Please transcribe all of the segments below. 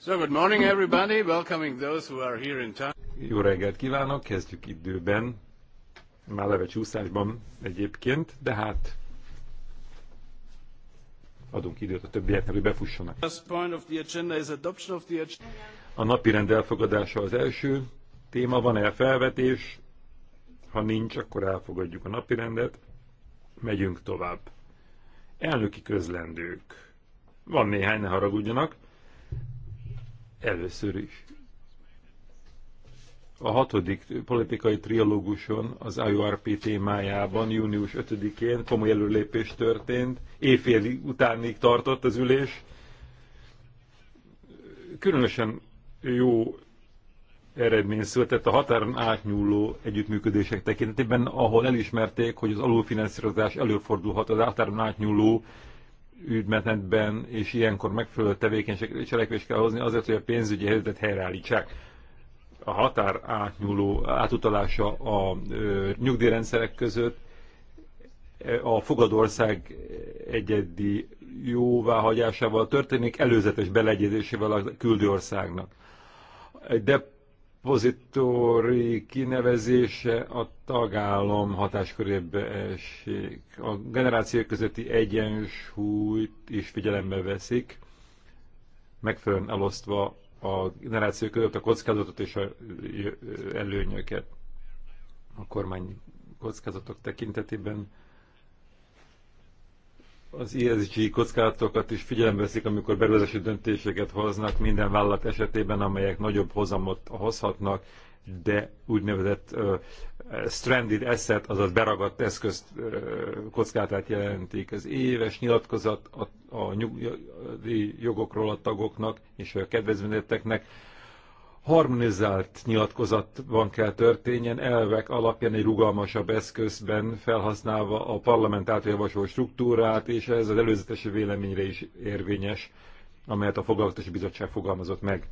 So good morning everybody, welcoming those who are here in town. Jó reggelt kívánok, kezdjük időben. Már leve csúszásban egyébként, de hát adunk időt a többieknek, hogy befussanak. A napi rend elfogadása az első téma, van-e felvetés? Ha nincs, akkor elfogadjuk a napi rendet. Megyünk tovább. Elnöki közlendők. Van néhány, ne haragudjanak. Először is. A hatodik politikai trialóguson az IORP témájában június 5-én komoly előlépés történt, Évfél utánig tartott az ülés. Különösen jó eredmény született a határon átnyúló együttműködések tekintetében, ahol elismerték, hogy az alulfinanszírozás előfordulhat az határon átnyúló ügymenetben és ilyenkor megfelelő tevékenységre cselekvés kell hozni azért, hogy a pénzügyi helyzetet helyreállítsák. A határ átnyúló átutalása a ö, nyugdíjrendszerek között e, a fogadország egyedi jóváhagyásával történik, előzetes beleegyezésével a küldőországnak. De depozitóri kinevezése a tagállam hatáskörébe esik. A generációk közötti egyensúlyt is figyelembe veszik, megfelelően elosztva a generációk között a kockázatot és a előnyöket. A kormány kockázatok tekintetében az ESG kockázatokat is figyelembe veszik, amikor beruházási döntéseket hoznak minden vállalat esetében, amelyek nagyobb hozamot hozhatnak, de úgynevezett uh, stranded asset, azaz beragadt eszköz uh, kockázatát jelentik. Az éves nyilatkozat a, a nyugdíj jogokról a tagoknak és a kedvezményeteknek harmonizált nyilatkozatban kell történjen, elvek alapján egy rugalmasabb eszközben felhasználva a parlament által javasolt struktúrát, és ez az előzetes véleményre is érvényes, amelyet a Foglalkoztatási Bizottság fogalmazott meg.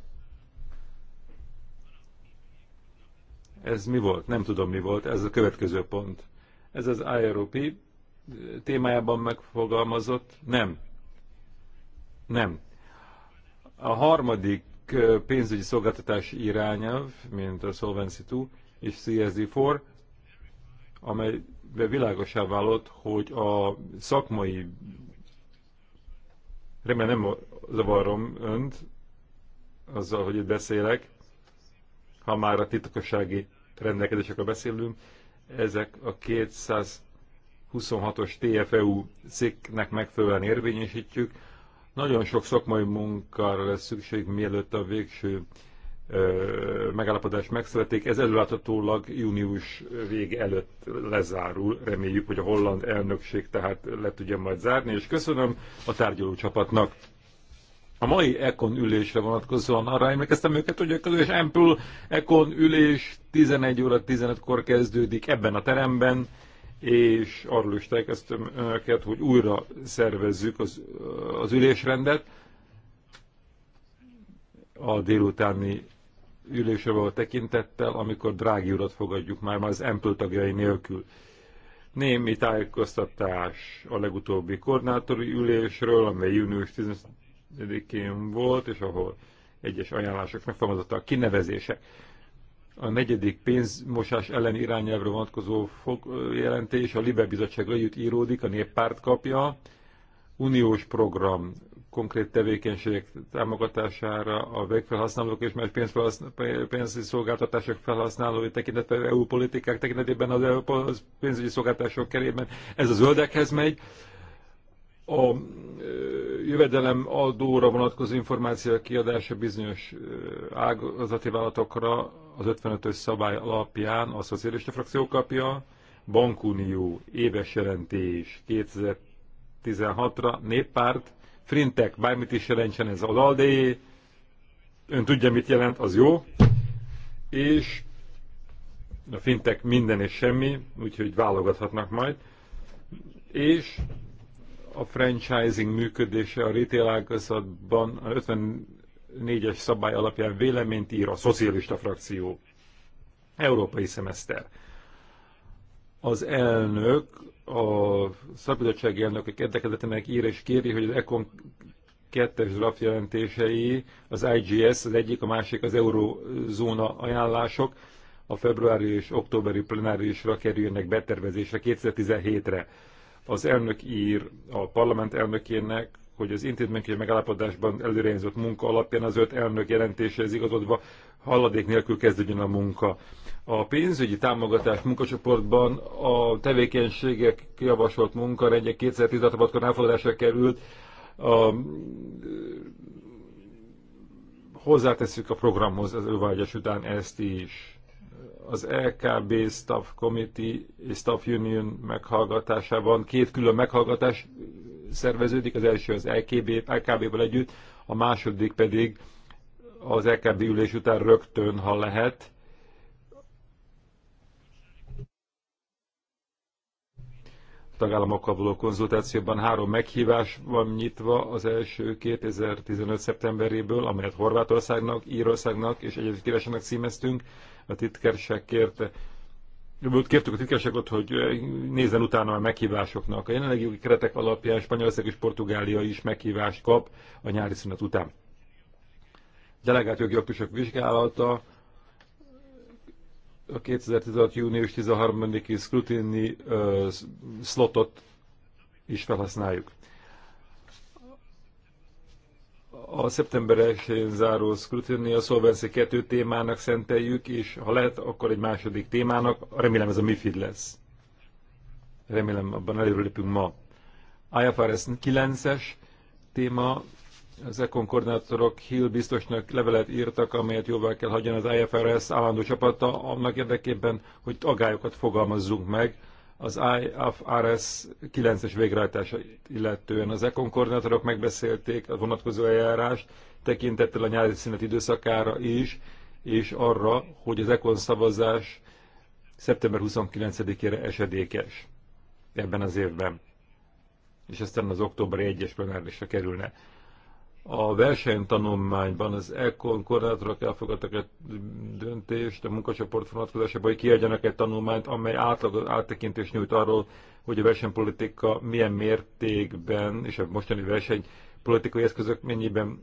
Ez mi volt? Nem tudom mi volt. Ez a következő pont. Ez az IROP témájában megfogalmazott? Nem. Nem. A harmadik pénzügyi szolgáltatás irányelv, mint a Solvency II és CSD4, amelybe világosá válott, hogy a szakmai, remélem nem zavarom önt azzal, hogy itt beszélek, ha már a titkossági rendelkezésekről beszélünk, ezek a 226-os TFEU cikknek megfelelően érvényesítjük, nagyon sok szakmai munkára lesz szükség, mielőtt a végső ö, megállapodás megszületik. Ez előláthatólag június vég előtt lezárul. Reméljük, hogy a holland elnökség tehát le tudja majd zárni, és köszönöm a tárgyaló csapatnak. A mai Econ ülésre vonatkozóan arra emlékeztem őket, hogy a közös Ampul Econ ülés 11 óra 15-kor kezdődik ebben a teremben és arról is telkeztem önöket, hogy újra szervezzük az, az ülésrendet. A délutáni ülésre való tekintettel, amikor Drági urat fogadjuk már, már az Ample tagjai nélkül. Némi tájékoztatás a legutóbbi koordinátori ülésről, amely június 15-én volt, és ahol egyes ajánlások megfogalmazottak kinevezések a negyedik pénzmosás ellen irányelvre vonatkozó fog, jelentés a Libe Bizottság együtt íródik, a néppárt kapja, uniós program konkrét tevékenységek támogatására a végfelhasználók és más pénzügyi szolgáltatások felhasználói tekintetben, EU politikák tekintetében az, EU pénzügyi szolgáltatások kerében. Ez a zöldekhez megy, a jövedelem adóra vonatkozó információ kiadása bizonyos ágazati vállalatokra az 55-ös szabály alapján a szocialista frakció kapja, Bankunió éves jelentés 2016-ra, néppárt, Frintek, bármit is jelentsen ez az aldéjé, ön tudja, mit jelent, az jó, és a fintek minden és semmi, úgyhogy válogathatnak majd, és a franchising működése a retail ágazatban a 54-es szabály alapján véleményt ír a szocialista frakció. Európai szemeszter. Az elnök, a szabadsági elnökök érdekezetének ír és kéri, hogy az ECON kettes draft jelentései, az IGS, az egyik, a másik az eurozóna ajánlások, a februári és októberi plenárisra kerüljenek betervezésre 2017-re. Az elnök ír a parlament elnökének, hogy az intézményközi megállapodásban előrejelzett munka alapján az öt elnök jelentéséhez igazodva halladék nélkül kezdődjön a munka. A pénzügyi támogatás munkacsoportban a tevékenységek javasolt munkarendje 2016-ban elfogadásra került, a, hozzáteszük a programhoz az elővágyás után ezt is az LKB Staff Committee és Staff Union meghallgatásában két külön meghallgatás szerveződik, az első az LKB, LKB-val együtt, a második pedig az LKB ülés után rögtön, ha lehet. A tagállamokkal való konzultációban három meghívás van nyitva, az első 2015. szeptemberéből, amelyet Horvátországnak, Írországnak és Egyesült Királyságnak címeztünk, a titkárság kérte, kértük a titkárságot, hogy eh, nézzen utána a meghívásoknak. A jelenlegi jogi keretek alapján Spanyolország és Portugália is meghívást kap a nyári szünet után. Delegált jogi aktusok vizsgálata a 2016. június 13-i scrutiny uh, slotot is felhasználjuk. a szeptember záró szkrutinni a Solvency 2 témának szenteljük, és ha lehet, akkor egy második témának, remélem ez a MIFID lesz. Remélem abban előrelépünk ma. IFRS 9-es téma, az ECON koordinátorok Hill biztosnak levelet írtak, amelyet jóvá kell hagyjon az IFRS állandó csapata annak érdekében, hogy agályokat fogalmazzunk meg az IFRS 9-es végrehajtása illetően az ECON koordinátorok megbeszélték a vonatkozó eljárást, tekintettel a nyári szünet időszakára is, és arra, hogy az ECON szavazás szeptember 29-ére esedékes ebben az évben, és aztán az októberi 1-es plenárisra kerülne. A versenytanulmányban az ECON koordinátorok elfogadtak egy döntést a munkacsoport vonatkozásában, hogy kiadjanak egy tanulmányt, amely átlag, áttekintést nyújt arról, hogy a versenypolitika milyen mértékben és a mostani versenypolitikai eszközök mennyiben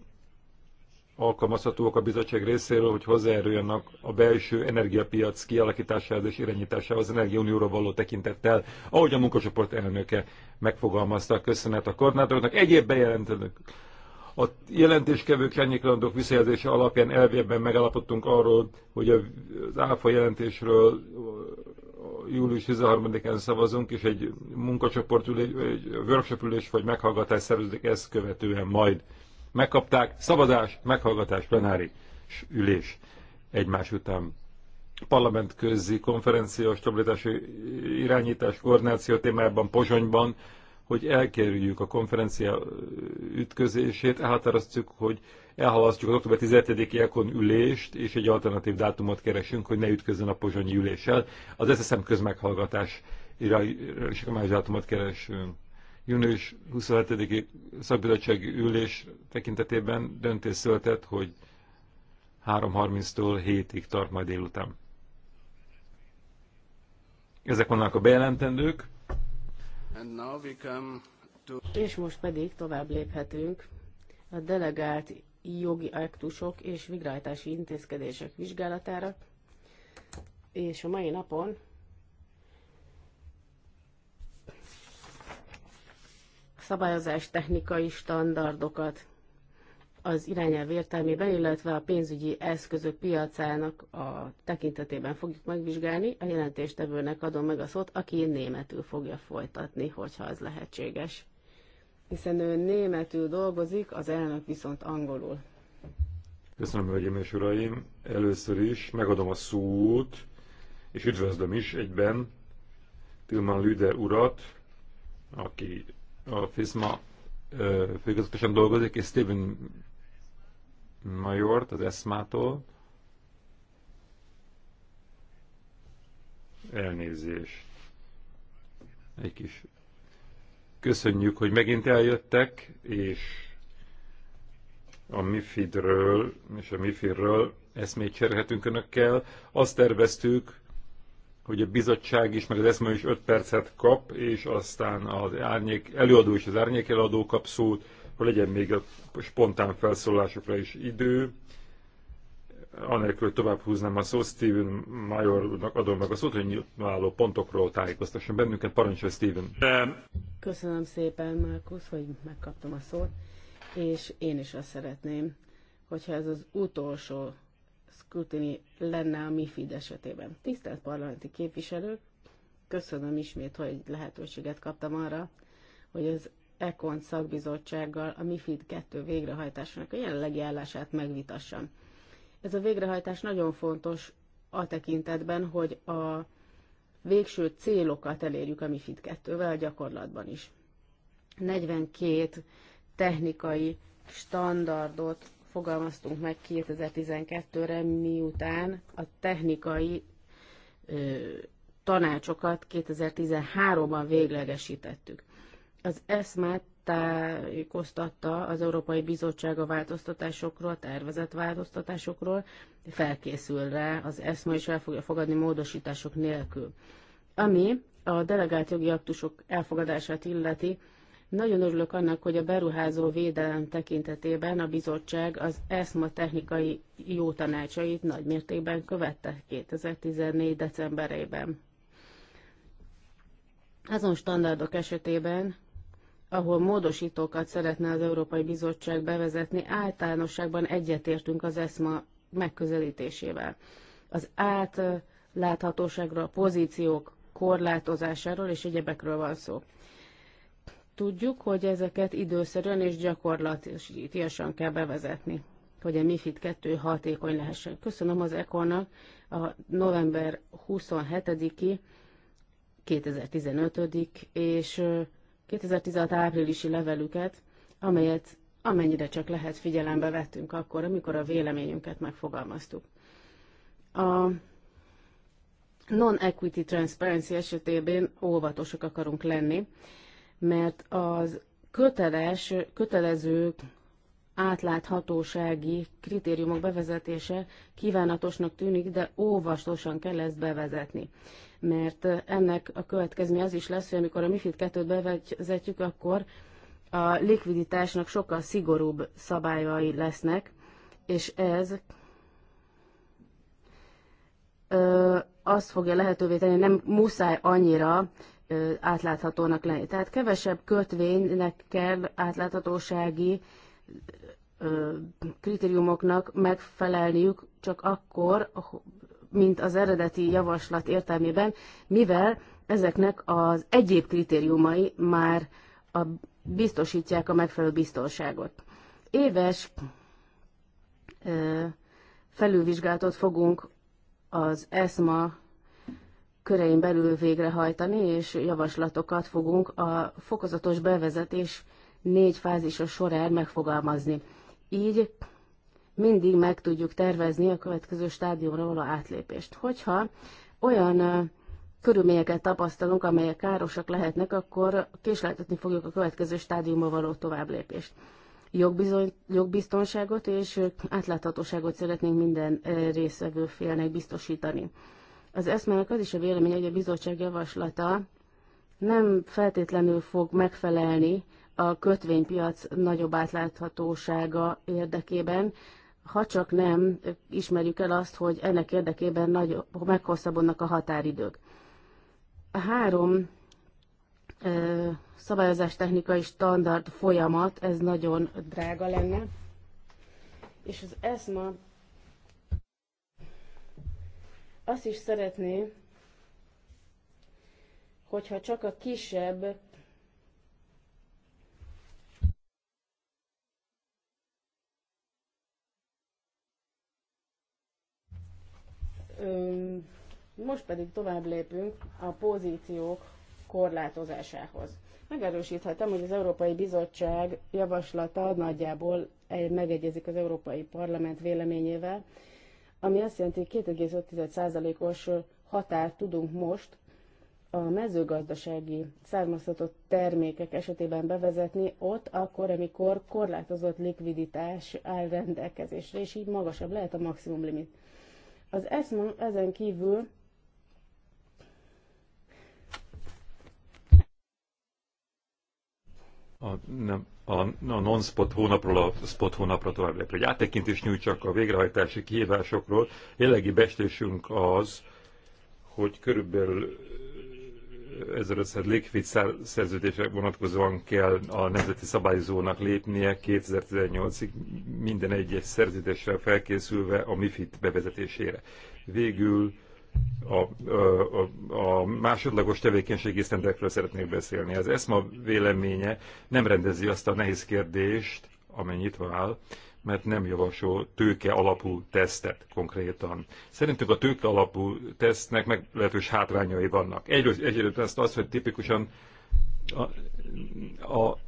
alkalmazhatóak a bizottság részéről, hogy hozzájáruljanak a belső energiapiac kialakításához és irányításához az Energiaunióra való tekintettel, ahogy a munkacsoport elnöke megfogalmazta. Köszönet a koordinátoroknak. Egyéb bejelentőnök. A jelentéskevők elnyéklandók visszajelzése alapján elvében megállapodtunk arról, hogy az ÁFA jelentésről július 13-án szavazunk, és egy munkacsoport ülés, egy workshop ülés vagy meghallgatás szervezik ezt követően majd. Megkapták szavazás, meghallgatás, plenári ülés egymás után parlament közzi konferencia stabilitási irányítás koordináció témájában Pozsonyban hogy elkerüljük a konferencia ütközését, elhatároztuk, hogy elhalasztjuk az október 17-i ekon ülést, és egy alternatív dátumot keresünk, hogy ne ütközön a pozsonyi üléssel. Az SSM közmeghallgatás és más dátumot keresünk. Június 27-i szakbizottsági ülés tekintetében döntés született, hogy 3.30-tól 7-ig tart majd délután. Ezek vannak a bejelentendők. És most pedig tovább léphetünk a delegált jogi aktusok és végrehajtási intézkedések vizsgálatára, és a mai napon szabályozás technikai standardokat az irányelv értelmében, illetve a pénzügyi eszközök piacának a tekintetében fogjuk megvizsgálni. A jelentéstevőnek adom meg a szót, aki németül fogja folytatni, hogyha az lehetséges. Hiszen ő németül dolgozik, az elnök viszont angolul. Köszönöm, hölgyeim és uraim! Először is megadom a szót, és üdvözlöm is egyben Tilman Lüder urat, aki a FISMA főigazgatósan dolgozik, és Steven Majort az Eszmától. Elnézést. Egy kis. Köszönjük, hogy megint eljöttek, és a Mifidről és a Mifirről eszmét cserhetünk önökkel. Azt terveztük, hogy a bizottság is, meg az eszme is 5 percet kap, és aztán az árnyék előadó és az árnyék előadó kap szót hogy legyen még a spontán felszólásokra is idő. Anélkül tovább húznám a szót, Steven Majornak adom meg a szót, hogy nyilvánvaló pontokról tájékoztasson bennünket. Parancsolj, Steven! Köszönöm szépen, Márkusz, hogy megkaptam a szót, és én is azt szeretném, hogyha ez az utolsó szkrutini lenne a MIFID esetében. Tisztelt parlamenti képviselők, köszönöm ismét, hogy lehetőséget kaptam arra, hogy az ECON szakbizottsággal a MIFID 2 végrehajtásának a jelenlegi állását megvitassam. Ez a végrehajtás nagyon fontos a tekintetben, hogy a végső célokat elérjük a MIFID 2-vel a gyakorlatban is. 42 technikai standardot fogalmaztunk meg 2012-re, miután a technikai ö, tanácsokat 2013-ban véglegesítettük. Az eszmát tájékoztatta az Európai Bizottság a változtatásokról, a tervezett változtatásokról, felkészül rá, az ESMA is el fogja fogadni módosítások nélkül. Ami a delegált jogi aktusok elfogadását illeti, nagyon örülök annak, hogy a beruházó védelem tekintetében a bizottság az ESMA technikai jó tanácsait nagy mértékben követte 2014. decemberében. Azon standardok esetében, ahol módosítókat szeretne az Európai Bizottság bevezetni, általánosságban egyetértünk az ESMA megközelítésével. Az átláthatóságról, a pozíciók korlátozásáról és egyebekről van szó. Tudjuk, hogy ezeket időszerűen és gyakorlatilag kell bevezetni, hogy a MIFID 2 hatékony lehessen. Köszönöm az ECON-nak a november 27-i 2015 és 2016 áprilisi levelüket, amelyet amennyire csak lehet figyelembe vettünk akkor, amikor a véleményünket megfogalmaztuk. A non-equity transparency esetében óvatosak akarunk lenni, mert az köteles, kötelező átláthatósági kritériumok bevezetése kívánatosnak tűnik, de óvatosan kell ezt bevezetni mert ennek a következmény az is lesz, hogy amikor a MIFID 2-t bevezetjük, akkor a likviditásnak sokkal szigorúbb szabályai lesznek, és ez ö, azt fogja lehetővé tenni, nem muszáj annyira ö, átláthatónak lenni. Tehát kevesebb kötvénynek kell átláthatósági ö, kritériumoknak megfelelniük csak akkor, mint az eredeti javaslat értelmében, mivel ezeknek az egyéb kritériumai már a, biztosítják a megfelelő biztonságot. Éves ö, felülvizsgálatot fogunk az ESMA körein belül végrehajtani, és javaslatokat fogunk a fokozatos bevezetés négy fázisa során megfogalmazni. Így mindig meg tudjuk tervezni a következő stádiumra való átlépést. Hogyha olyan körülményeket tapasztalunk, amelyek károsak lehetnek, akkor késleltetni fogjuk a következő stádiumba való továbblépést. Jogbizony, jogbiztonságot és átláthatóságot szeretnénk minden részvevő félnek biztosítani. Az eszmének az is a vélemény, hogy a bizottság javaslata nem feltétlenül fog megfelelni a kötvénypiac nagyobb átláthatósága érdekében, ha csak nem ismerjük el azt, hogy ennek érdekében nagy, meghosszabbodnak a határidők. A három ö, szabályozás technikai standard folyamat, ez nagyon drága lenne, és az ESMA azt is szeretné, hogyha csak a kisebb Most pedig tovább lépünk a pozíciók korlátozásához. Megerősíthetem, hogy az Európai Bizottság javaslata nagyjából megegyezik az Európai Parlament véleményével, ami azt jelenti, hogy 2,5%-os határt tudunk most a mezőgazdasági származtatott termékek esetében bevezetni ott, akkor, amikor korlátozott likviditás áll rendelkezésre, és így magasabb lehet a maximum limit. Az ESMA ezen kívül a, nem, a, a non-spot hónapról a spot hónapra tovább lépve. Egy áttekintést nyújtsak a végrehajtási kihívásokról. Jelenlegi bestésünk az, hogy körülbelül 1500 légfit szerződések vonatkozóan kell a nemzeti szabályozónak lépnie 2018-ig minden egyes szerződéssel felkészülve a MIFID bevezetésére. Végül a, a, a másodlagos tevékenységi sztendekről szeretnék beszélni. Az ESMA véleménye nem rendezi azt a nehéz kérdést, amely nyitva áll, mert nem javasol tőke alapú tesztet konkrétan. Szerintünk a tőke alapú tesztnek meglehetős hátrányai vannak. Egyrészt ezt az, hogy tipikusan a, a,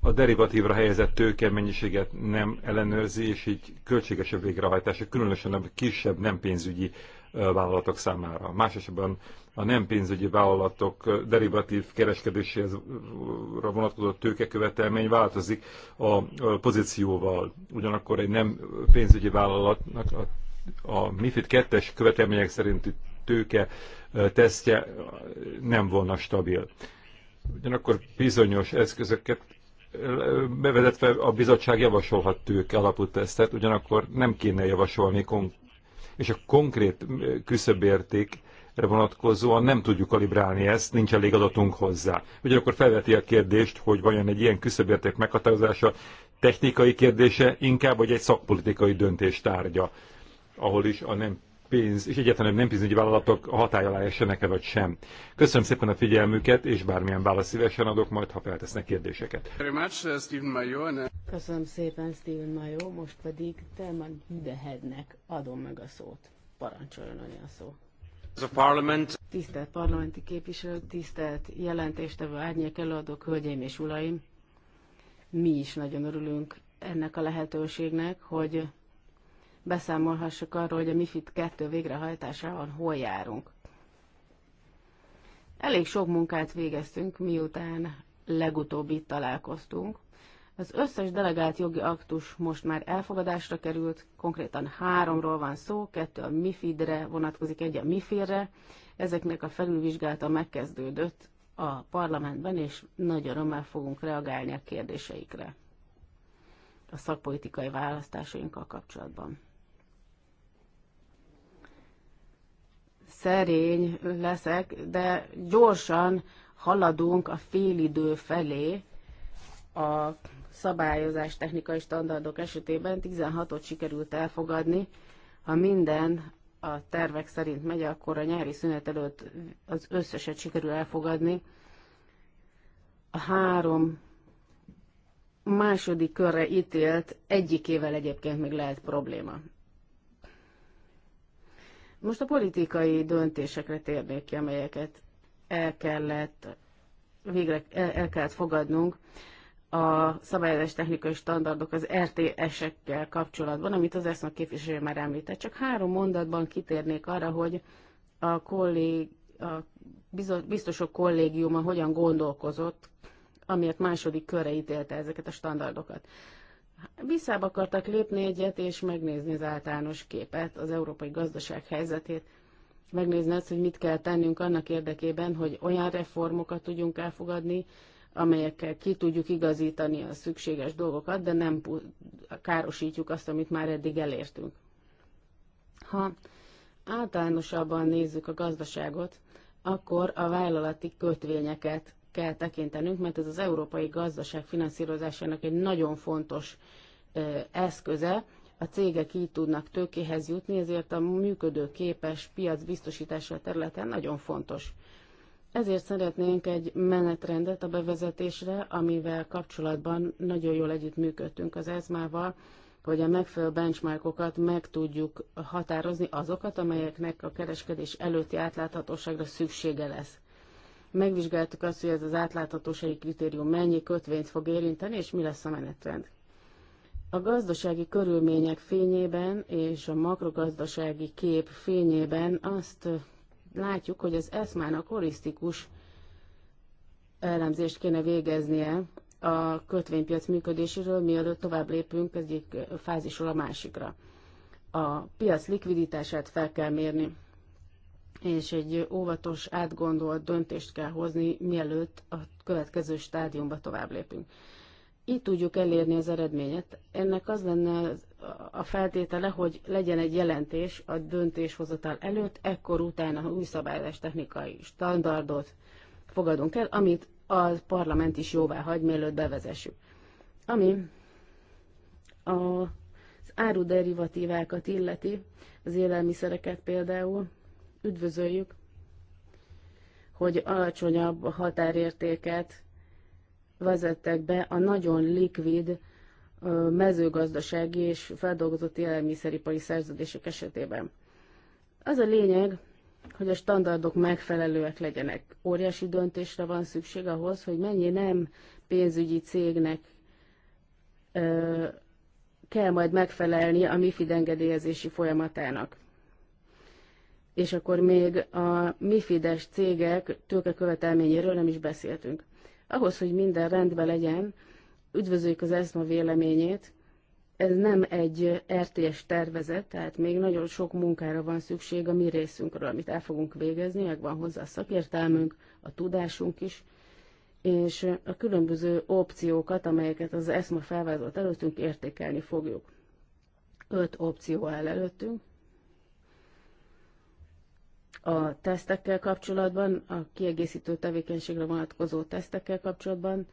a derivatívra helyezett tőke mennyiséget nem ellenőrzi, és így költségesebb végrehajtása, különösen a kisebb nem pénzügyi vállalatok számára. Más esetben a nem pénzügyi vállalatok derivatív kereskedéséhez vonatkozó tőkekövetelmény változik a pozícióval. Ugyanakkor egy nem pénzügyi vállalatnak a, a MIFID 2-es követelmények szerinti tőke tesztje nem volna stabil. Ugyanakkor bizonyos eszközöket bevezetve a bizottság javasolhat tőke alapú tesztet, ugyanakkor nem kéne javasolni kon és a konkrét küszöbérték vonatkozóan nem tudjuk kalibrálni ezt, nincs elég adatunk hozzá. Ugyanakkor felveti a kérdést, hogy vajon egy ilyen küszöbérték meghatározása technikai kérdése inkább, vagy egy szakpolitikai döntés tárgya, ahol is a nem pénz, és egyáltalán nem pénzügyi vállalatok a hatály alá esenek e vagy sem. Köszönöm szépen a figyelmüket, és bármilyen választ szívesen adok majd, ha feltesznek kérdéseket. Uh, uh, Köszönöm szépen, Steven Mayo, most pedig Telman Hüdehednek adom meg a szót. Parancsoljon a szó. Tisztelt parlamenti képviselő, tisztelt jelentéstevő árnyék előadók, hölgyeim és uraim! Mi is nagyon örülünk ennek a lehetőségnek, hogy beszámolhassak arról, hogy a MIFID 2 végrehajtásában hol járunk. Elég sok munkát végeztünk, miután legutóbb itt találkoztunk. Az összes delegált jogi aktus most már elfogadásra került, konkrétan háromról van szó, kettő a MIFID-re vonatkozik, egy a MIFIR-re. Ezeknek a felülvizsgálata megkezdődött a parlamentben, és nagy örömmel fogunk reagálni a kérdéseikre a szakpolitikai választásainkkal kapcsolatban. szerény leszek, de gyorsan haladunk a félidő felé a szabályozás technikai standardok esetében 16-ot sikerült elfogadni. Ha minden a tervek szerint megy, akkor a nyári szünet előtt az összeset sikerül elfogadni. A három második körre ítélt egyikével egyébként még lehet probléma. Most a politikai döntésekre térnék ki, amelyeket el kellett, végre el kellett fogadnunk a szabályozás technikai standardok az RTS-ekkel kapcsolatban, amit az ESZMA képviselő már említett. Csak három mondatban kitérnék arra, hogy a, kollég, a biztosok kollégiuma hogyan gondolkozott, amiért második körre ítélte ezeket a standardokat. Visszább akartak lépni egyet, és megnézni az általános képet, az európai gazdaság helyzetét, megnézni azt, hogy mit kell tennünk annak érdekében, hogy olyan reformokat tudjunk elfogadni, amelyekkel ki tudjuk igazítani a szükséges dolgokat, de nem károsítjuk azt, amit már eddig elértünk. Ha általánosabban nézzük a gazdaságot, akkor a vállalati kötvényeket kell tekintenünk, mert ez az európai gazdaság finanszírozásának egy nagyon fontos eszköze. A cégek így tudnak tőkéhez jutni, ezért a működő képes piac biztosítása a területen nagyon fontos. Ezért szeretnénk egy menetrendet a bevezetésre, amivel kapcsolatban nagyon jól együttműködtünk az ESMA-val, hogy a megfelelő benchmarkokat meg tudjuk határozni azokat, amelyeknek a kereskedés előtti átláthatóságra szüksége lesz. Megvizsgáltuk azt, hogy ez az átláthatósági kritérium mennyi kötvényt fog érinteni, és mi lesz a menetrend. A gazdasági körülmények fényében és a makrogazdasági kép fényében azt látjuk, hogy az eszmának holisztikus elemzést kéne végeznie a kötvénypiac működéséről, mielőtt tovább lépünk egyik fázisról a másikra. A piac likviditását fel kell mérni és egy óvatos, átgondolt döntést kell hozni, mielőtt a következő stádiumba tovább lépünk. Így tudjuk elérni az eredményet. Ennek az lenne a feltétele, hogy legyen egy jelentés a döntéshozatal előtt, ekkor utána új szabályozás technikai standardot fogadunk el, amit a parlament is jóvá hagy, mielőtt bevezessük. Ami az áruderivatívákat illeti, az élelmiszereket például, üdvözöljük, hogy alacsonyabb határértéket vezettek be a nagyon likvid mezőgazdasági és feldolgozott élelmiszeripari szerződések esetében. Az a lényeg, hogy a standardok megfelelőek legyenek. Óriási döntésre van szükség ahhoz, hogy mennyi nem pénzügyi cégnek ö, kell majd megfelelni a MIFID engedélyezési folyamatának és akkor még a MIFIDes cégek tőkekövetelményéről nem is beszéltünk. Ahhoz, hogy minden rendben legyen, üdvözöljük az ESMA véleményét, ez nem egy RTS tervezet, tehát még nagyon sok munkára van szükség a mi részünkről, amit el fogunk végezni, meg van hozzá a szakértelmünk, a tudásunk is, és a különböző opciókat, amelyeket az ESMA felvázolt előttünk, értékelni fogjuk. Öt opció áll előttünk, a tesztekkel kapcsolatban, a kiegészítő tevékenységre vonatkozó tesztekkel kapcsolatban,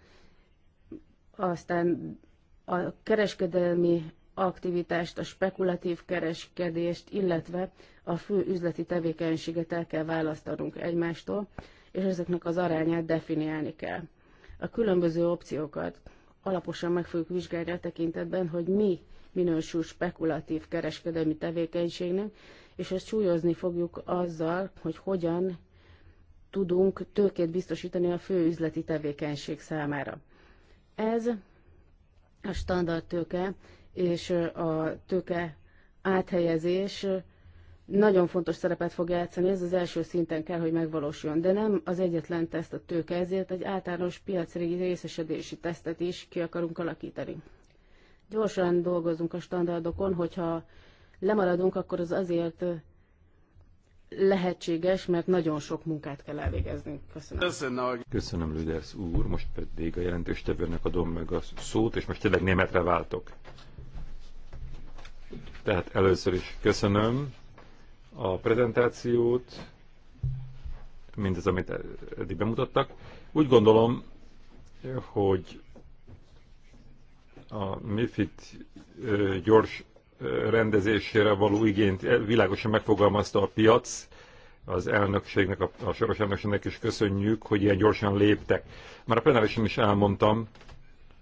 aztán a kereskedelmi aktivitást, a spekulatív kereskedést, illetve a fő üzleti tevékenységet el kell választanunk egymástól, és ezeknek az arányát definiálni kell. A különböző opciókat alaposan meg fogjuk vizsgálni a tekintetben, hogy mi minősül spekulatív kereskedelmi tevékenységnek, és ezt súlyozni fogjuk azzal, hogy hogyan tudunk tőkét biztosítani a fő üzleti tevékenység számára. Ez a standard tőke és a tőke áthelyezés nagyon fontos szerepet fog játszani, ez az első szinten kell, hogy megvalósuljon, de nem az egyetlen teszt a tőke, ezért egy általános piacri részesedési tesztet is ki akarunk alakítani. Gyorsan dolgozunk a standardokon, hogyha lemaradunk, akkor az azért lehetséges, mert nagyon sok munkát kell elvégezni. Köszönöm. Köszönöm, Köszönöm Lüders úr. Most pedig a jelentős tevőnek adom meg a szót, és most tényleg németre váltok. Tehát először is köszönöm a prezentációt, mindez, amit eddig bemutattak. Úgy gondolom, hogy a MIFID gyors rendezésére való igényt e, világosan megfogalmazta a piac, az elnökségnek, a, a soros elnökségnek is köszönjük, hogy ilyen gyorsan léptek. Már a plenárisan is elmondtam,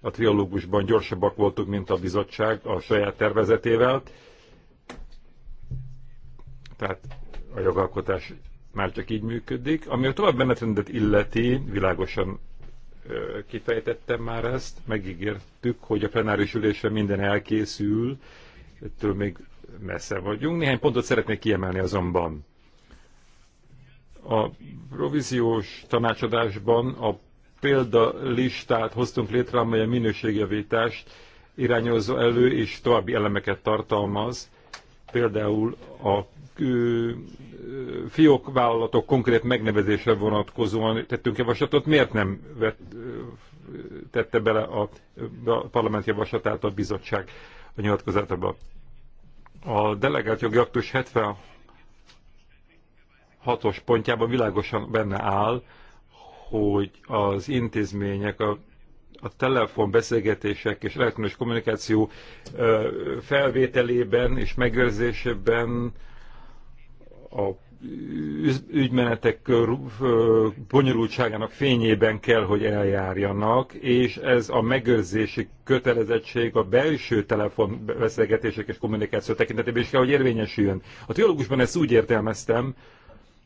a triológusban gyorsabbak voltunk, mint a bizottság a saját tervezetével. Tehát a jogalkotás már csak így működik. Ami a tovább menetrendet illeti, világosan kifejtettem már ezt, megígértük, hogy a plenáris ülésre minden elkészül, ettől még messze vagyunk. Néhány pontot szeretnék kiemelni azonban. A províziós tanácsadásban a példalistát hoztunk létre, amely a minőségjavítást irányozza elő és további elemeket tartalmaz, például a fiók vállalatok konkrét megnevezésre vonatkozóan tettünk javaslatot, miért nem vett, tette bele a, a parlament javaslatát a bizottság a nyilatkozatába? A delegált jogi aktus 76-os pontjában világosan benne áll, hogy az intézmények a a telefonbeszélgetések és elektronikus kommunikáció felvételében és megőrzésében a ügymenetek bonyolultságának fényében kell, hogy eljárjanak, és ez a megőrzési kötelezettség a belső telefonbeszélgetések és kommunikáció tekintetében is kell, hogy érvényesüljön. A teológusban ezt úgy értelmeztem,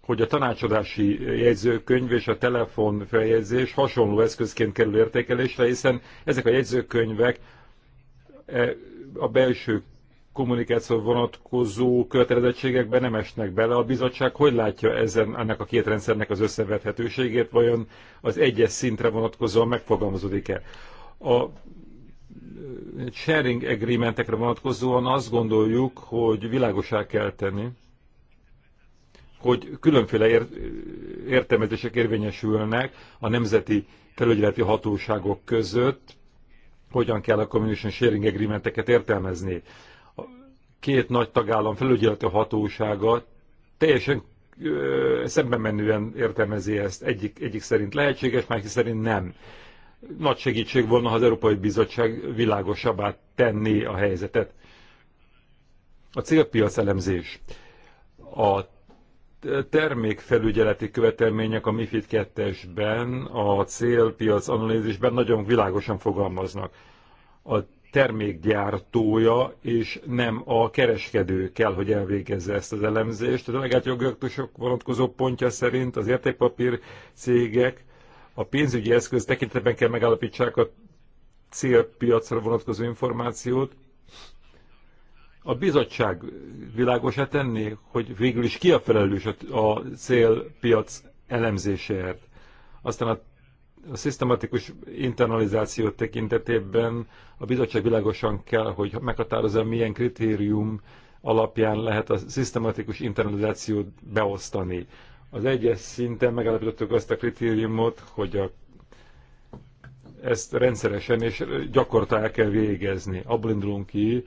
hogy a tanácsadási jegyzőkönyv és a telefonfeljegyzés hasonló eszközként kerül értékelésre, hiszen ezek a jegyzőkönyvek e, a belső kommunikáció vonatkozó kötelezettségekbe nem esnek bele. A bizottság hogy látja ezen ennek a két rendszernek az összevethetőségét, vajon az egyes szintre vonatkozóan megfogalmazódik-e? A sharing agreementekre vonatkozóan azt gondoljuk, hogy világosá kell tenni, hogy különféle értelmezések érvényesülnek a nemzeti felügyeleti hatóságok között, hogyan kell a communication sharing agreementeket értelmezni két nagy tagállam felügyeleti hatósága teljesen ö, szemben menően értelmezi ezt. Egyik, egyik szerint lehetséges, másik szerint nem. Nagy segítség volna, ha az Európai Bizottság világosabbá tenné a helyzetet. A célpiac elemzés. A termékfelügyeleti követelmények a MIFID 2-esben, a célpiac analízisben nagyon világosan fogalmaznak. A termékgyártója, és nem a kereskedő kell, hogy elvégezze ezt az elemzést. A delegált jogaktusok vonatkozó pontja szerint az értékpapír cégek a pénzügyi eszköz tekintetben kell megállapítsák a célpiacra vonatkozó információt. A bizottság világosá tenni, hogy végül is ki a felelős a célpiac elemzéséért. Aztán a a szisztematikus internalizáció tekintetében a bizottság világosan kell, hogy meghatározza, milyen kritérium alapján lehet a szisztematikus internalizációt beosztani. Az egyes szinten megállapítottuk azt a kritériumot, hogy a, ezt rendszeresen és gyakorta el kell végezni. Abból indulunk ki,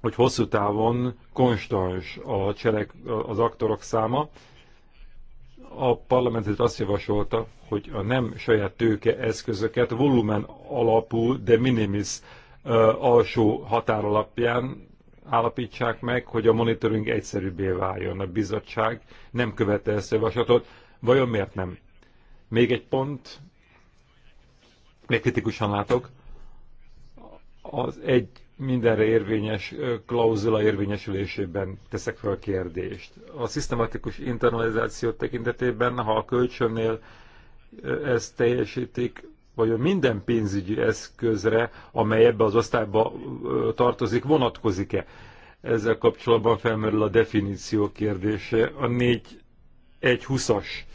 hogy hosszú távon konstans a cselek, az aktorok száma, a parlament azt javasolta, hogy a nem saját tőke eszközöket volumen alapú, de minimis alsó határ alapján állapítsák meg, hogy a monitoring egyszerűbbé váljon. A bizottság nem követte ezt a javaslatot. Vajon miért nem? Még egy pont, még kritikusan látok, az egy mindenre érvényes klauzula érvényesülésében teszek fel a kérdést. A szisztematikus internalizáció tekintetében, ha a kölcsönnél ezt teljesítik, vagy a minden pénzügyi eszközre, amely ebbe az osztályba tartozik, vonatkozik-e? Ezzel kapcsolatban felmerül a definíció kérdése. A 4120 as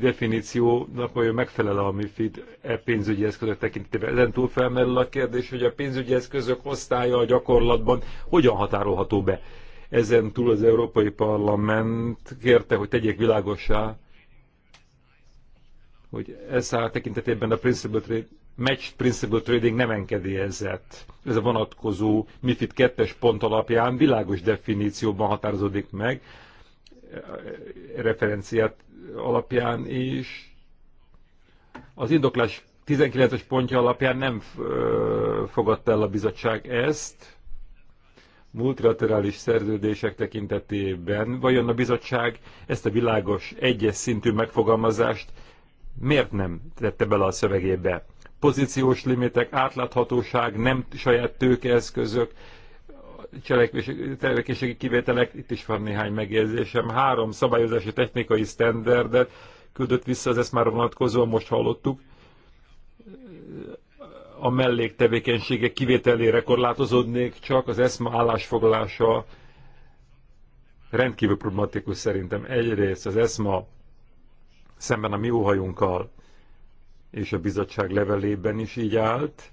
definíciónak vajon megfelel a MIFID e pénzügyi eszközök tekintetében. Ezen túl felmerül a kérdés, hogy a pénzügyi eszközök osztálya a gyakorlatban hogyan határolható be. Ezen túl az Európai Parlament kérte, hogy tegyék világosá, hogy ez a tekintetében a principal trade, Match principal trading nem engedélyezett. Ez a vonatkozó MIFID 2-es pont alapján világos definícióban határozódik meg, referenciát alapján is, az indoklás 19-es pontja alapján nem fogadta el a bizottság ezt, multilaterális szerződések tekintetében. Vajon a bizottság ezt a világos, egyes szintű megfogalmazást miért nem tette bele a szövegébe? Pozíciós limitek, átláthatóság, nem saját tőkeeszközök, cselekvési kivételek, itt is van néhány megjegyzésem, három szabályozási technikai standardet küldött vissza, az ezt már vonatkozóan most hallottuk, a melléktevékenységek kivételére korlátozódnék, csak az ESMA állásfoglalása rendkívül problematikus szerintem. Egyrészt az ESMA szemben a mi óhajunkkal és a bizottság levelében is így állt,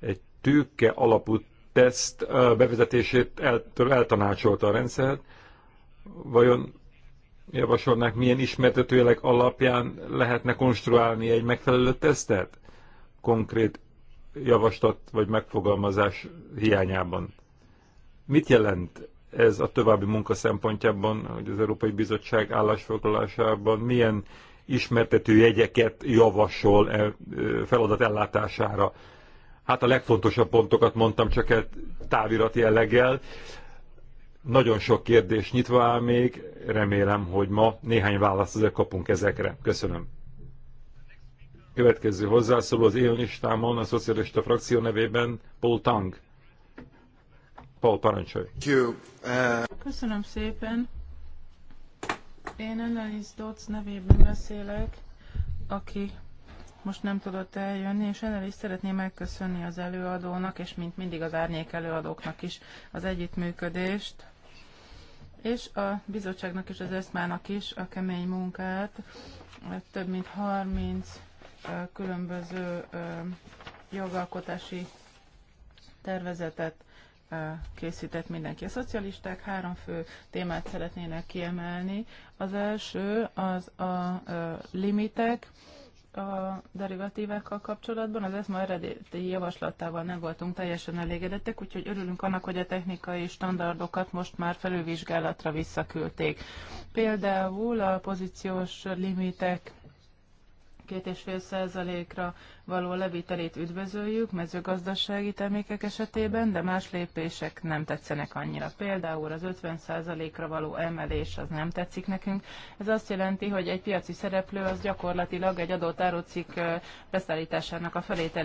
egy tőke alapú teszt bevezetését el, eltanácsolta a rendszert. Vajon javasolnák, milyen ismertetőjelek alapján lehetne konstruálni egy megfelelő tesztet? Konkrét javaslat vagy megfogalmazás hiányában. Mit jelent ez a további munka szempontjában, hogy az Európai Bizottság állásfoglalásában milyen ismertető jegyeket javasol e, feladat ellátására Hát a legfontosabb pontokat mondtam csak egy távirat jelleggel. Nagyon sok kérdés nyitva áll még, remélem, hogy ma néhány választ azért kapunk ezekre. Köszönöm. Következő hozzászóló az élnistámon, a szocialista frakció nevében Paul Tang. Paul, parancsolj. Uh, Köszönöm szépen. Én Annalise Dodds nevében beszélek, aki most nem tudott eljönni, és ennél is szeretném megköszönni az előadónak, és mint mindig az árnyék előadóknak is az együttműködést, és a bizottságnak és az eszmának is a kemény munkát, több mint 30 különböző jogalkotási tervezetet készített mindenki. A szocialisták három fő témát szeretnének kiemelni. Az első az a limitek, a derivatívákkal kapcsolatban. Az ESMA eredeti javaslatával nem voltunk teljesen elégedettek, úgyhogy örülünk annak, hogy a technikai standardokat most már felülvizsgálatra visszaküldték. Például a pozíciós limitek 2,5%-ra való levitelét üdvözöljük mezőgazdasági termékek esetében, de más lépések nem tetszenek annyira. Például az 50%-ra való emelés az nem tetszik nekünk. Ez azt jelenti, hogy egy piaci szereplő az gyakorlatilag egy adott árucik beszállításának a felét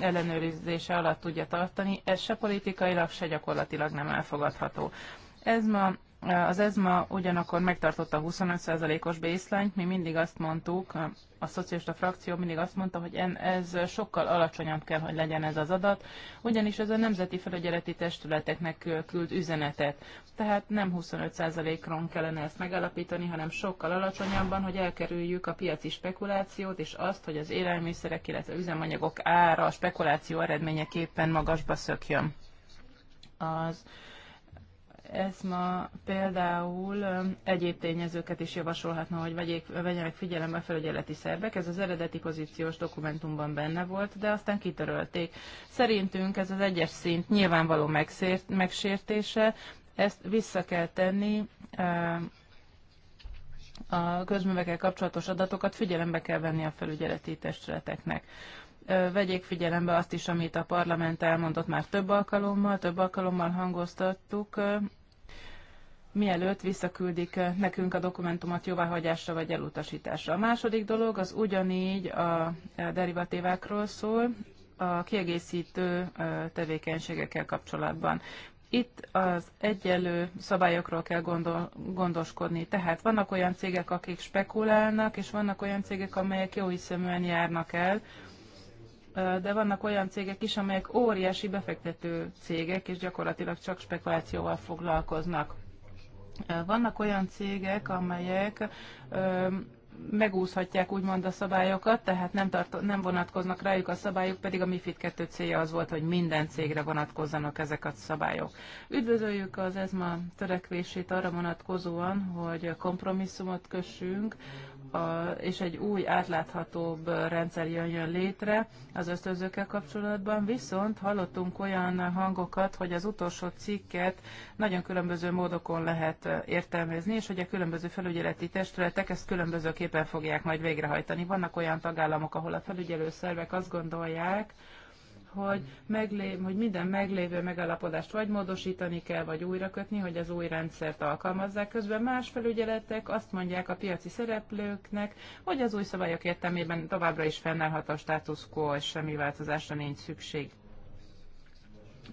ellenőrizése alatt tudja tartani. Ez se politikailag, se gyakorlatilag nem elfogadható. Ez ma az ESMA ugyanakkor megtartotta a 25%-os baseline mi mindig azt mondtuk, a szocialista frakció mindig azt mondta, hogy ez sokkal alacsonyabb kell, hogy legyen ez az adat, ugyanis ez a nemzeti felügyeleti testületeknek küld üzenetet. Tehát nem 25 ron kellene ezt megalapítani, hanem sokkal alacsonyabban, hogy elkerüljük a piaci spekulációt, és azt, hogy az élelmiszerek, illetve üzemanyagok ára a spekuláció eredményeképpen magasba szökjön. Az ez ma például egyéb tényezőket is javasolhatna, hogy vegyék, vegyenek figyelembe felügyeleti szervek. Ez az eredeti pozíciós dokumentumban benne volt, de aztán kitörölték. Szerintünk ez az egyes szint nyilvánvaló megszért, megsértése, ezt vissza kell tenni, a közművekkel kapcsolatos adatokat figyelembe kell venni a felügyeleti testületeknek vegyék figyelembe azt is, amit a parlament elmondott már több alkalommal, több alkalommal hangoztattuk mielőtt visszaküldik eh, nekünk a dokumentumot jóváhagyásra vagy elutasításra. A második dolog az ugyanígy a eh, derivatívákról szól, a kiegészítő eh, tevékenységekkel kapcsolatban. Itt az egyenlő szabályokról kell gondol, gondoskodni. Tehát vannak olyan cégek, akik spekulálnak, és vannak olyan cégek, amelyek jó hiszeműen járnak el, de vannak olyan cégek is, amelyek óriási befektető cégek, és gyakorlatilag csak spekulációval foglalkoznak. Vannak olyan cégek, amelyek megúszhatják úgymond a szabályokat, tehát nem, tartó, nem vonatkoznak rájuk a szabályok, pedig a MIFID 2 célja az volt, hogy minden cégre vonatkozzanak ezek a szabályok. Üdvözöljük az ESMA törekvését arra vonatkozóan, hogy kompromisszumot kössünk a, és egy új, átláthatóbb rendszer jön létre az ösztönzőkkel kapcsolatban, viszont hallottunk olyan hangokat, hogy az utolsó cikket nagyon különböző módokon lehet értelmezni, és hogy a különböző felügyeleti testületek ezt különbözőképpen fogják majd végrehajtani. Vannak olyan tagállamok, ahol a felügyelő szervek azt gondolják, hogy, meglé, hogy minden meglévő megállapodást vagy módosítani kell, vagy újra kötni, hogy az új rendszert alkalmazzák. Közben más felügyeletek azt mondják a piaci szereplőknek, hogy az új szabályok értelmében továbbra is fennállhat a status quo, és semmi változásra nincs szükség.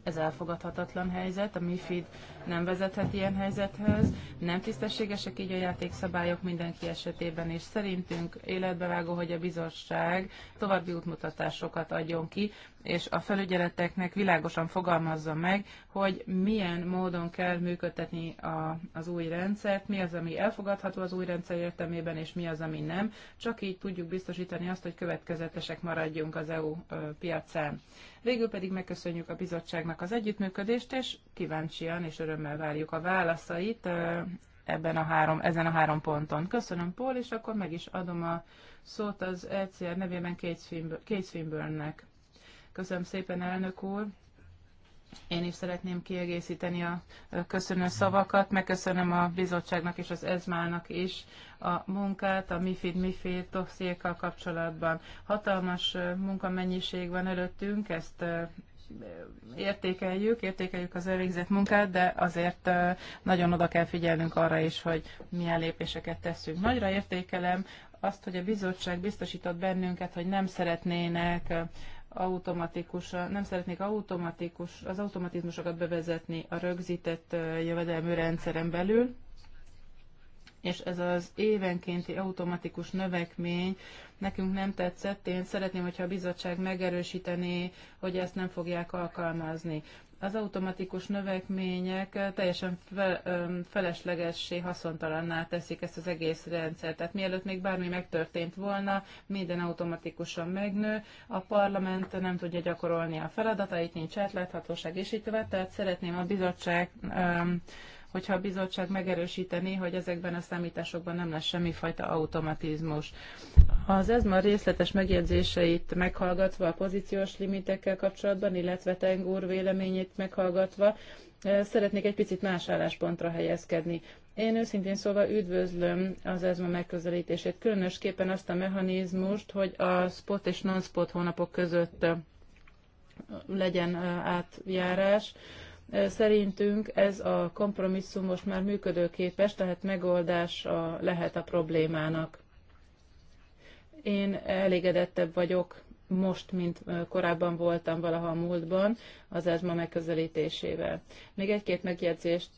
Ez elfogadhatatlan helyzet. A MIFID nem vezethet ilyen helyzethez, nem tisztességesek így a játékszabályok mindenki esetében, és szerintünk életbevágó, hogy a bizottság további útmutatásokat adjon ki, és a felügyeleteknek világosan fogalmazza meg, hogy milyen módon kell működtetni a, az új rendszert, mi az, ami elfogadható az új rendszer értelmében, és mi az, ami nem. Csak így tudjuk biztosítani azt, hogy következetesek maradjunk az EU piacán. Végül pedig megköszönjük a bizottságnak az együttműködést, és kíváncsian és örömmel örömmel várjuk a válaszait ebben a három, ezen a három ponton. Köszönöm, Paul, és akkor meg is adom a szót az ECR nevében Kate Swinburne-nek. Köszönöm szépen, elnök úr! Én is szeretném kiegészíteni a köszönő szavakat. Megköszönöm a bizottságnak és az ezmának is a munkát, a MIFID MIFID dossziékkal kapcsolatban. Hatalmas munkamennyiség van előttünk, ezt értékeljük, értékeljük az elvégzett munkát, de azért nagyon oda kell figyelnünk arra is, hogy milyen lépéseket teszünk. Nagyra értékelem azt, hogy a bizottság biztosított bennünket, hogy nem szeretnének automatikus, nem szeretnék automatikus, az automatizmusokat bevezetni a rögzített jövedelmű rendszeren belül, és ez az évenkénti automatikus növekmény nekünk nem tetszett. Én szeretném, hogyha a bizottság megerősítené, hogy ezt nem fogják alkalmazni. Az automatikus növekmények teljesen feleslegessé, haszontalanná teszik ezt az egész rendszert. Tehát mielőtt még bármi megtörtént volna, minden automatikusan megnő, a parlament nem tudja gyakorolni a feladatait, nincs átláthatóság, és így tovább. Tehát szeretném a bizottság hogyha a bizottság megerősítené, hogy ezekben a számításokban nem lesz semmifajta automatizmus. Az ez már részletes megjegyzéseit meghallgatva a pozíciós limitekkel kapcsolatban, illetve Tengúr véleményét meghallgatva, eh, szeretnék egy picit más álláspontra helyezkedni. Én őszintén szóval üdvözlöm az ESMA megközelítését, különösképpen azt a mechanizmust, hogy a spot és non-spot hónapok között eh, legyen eh, átjárás. Szerintünk ez a kompromisszum most már működőképes, tehát megoldás a lehet a problémának. Én elégedettebb vagyok most, mint korábban voltam valaha a múltban, az ma megközelítésével. Még egy-két megjegyzést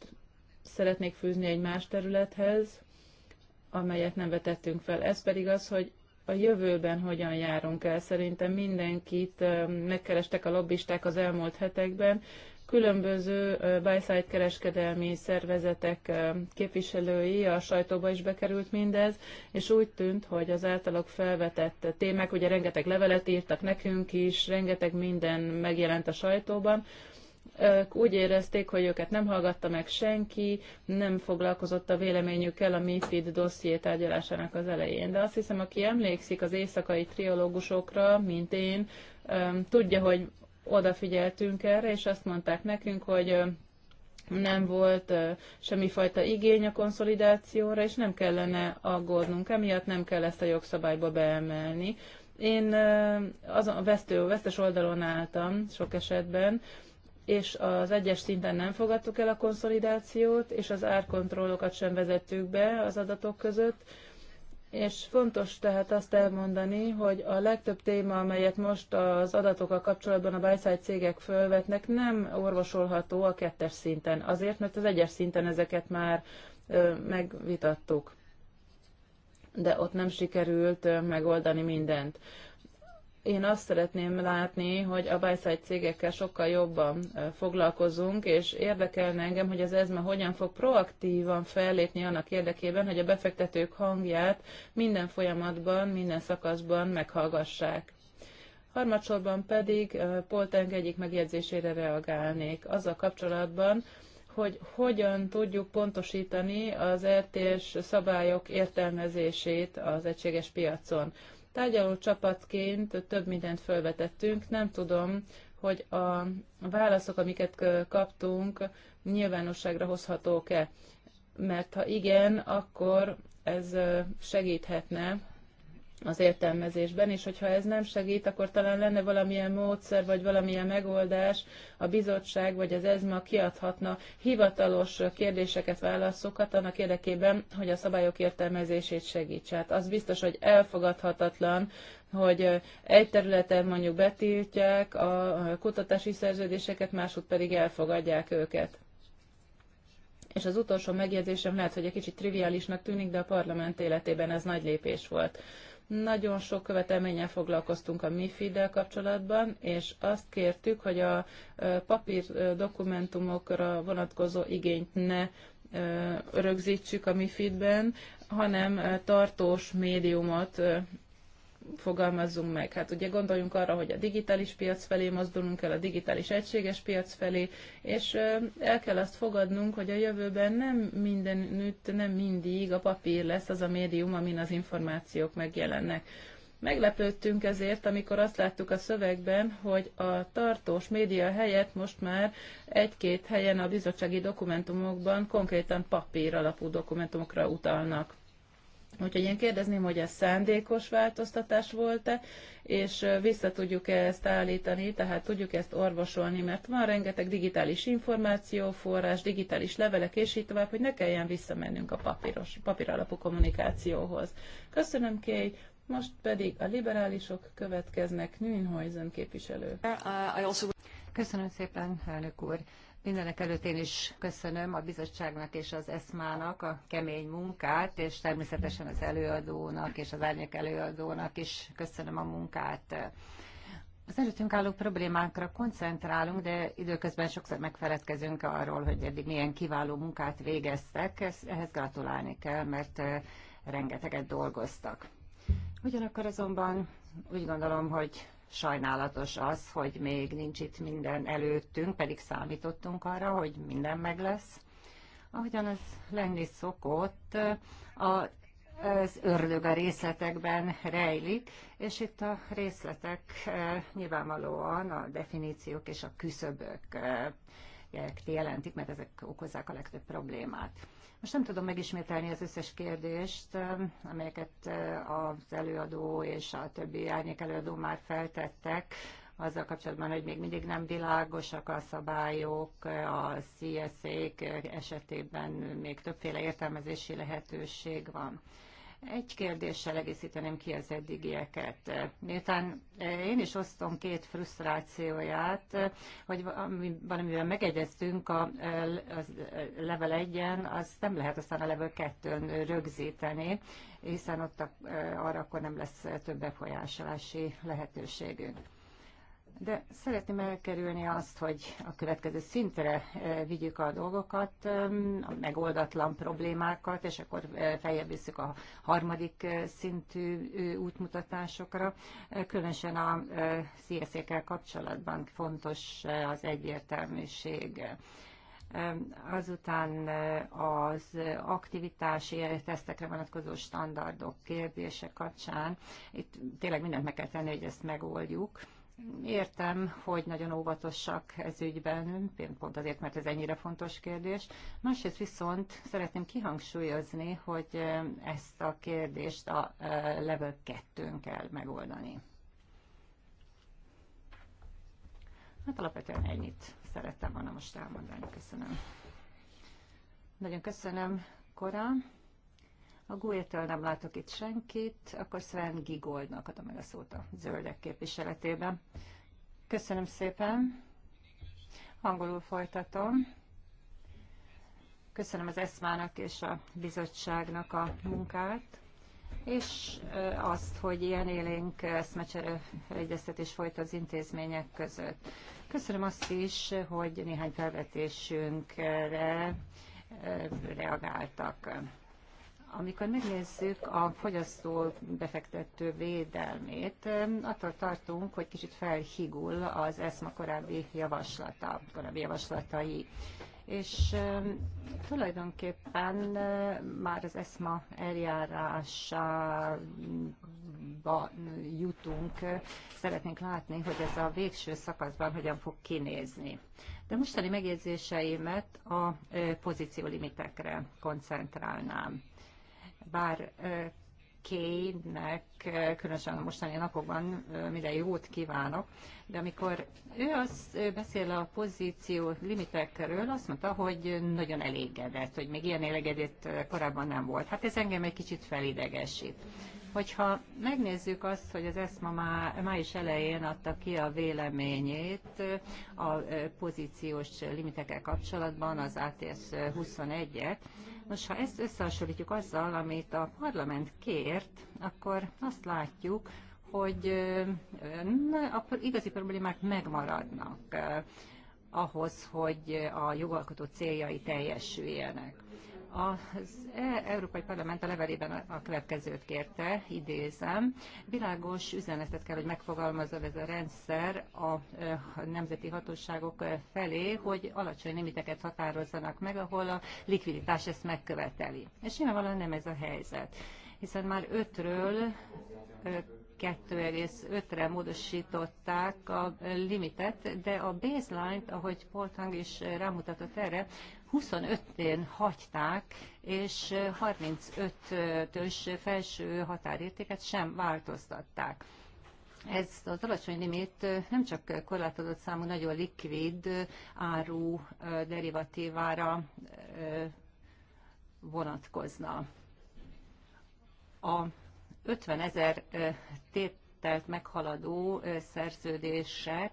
szeretnék fűzni egy más területhez, amelyet nem vetettünk fel. Ez pedig az, hogy a jövőben hogyan járunk el. Szerintem mindenkit megkerestek a lobbisták az elmúlt hetekben, különböző buy-side kereskedelmi szervezetek képviselői, a sajtóba is bekerült mindez, és úgy tűnt, hogy az általok felvetett témák, ugye rengeteg levelet írtak nekünk is, rengeteg minden megjelent a sajtóban, ők úgy érezték, hogy őket nem hallgatta meg senki, nem foglalkozott a véleményükkel a MIFID dosszié tárgyalásának az elején. De azt hiszem, aki emlékszik az éjszakai triológusokra, mint én, tudja, hogy odafigyeltünk erre, és azt mondták nekünk, hogy nem volt semmifajta igény a konszolidációra, és nem kellene aggódnunk, emiatt nem kell ezt a jogszabályba beemelni. Én azon a vesztő, vesztes oldalon álltam sok esetben, és az egyes szinten nem fogadtuk el a konszolidációt, és az árkontrollokat sem vezettük be az adatok között, és fontos tehát azt elmondani, hogy a legtöbb téma, amelyet most az adatokkal kapcsolatban a buy cégek fölvetnek, nem orvosolható a kettes szinten. Azért, mert az egyes szinten ezeket már ö, megvitattuk. De ott nem sikerült ö, megoldani mindent. Én azt szeretném látni, hogy a buy cégekkel sokkal jobban foglalkozunk, és érdekelne engem, hogy az ESMA hogyan fog proaktívan fellépni annak érdekében, hogy a befektetők hangját minden folyamatban, minden szakaszban meghallgassák. Harmadsorban pedig Polteng egyik megjegyzésére reagálnék azzal kapcsolatban, hogy hogyan tudjuk pontosítani az RTS szabályok értelmezését az egységes piacon. Tárgyaló csapatként több mindent felvetettünk, nem tudom, hogy a válaszok, amiket kaptunk, nyilvánosságra hozhatók-e. Mert ha igen, akkor ez segíthetne az értelmezésben, és hogyha ez nem segít, akkor talán lenne valamilyen módszer, vagy valamilyen megoldás, a bizottság vagy az ESMA kiadhatna hivatalos kérdéseket, válaszokat annak érdekében, hogy a szabályok értelmezését segíts. Hát az biztos, hogy elfogadhatatlan, hogy egy területen mondjuk betiltják a kutatási szerződéseket, máshogy pedig elfogadják őket. És az utolsó megjegyzésem lehet, hogy egy kicsit triviálisnak tűnik, de a parlament életében ez nagy lépés volt nagyon sok követelménnyel foglalkoztunk a MIFID-del kapcsolatban, és azt kértük, hogy a papír dokumentumokra vonatkozó igényt ne rögzítsük a MIFID-ben, hanem tartós médiumot fogalmazzunk meg. Hát ugye gondoljunk arra, hogy a digitális piac felé mozdulunk el, a digitális egységes piac felé, és el kell azt fogadnunk, hogy a jövőben nem mindenütt, nem mindig a papír lesz az a médium, amin az információk megjelennek. Meglepődtünk ezért, amikor azt láttuk a szövegben, hogy a tartós média helyett most már egy-két helyen a bizottsági dokumentumokban konkrétan papír alapú dokumentumokra utalnak. Úgyhogy én kérdezném, hogy ez szándékos változtatás volt-e, és vissza tudjuk-e ezt állítani, tehát tudjuk ezt orvosolni, mert van rengeteg digitális információforrás, digitális levelek, és így tovább, hogy ne kelljen visszamennünk a papíros, papíralapú kommunikációhoz. Köszönöm, Kay. Most pedig a liberálisok következnek, Nünhojzen képviselő. Uh, Köszönöm szépen, elnök úr. Mindenek előtt én is köszönöm a bizottságnak és az ESMA-nak a kemény munkát, és természetesen az előadónak és az árnyék előadónak is köszönöm a munkát. Az előttünk álló problémákra koncentrálunk, de időközben sokszor megfeledkezünk arról, hogy eddig milyen kiváló munkát végeztek. Ehhez gratulálni kell, mert eh, rengeteget dolgoztak. Ugyanakkor azonban úgy gondolom, hogy Sajnálatos az, hogy még nincs itt minden előttünk, pedig számítottunk arra, hogy minden meg lesz. Ahogyan az lenni szokott, a az ördög a részletekben rejlik, és itt a részletek eh, nyilvánvalóan a definíciók és a küszöbök eh, jelentik, mert ezek okozzák a legtöbb problémát. Most nem tudom megismételni az összes kérdést, amelyeket eh, az előadó és a többi árnyék előadó már feltettek, azzal kapcsolatban, hogy még mindig nem világosak a szabályok, a CSZ-k esetében még többféle értelmezési lehetőség van. Egy kérdéssel egészíteném ki az eddigieket. Miután eh, én is osztom két frusztrációját, eh, hogy valamivel megegyeztünk a, eh, a level 1-en, nem lehet aztán a level 2-n rögzíteni, hiszen ott a, arra akkor nem lesz több befolyásolási lehetőségünk. De szeretném elkerülni azt, hogy a következő szintre eh, vigyük a dolgokat, a megoldatlan problémákat, és akkor eh, feljebb visszük a harmadik eh, szintű útmutatásokra. Különösen a CSZ-kel kapcsolatban fontos az egyértelműség. Azután az aktivitási tesztekre vonatkozó standardok kérdése kapcsán, itt tényleg mindent meg kell tenni, hogy ezt megoldjuk Értem, hogy nagyon óvatosak ez ügyben, pont azért, mert ez ennyire fontos kérdés. Másrészt viszont szeretném kihangsúlyozni, hogy ezt a kérdést a level 2 kell megoldani. Hát alapvetően ennyit szerettem volna most elmondani. Köszönöm. Nagyon köszönöm, Kora. A gue nem látok itt senkit, akkor Sven Gigoldnak adom meg a szót a zöldek képviseletében. Köszönöm szépen. Angolul folytatom. Köszönöm az ESZMÁ-nak és a bizottságnak a munkát, és azt, hogy ilyen élénk eszmecserő egyeztetés folyt az intézmények között. Köszönöm azt is, hogy néhány felvetésünkre reagáltak. Amikor megnézzük a fogyasztó befektető védelmét, attól tartunk, hogy kicsit felhigul az ESMA korábbi javaslata, korábbi javaslatai. És tulajdonképpen már az ESMA eljárásába jutunk, szeretnénk látni, hogy ez a végső szakaszban hogyan fog kinézni. De mostani megjegyzéseimet a pozíciólimitekre koncentrálnám bár Kénynek, különösen a mostani napokban minden jót kívánok, de amikor ő az beszél a pozíció limitekről, azt mondta, hogy nagyon elégedett, hogy még ilyen elégedett korábban nem volt. Hát ez engem egy kicsit felidegesít. Hogyha megnézzük azt, hogy az ESZMA má, május elején adta ki a véleményét a pozíciós limitekkel kapcsolatban, az ATS 21-et, Nos, ha ezt összehasonlítjuk azzal, amit a parlament kért, akkor azt látjuk, hogy a igazi problémák megmaradnak ahhoz, hogy a jogalkotó céljai teljesüljenek. Az e Európai Parlament a levelében a következőt kérte, idézem, világos üzenetet kell, hogy megfogalmazza ez a rendszer a nemzeti hatóságok felé, hogy alacsony limiteket határozzanak meg, ahol a likviditás ezt megköveteli. És nyilvánvalóan nem ez a helyzet hiszen már ötről 2,5-re módosították a limitet, de a baseline-t, ahogy Poltang is rámutatott erre, 25-én hagyták, és 35-ös felső határértéket sem változtatták. Ez az alacsony limit nem csak korlátozott számú, nagyon likvid áru derivatívára vonatkozna. A 50 ezer kivételt meghaladó szerződések,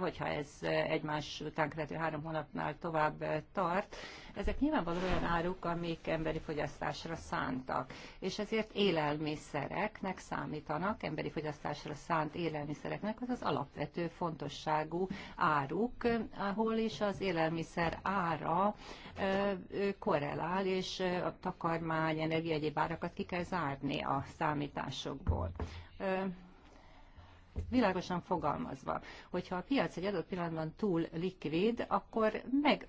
hogyha ez egymás után követő három hónapnál tovább tart, ezek nyilvánvalóan olyan áruk, amik emberi fogyasztásra szántak, és ezért élelmiszereknek számítanak, emberi fogyasztásra szánt élelmiszereknek, az az alapvető fontosságú áruk, ahol is az élelmiszer ára korrelál, és a takarmány, energia, egyéb árakat ki kell zárni a számításokból világosan fogalmazva, hogyha a piac egy adott pillanatban túl likvid, akkor meg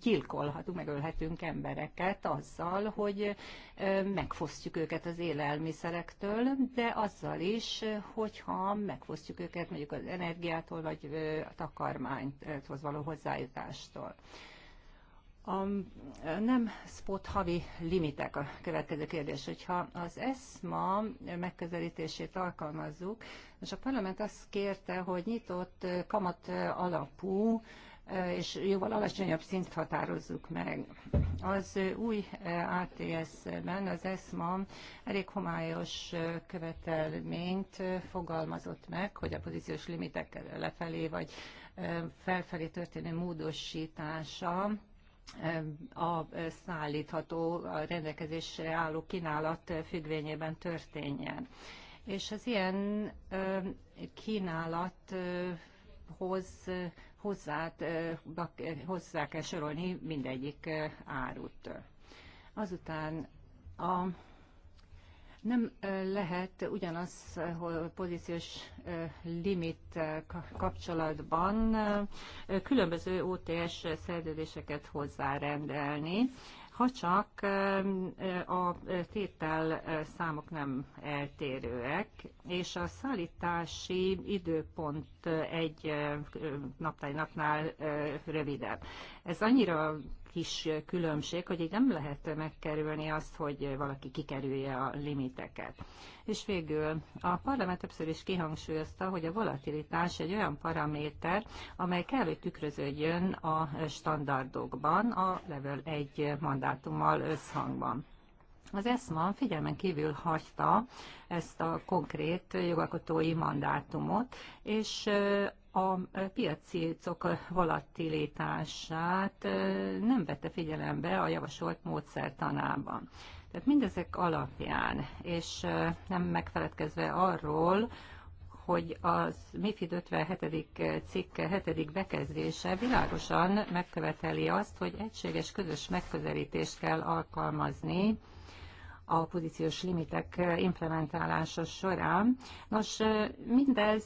gyilkolhatunk, megölhetünk embereket azzal, hogy megfosztjuk őket az élelmiszerektől, de azzal is, hogyha megfosztjuk őket mondjuk az energiától, vagy a takarmányhoz való hozzájutástól. A nem spot havi limitek a következő kérdés. Hogyha az ESMA megközelítését alkalmazzuk, és a parlament azt kérte, hogy nyitott kamat alapú és jóval alacsonyabb szint határozzuk meg. Az új ATS-ben az ESMA elég homályos követelményt fogalmazott meg, hogy a pozíciós limitek lefelé vagy felfelé történő módosítása a szállítható, a rendelkezésre álló kínálat függvényében történjen. És az ilyen kínálathoz hozzát, hozzá kell sorolni mindegyik árut. Azután a nem lehet ugyanaz hogy pozíciós limit kapcsolatban különböző OTS szerződéseket hozzárendelni, ha csak a tétel számok nem eltérőek, és a szállítási időpont egy napnál rövidebb. Ez annyira kis különbség, hogy így nem lehet megkerülni azt, hogy valaki kikerülje a limiteket. És végül a parlament többször is kihangsúlyozta, hogy a volatilitás egy olyan paraméter, amely kell, hogy tükröződjön a standardokban, a level 1 mandátummal összhangban. Az ESMA figyelmen kívül hagyta ezt a konkrét jogalkotói mandátumot, és a piacok volatilitását nem vette figyelembe a javasolt módszertanában. Tehát mindezek alapján, és nem megfeledkezve arról, hogy az MIFID 57. cikk 7. bekezdése világosan megköveteli azt, hogy egységes közös megközelítést kell alkalmazni a pozíciós limitek implementálása során. Nos, mindez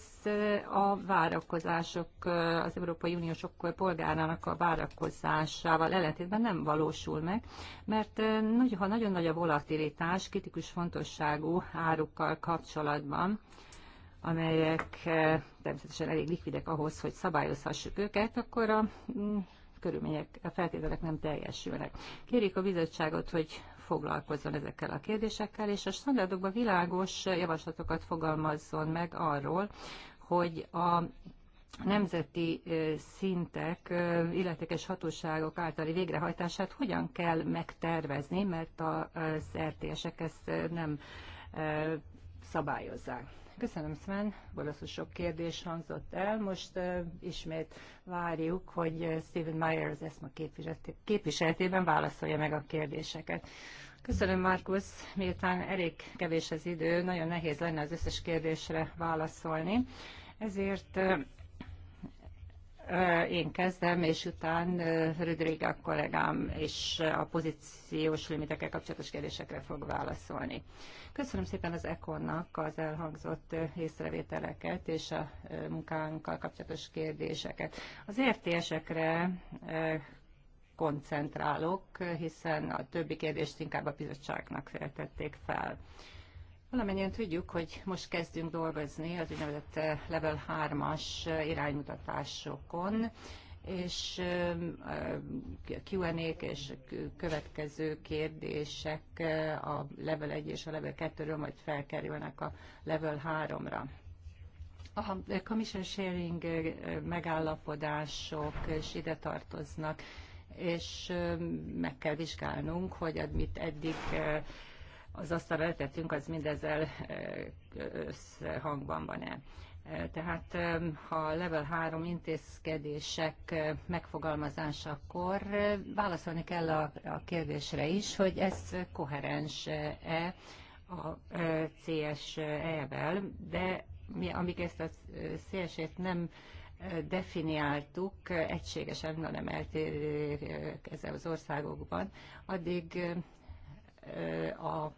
a várakozások, az Európai Unió sok polgárának a várakozásával ellentétben nem valósul meg, mert ha nagyon nagy a volatilitás kritikus fontosságú árukkal kapcsolatban, amelyek eh, természetesen elég likvidek ahhoz, hogy szabályozhassuk őket, akkor a mm, körülmények, a feltételek nem teljesülnek. Kérjük a bizottságot, hogy foglalkozzon ezekkel a kérdésekkel, és a standardokban világos javaslatokat fogalmazzon meg arról, hogy a nemzeti szintek, illetékes hatóságok általi végrehajtását hogyan kell megtervezni, mert az RTS-ek ezt nem szabályozzák. Köszönöm, Sven. Bolaszul sok kérdés hangzott el. Most uh, ismét várjuk, hogy Stephen Meyer az ESMA képviseletében válaszolja meg a kérdéseket. Köszönöm, Markus. Miután elég kevés az idő, nagyon nehéz lenne az összes kérdésre válaszolni. Ezért én kezdem, és után Rüdriga kollégám és a pozíciós limitekkel kapcsolatos kérdésekre fog válaszolni. Köszönöm szépen az Ekonnak az elhangzott észrevételeket és a munkánkkal kapcsolatos kérdéseket. Az értésekre koncentrálok, hiszen a többi kérdést inkább a bizottságnak feltették fel. Valamennyien tudjuk, hogy most kezdünk dolgozni az úgynevezett eh, level 3-as eh, iránymutatásokon, és eh, Q&A-k és következő kérdések a level 1 és a level 2-ről majd felkerülnek a level 3-ra. A commission sharing megállapodások is ide tartoznak, és meg kell vizsgálnunk, hogy amit eddig az asztalra letettünk, az mindezzel eh, összhangban van-e. Eh, tehát ha level 3 intézkedések eh, megfogalmazásakor válaszolni kell a, a kérdésre is, hogy ez koherens-e a CSE-vel, de mi, amíg ezt a CSE-t nem definiáltuk egységesen, hanem eltérő ezzel az országokban, addig a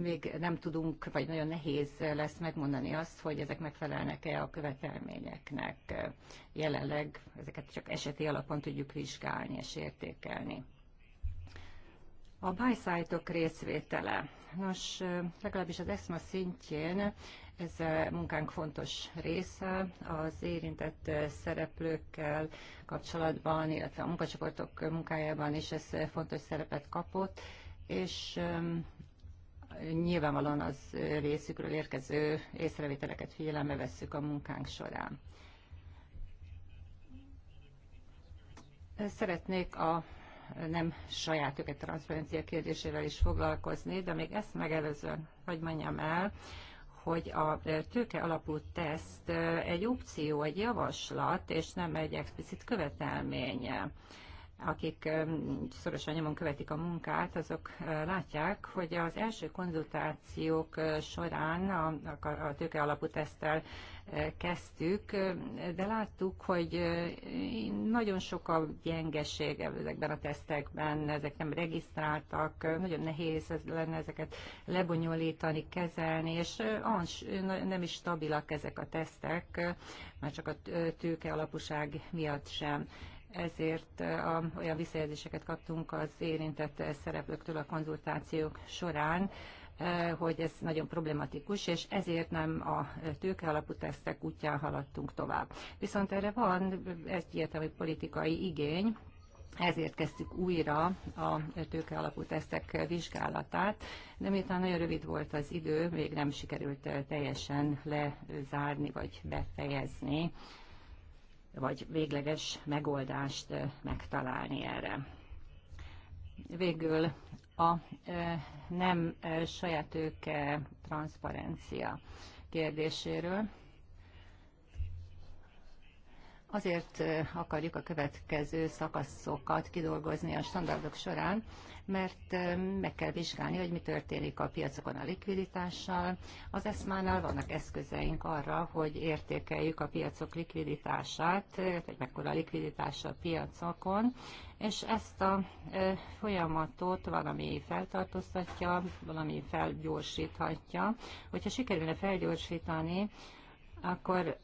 még nem tudunk, vagy nagyon nehéz lesz megmondani azt, hogy ezek megfelelnek-e a követelményeknek. Jelenleg ezeket csak eseti alapon tudjuk vizsgálni és értékelni. A bájszájtok részvétele. Nos, legalábbis az ESMA szintjén ez a munkánk fontos része az érintett szereplőkkel kapcsolatban, illetve a munkacsoportok munkájában is ez fontos szerepet kapott, és nyilvánvalóan az részükről érkező észrevételeket figyelembe vesszük a munkánk során. Szeretnék a nem saját őket transzparencia kérdésével is foglalkozni, de még ezt megelőzően, hogy mondjam el, hogy a tőke alapú teszt egy opció, egy javaslat, és nem egy explicit követelménye akik szorosan nyomon követik a munkát, azok látják, hogy az első konzultációk során a, a tőke alapú tesztel kezdtük, de láttuk, hogy nagyon sok a gyengeség ezekben a tesztekben, ezek nem regisztráltak, nagyon nehéz ez lenne ezeket lebonyolítani, kezelni, és nem is stabilak ezek a tesztek, már csak a tőke alapúság miatt sem ezért a, olyan visszajelzéseket kaptunk az érintett szereplőktől a konzultációk során, hogy ez nagyon problematikus, és ezért nem a tőke alapú tesztek útján haladtunk tovább. Viszont erre van egyértelmű politikai igény, ezért kezdtük újra a tőke alapú tesztek vizsgálatát, de miután nagyon rövid volt az idő, még nem sikerült teljesen lezárni vagy befejezni vagy végleges megoldást megtalálni erre. Végül a nem saját tőke transzparencia kérdéséről. Azért akarjuk a következő szakaszokat kidolgozni a standardok során, mert meg kell vizsgálni, hogy mi történik a piacokon a likviditással. Az eszmánál vannak eszközeink arra, hogy értékeljük a piacok likviditását, vagy mekkora a likviditása a piacokon, és ezt a folyamatot valami feltartóztatja, valami felgyorsíthatja. Hogyha sikerülne felgyorsítani, akkor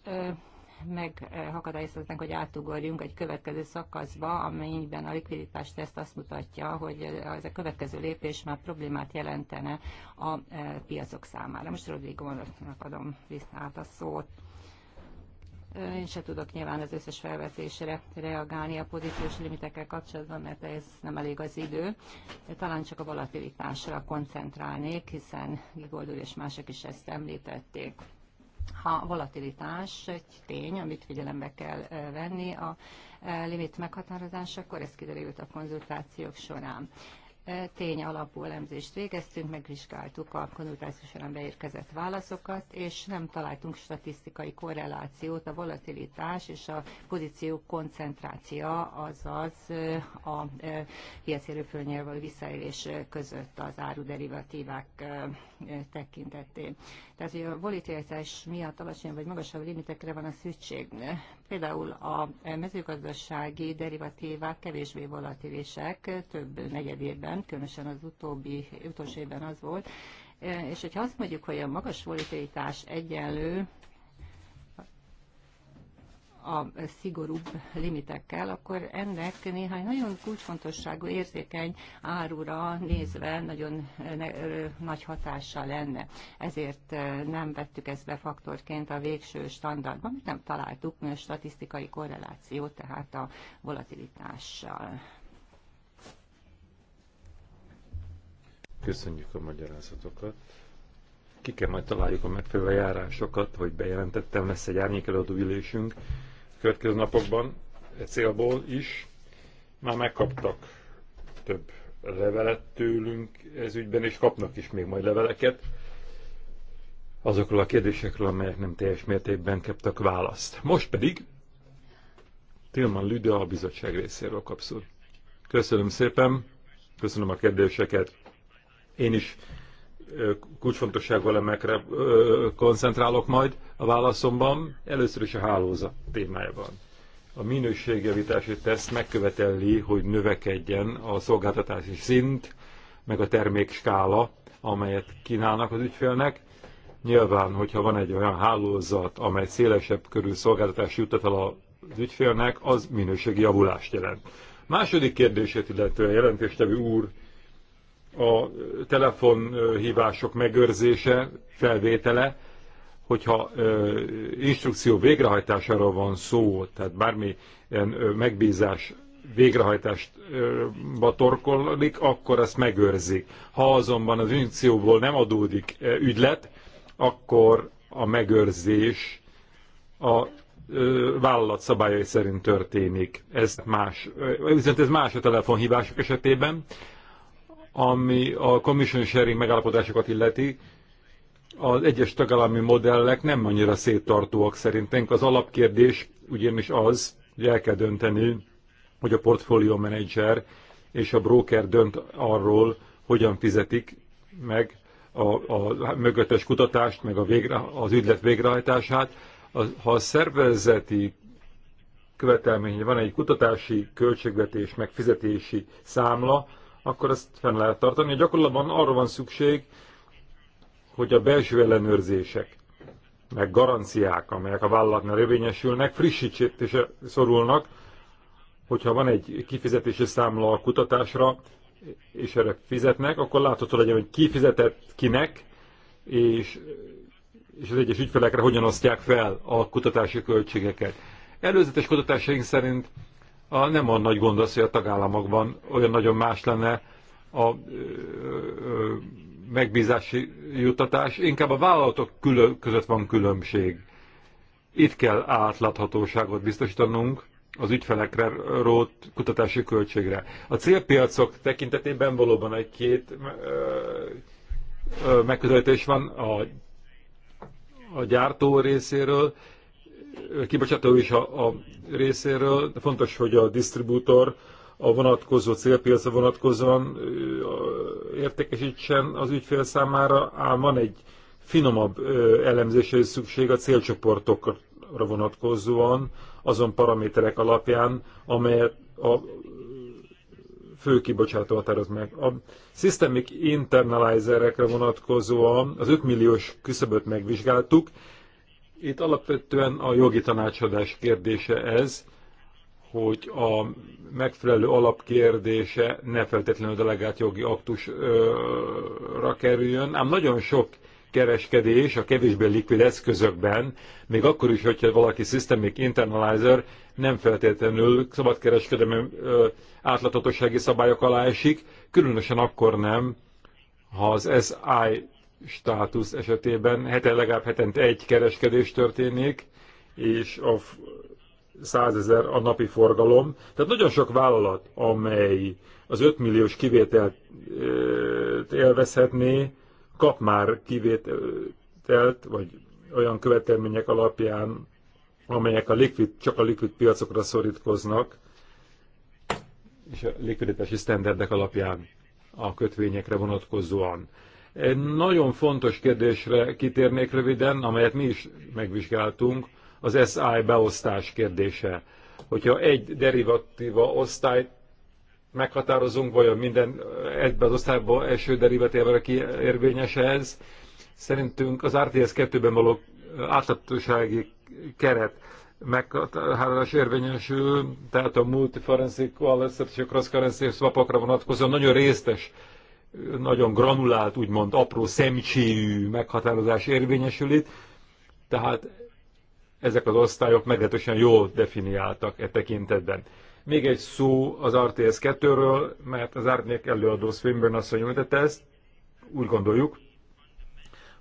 megakadályozhatnánk, hogy átugorjunk egy következő szakaszba, amelyben a likviditás teszt azt mutatja, hogy ez a következő lépés már problémát jelentene a e, piacok számára. Most Rodrigónak adom vissza át a szót. E, én se tudok nyilván az összes felvetésre reagálni a pozíciós limitekkel kapcsolatban, mert ez nem elég az idő. Talán csak a volatilitásra koncentrálnék, hiszen Gigoldul és mások is ezt említették ha volatilitás egy tény, amit figyelembe kell venni a limit meghatározásakor, ez kiderült a konzultációk során. Tény alapú elemzést végeztünk, megvizsgáltuk a konzultáció során beérkezett válaszokat, és nem találtunk statisztikai korrelációt a volatilitás és a pozíció koncentrácia, azaz a piaci erőfölnyelvvel visszaélés között az áruderivatívák tekintetén. Tehát, hogy a volatilitás miatt alacsony vagy magasabb limitekre van a szükség. Például a mezőgazdasági derivatívák kevésbé volatilisek, több negyedében, különösen az utóbbi, utolsó évben az volt, és hogyha azt mondjuk, hogy a magas volatilitás egyenlő a szigorúbb limitekkel, akkor ennek néhány nagyon kulcsfontosságú érzékeny árura nézve nagyon ne, nagy hatása lenne. Ezért nem vettük ezt be faktorként a végső standardban, mert nem találtuk statisztikai korrelációt, tehát a volatilitással. Köszönjük a magyarázatokat. Ki kell majd találjuk a megfelelő járásokat, hogy bejelentettem, lesz egy árnyékelődő ülésünk következő napokban e célból is már megkaptak több levelet tőlünk ez ügyben, és kapnak is még majd leveleket azokról a kérdésekről, amelyek nem teljes mértékben kaptak választ. Most pedig Tilman Lüde a bizottság részéről kapszul. Köszönöm szépen, köszönöm a kérdéseket. Én is kulcsfontosságú elemekre koncentrálok majd a válaszomban, először is a hálózat témájában. A minőségjavítási teszt megköveteli, hogy növekedjen a szolgáltatási szint, meg a termék skála, amelyet kínálnak az ügyfélnek. Nyilván, hogyha van egy olyan hálózat, amely szélesebb körű szolgáltatási juttat el az ügyfélnek, az minőségi javulást jelent. Második kérdését illetően jelentéstevő úr a telefonhívások megőrzése, felvétele, hogyha instrukció végrehajtásáról van szó, tehát bármilyen megbízás végrehajtást batorkolik, akkor ezt megőrzik. Ha azonban az instrukcióból nem adódik ügylet, akkor a megőrzés a vállalat szabályai szerint történik. Ez más, viszont ez más a telefonhívások esetében, ami a commission sharing megállapodásokat illeti, az egyes tagállami modellek nem annyira széttartóak szerintünk. Az alapkérdés ugyanis az, hogy el kell dönteni, hogy a portfólió menedzser és a broker dönt arról, hogyan fizetik meg a, a mögöttes kutatást, meg a végre, az ügylet végrehajtását. ha a szervezeti követelmény van egy kutatási költségvetés, meg fizetési számla, akkor ezt fenn lehet tartani. gyakorlatban arra van szükség, hogy a belső ellenőrzések, meg garanciák, amelyek a vállalatnál érvényesülnek, frissítésre szorulnak, hogyha van egy kifizetési számla a kutatásra, és erre fizetnek, akkor látható legyen, hogy ki fizetett kinek, és, és az egyes ügyfelekre hogyan osztják fel a kutatási költségeket. Előzetes kutatásaink szerint a, nem a nagy gond az, hogy a tagállamokban olyan nagyon más lenne a ö, ö, megbízási juttatás, inkább a vállalatok külön, között van különbség. Itt kell átláthatóságot biztosítanunk az ügyfelekre rót kutatási költségre. A célpiacok tekintetében valóban egy-két megközelítés van a, a gyártó részéről, kibocsátó is a, a részéről. Fontos, hogy a disztribútor a vonatkozó célpiacra vonatkozóan értékesítsen az ügyfél számára, ám van egy finomabb elemzésre is szükség a célcsoportokra vonatkozóan, azon paraméterek alapján, amelyet a fő kibocsátó határoz meg. A systemic internalizerekre vonatkozóan az 5 milliós küszöböt megvizsgáltuk, itt alapvetően a jogi tanácsadás kérdése ez, hogy a megfelelő alapkérdése ne feltétlenül delegált jogi aktusra kerüljön, ám nagyon sok kereskedés a kevésbé likvid eszközökben, még akkor is, hogyha valaki systemic internalizer nem feltétlenül szabadkereskedelmi átlatotossági szabályok alá esik, különösen akkor nem, ha az SI státusz esetében heten, legalább hetente egy kereskedés történik, és a százezer a napi forgalom. Tehát nagyon sok vállalat, amely az 5 milliós kivételt élvezhetné, kap már kivételt, vagy olyan követelmények alapján, amelyek a likvid, csak a likvid piacokra szorítkoznak, és a likviditási sztenderdek alapján a kötvényekre vonatkozóan. Egy nagyon fontos kérdésre kitérnék röviden, amelyet mi is megvizsgáltunk, az SI beosztás kérdése. Hogyha egy derivatíva osztályt meghatározunk, vajon minden egybe az osztályba eső derivatívra érvényes ez. Szerintünk az RTS 2-ben való átláthatósági keret meghatározás érvényesül, tehát a multiforensic, a cross currency swapokra vonatkozóan nagyon résztes nagyon granulált, úgymond apró szemcséjű meghatározás érvényesül itt, tehát ezek az osztályok meglehetősen jól definiáltak e tekintetben. Még egy szó az RTS 2-ről, mert az árnyék előadó Swinburne asszony említette ezt, úgy gondoljuk,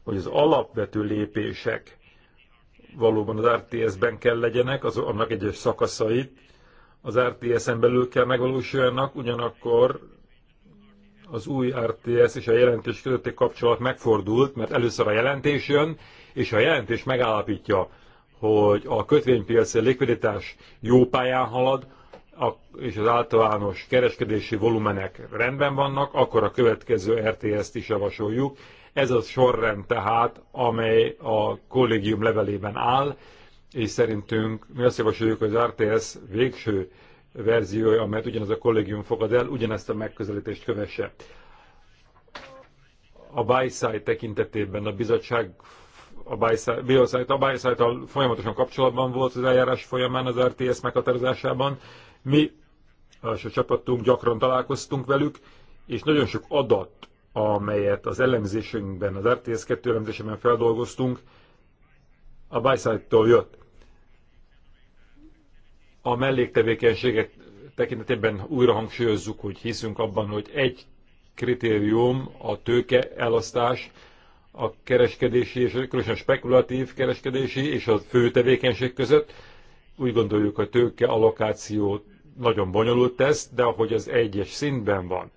hogy az alapvető lépések valóban az RTS-ben kell legyenek, az, annak egyes szakaszait az RTS-en belül kell megvalósuljanak, ugyanakkor az új RTS és a jelentés közötti kapcsolat megfordult, mert először a jelentés jön, és a jelentés megállapítja, hogy a kötvénypiaci likviditás jó pályán halad, és az általános kereskedési volumenek rendben vannak, akkor a következő RTS-t is javasoljuk. Ez a sorrend tehát, amely a kollégium levelében áll, és szerintünk mi azt javasoljuk, hogy az RTS végső verziója, amelyet ugyanaz a kollégium fogad el, ugyanezt a megközelítést kövesse. A buy side tekintetében a bizottság a biosite, a folyamatosan kapcsolatban volt az eljárás folyamán az RTS meghatározásában. Mi, és a csapatunk, gyakran találkoztunk velük, és nagyon sok adat, amelyet az elemzésünkben, az RTS 2 elemzésében feldolgoztunk, a buyside jött. A melléktevékenységek tekintetében újra hangsúlyozzuk, hogy hiszünk abban, hogy egy kritérium a tőke elosztás, a kereskedési és különösen spekulatív kereskedési és a fő tevékenység között. Úgy gondoljuk, hogy a tőke allokáció nagyon bonyolult tesz, de ahogy az egyes szintben van,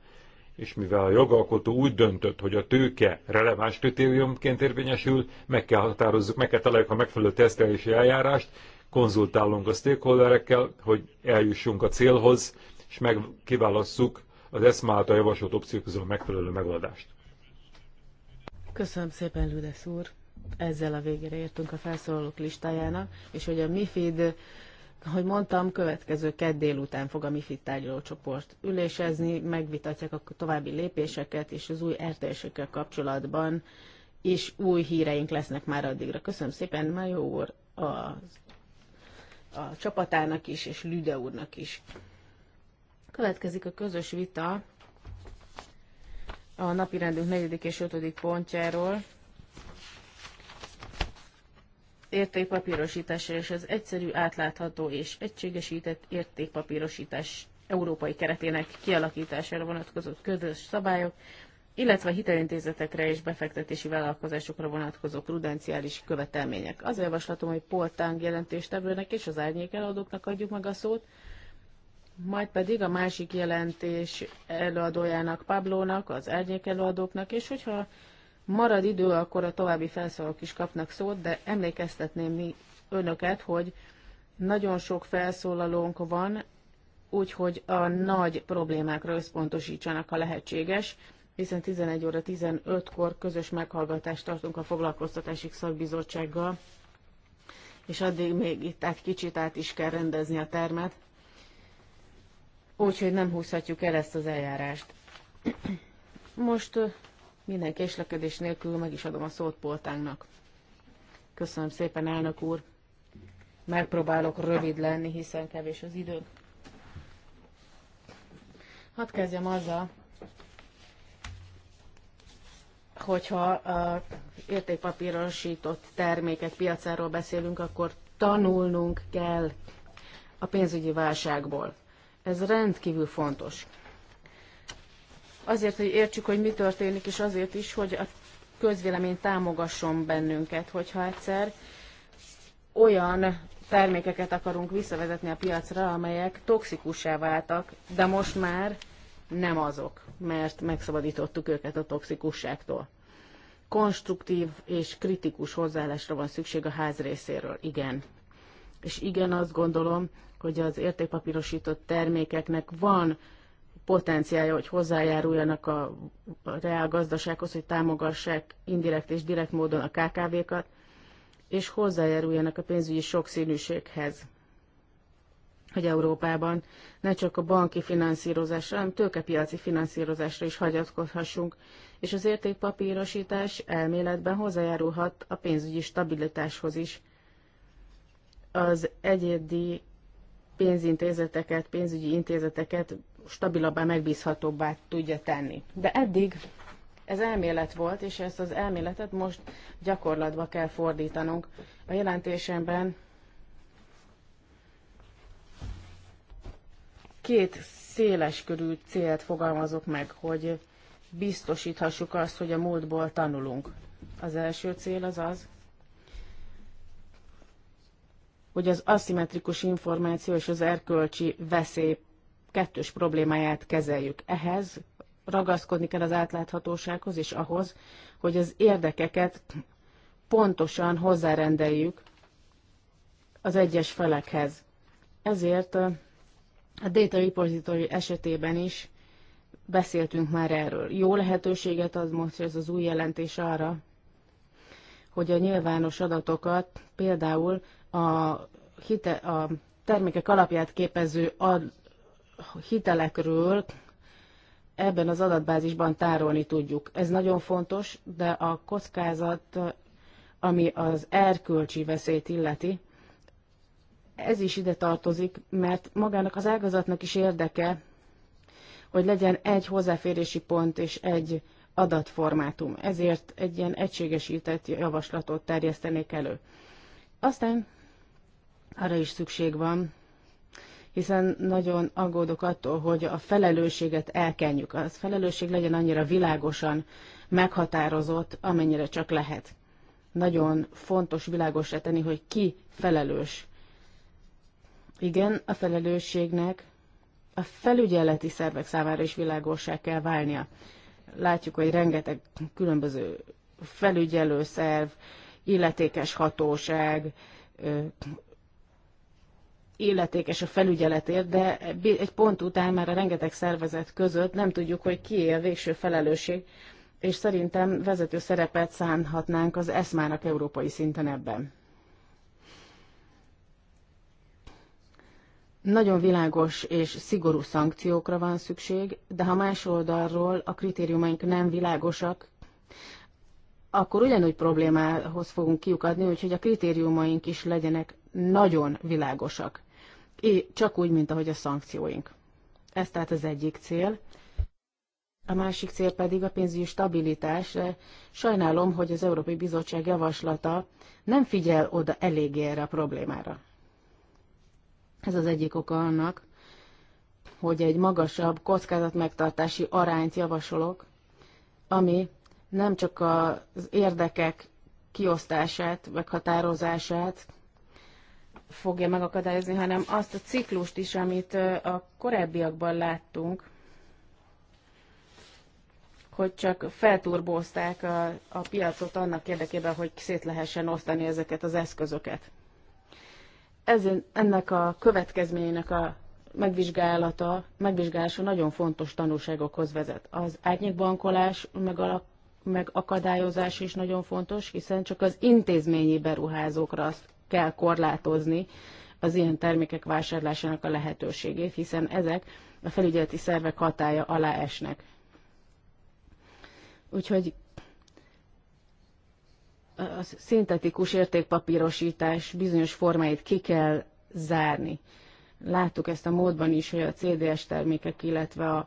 és mivel a jogalkotó úgy döntött, hogy a tőke releváns kritériumként érvényesül, meg kell határozzuk, meg kell találjuk a megfelelő tesztelési eljárást, konzultálunk a stakeholderekkel, hogy eljussunk a célhoz, és meg kiválasszuk az ESMA által javasolt opciók közül a megfelelő megoldást. Köszönöm szépen, Lüdesz úr! Ezzel a végére értünk a felszólalók listájának, és hogy a MIFID, ahogy mondtam, következő kedd délután fog a MIFID tárgyalócsoport ülésezni, megvitatják a további lépéseket, és az új RTS-ekkel kapcsolatban és új híreink lesznek már addigra. Köszönöm szépen, Majó úr, az a csapatának is, és Lüde úrnak is. Következik a közös vita a napirendünk 4. és 5. pontjáról, értékpapírosításra és az egyszerű, átlátható és egységesített értékpapírosítás európai keretének kialakítására vonatkozó közös szabályok illetve hitelintézetekre és befektetési vállalkozásokra vonatkozó prudenciális követelmények. Az javaslatom, hogy Poltánk jelentéstevőnek és az árnyék eladóknak adjuk meg a szót, majd pedig a másik jelentés előadójának, Pablónak, az árnyék előadóknak, és hogyha marad idő, akkor a további felszólalók is kapnak szót, de emlékeztetném mi önöket, hogy nagyon sok felszólalónk van, úgyhogy a nagy problémákra összpontosítsanak, ha lehetséges hiszen 11 óra 15-kor közös meghallgatást tartunk a foglalkoztatási szakbizottsággal, és addig még itt egy kicsit át is kell rendezni a termet, úgyhogy nem húzhatjuk el ezt az eljárást. Most minden késlekedés nélkül meg is adom a szót Poltánknak. Köszönöm szépen, elnök úr. Megpróbálok rövid lenni, hiszen kevés az idő. Hadd kezdjem azzal, hogyha a értékpapírosított termékek piacáról beszélünk, akkor tanulnunk kell a pénzügyi válságból. Ez rendkívül fontos. Azért, hogy értsük, hogy mi történik, és azért is, hogy a közvélemény támogasson bennünket, hogyha egyszer olyan termékeket akarunk visszavezetni a piacra, amelyek toxikussá váltak, de most már nem azok, mert megszabadítottuk őket a toxikusságtól. Konstruktív és kritikus hozzáállásra van szükség a ház részéről, igen. És igen, azt gondolom, hogy az értékpapírosított termékeknek van potenciálja, hogy hozzájáruljanak a reál gazdasághoz, hogy támogassák indirekt és direkt módon a KKV-kat, és hozzájáruljanak a pénzügyi sokszínűséghez hogy Európában ne csak a banki finanszírozásra, hanem tőkepiaci finanszírozásra is hagyatkozhassunk, és az értékpapírosítás elméletben hozzájárulhat a pénzügyi stabilitáshoz is. Az egyedi pénzintézeteket, pénzügyi intézeteket stabilabbá, megbízhatóbbá tudja tenni. De eddig ez elmélet volt, és ezt az elméletet most gyakorlatba kell fordítanunk. A jelentésemben két széles körű célt fogalmazok meg, hogy biztosíthassuk azt, hogy a múltból tanulunk. Az első cél az az, hogy az aszimmetrikus információ és az erkölcsi veszély kettős problémáját kezeljük. Ehhez ragaszkodni kell az átláthatósághoz és ahhoz, hogy az érdekeket pontosan hozzárendeljük az egyes felekhez. Ezért a Data Repository esetében is beszéltünk már erről. Jó lehetőséget ad most ez az új jelentés arra, hogy a nyilvános adatokat például a, hite, a termékek alapját képező ad, hitelekről ebben az adatbázisban tárolni tudjuk. Ez nagyon fontos, de a kockázat, ami az erkölcsi veszélyt illeti, ez is ide tartozik, mert magának az ágazatnak is érdeke, hogy legyen egy hozzáférési pont és egy adatformátum. Ezért egy ilyen egységesített javaslatot terjesztenék elő. Aztán arra is szükség van, hiszen nagyon aggódok attól, hogy a felelősséget elkenjük. Az felelősség legyen annyira világosan meghatározott, amennyire csak lehet. Nagyon fontos világosra tenni, hogy ki felelős igen, a felelősségnek a felügyeleti szervek számára is világosá kell válnia. Látjuk, hogy rengeteg különböző felügyelő szerv, illetékes hatóság, illetékes a felügyeletért, de egy pont után már a rengeteg szervezet között nem tudjuk, hogy ki a végső felelősség, és szerintem vezető szerepet szánhatnánk az eszmának európai szinten ebben. nagyon világos és szigorú szankciókra van szükség, de ha más oldalról a kritériumaink nem világosak, akkor ugyanúgy problémához fogunk kiukadni, úgyhogy a kritériumaink is legyenek nagyon világosak. É, csak úgy, mint ahogy a szankcióink. Ez tehát az egyik cél. A másik cél pedig a pénzügyi stabilitás. Sajnálom, hogy az Európai Bizottság javaslata nem figyel oda eléggé erre a problémára. Ez az egyik oka annak, hogy egy magasabb kockázatmegtartási arányt javasolok, ami nem csak az érdekek kiosztását, meghatározását fogja megakadályozni, hanem azt a ciklust is, amit a korábbiakban láttunk, hogy csak felturbózták a, a piacot annak érdekében, hogy szét lehessen osztani ezeket az eszközöket ezen, ennek a következményének a megvizsgálata, megvizsgálása nagyon fontos tanulságokhoz vezet. Az árnyékbankolás megalak, megakadályozás is nagyon fontos, hiszen csak az intézményi beruházókra azt kell korlátozni az ilyen termékek vásárlásának a lehetőségét, hiszen ezek a felügyeleti szervek hatája alá esnek. Úgyhogy a szintetikus értékpapírosítás bizonyos formáit ki kell zárni. Láttuk ezt a módban is, hogy a CDS termékek, illetve a,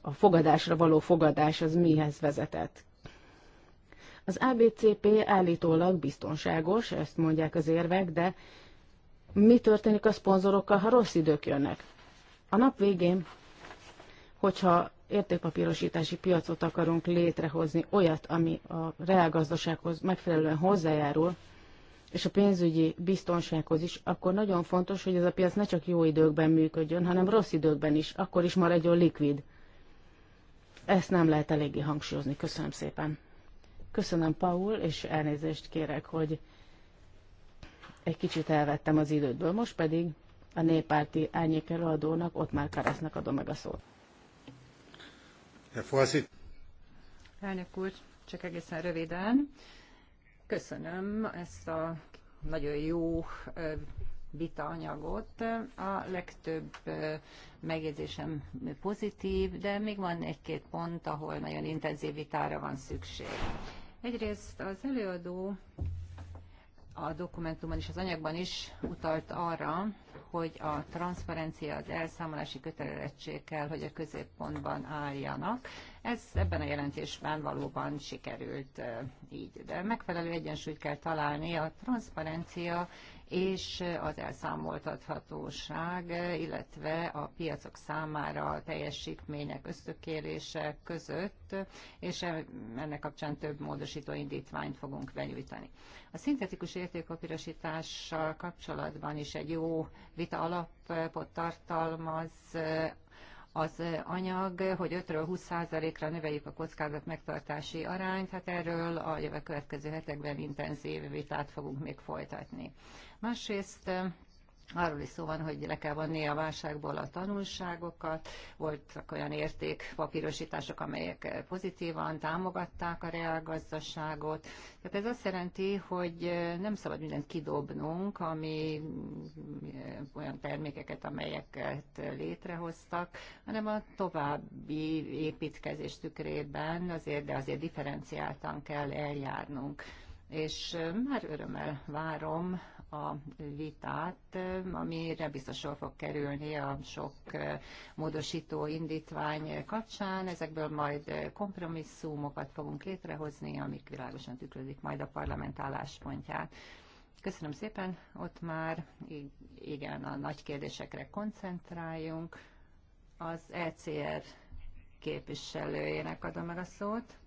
a fogadásra való fogadás az mihez vezetett. Az ABCP állítólag biztonságos, ezt mondják az érvek, de mi történik a szponzorokkal, ha rossz idők jönnek? A nap végén, hogyha értékpapírosítási piacot akarunk létrehozni, olyat, ami a reálgazdasághoz megfelelően hozzájárul, és a pénzügyi biztonsághoz is, akkor nagyon fontos, hogy ez a piac ne csak jó időkben működjön, hanem rossz időkben is, akkor is maradjon likvid. Ezt nem lehet eléggé hangsúlyozni. Köszönöm szépen. Köszönöm, Paul, és elnézést kérek, hogy egy kicsit elvettem az idődből. Most pedig a néppárti árnyékelőadónak, ott már Karasznak adom meg a szót. Elnök úr, csak egészen röviden. Köszönöm ezt a nagyon jó vitaanyagot. A legtöbb megjegyzésem pozitív, de még van egy-két pont, ahol nagyon intenzív vitára van szükség. Egyrészt az előadó a dokumentumban is, az anyagban is utalt arra, hogy a transzparencia, az elszámolási kötelezettség kell, hogy a középpontban álljanak. Ez ebben a jelentésben valóban sikerült így, de megfelelő egyensúlyt kell találni a transzparencia és az elszámoltathatóság, illetve a piacok számára a teljesítmények összökérése között, és e- ennek kapcsán több módosító indítványt fogunk benyújtani. A szintetikus értékpapírosítással kapcsolatban is egy jó vita alapot tartalmaz az anyag, hogy 5-ről 20%-ra növeljük a kockázat megtartási arányt, hát erről a jövő következő hetekben intenzív vitát fogunk még folytatni. Másrészt Arról is szó van, hogy le kell vonni a válságból a tanulságokat, voltak olyan értékpapírosítások, amelyek pozitívan támogatták a reálgazdaságot. Tehát ez azt jelenti, hogy nem szabad mindent kidobnunk, ami olyan termékeket, amelyeket létrehoztak, hanem a további építkezés tükrében azért, de azért differenciáltan kell eljárnunk és már örömmel várom a vitát, amire biztos sor fog kerülni a sok módosító indítvány kapcsán. Ezekből majd kompromisszumokat fogunk létrehozni, amik világosan tükrözik majd a parlament álláspontját. Köszönöm szépen, ott már igen, a nagy kérdésekre koncentráljunk. Az ECR képviselőjének adom meg a szót.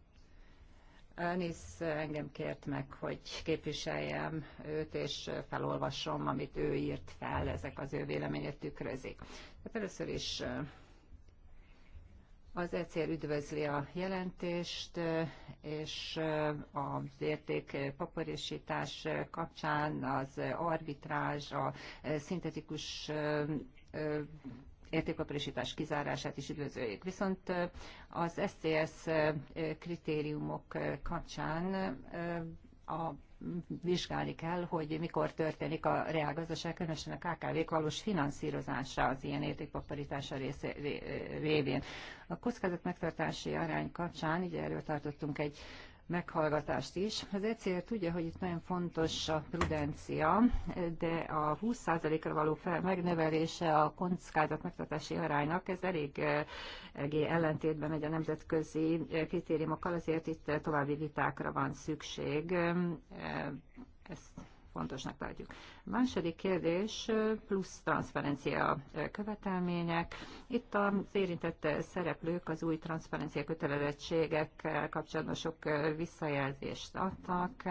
Elnész engem kért meg, hogy képviseljem őt, és felolvasom, amit ő írt fel, ezek az ő véleményét tükrözik. Hát először is az ECR üdvözli a jelentést, és az érték paparisítás kapcsán az arbitrázs, a szintetikus értékpapírosítás kizárását is üdvözöljük. Viszont az SCS kritériumok kapcsán a vizsgálni kell, hogy mikor történik a reálgazdaság, különösen a KKV-k valós finanszírozása az ilyen része révén. A kockázat megtartási arány kapcsán, ugye erről tartottunk egy meghallgatást is. Az ECR tudja, hogy itt nagyon fontos a prudencia, de a 20%-ra való fel, megnevelése a kockázat megtartási aránynak, ez elég, eh, egé ellentétben megy a nemzetközi eh, kritériumokkal, azért itt további vitákra van szükség. Eh, ezt fontosnak tartjuk. A második kérdés, plusz transzparencia követelmények. Itt az érintett szereplők az új transzparencia kötelezettségek kapcsolatban sok visszajelzést adtak,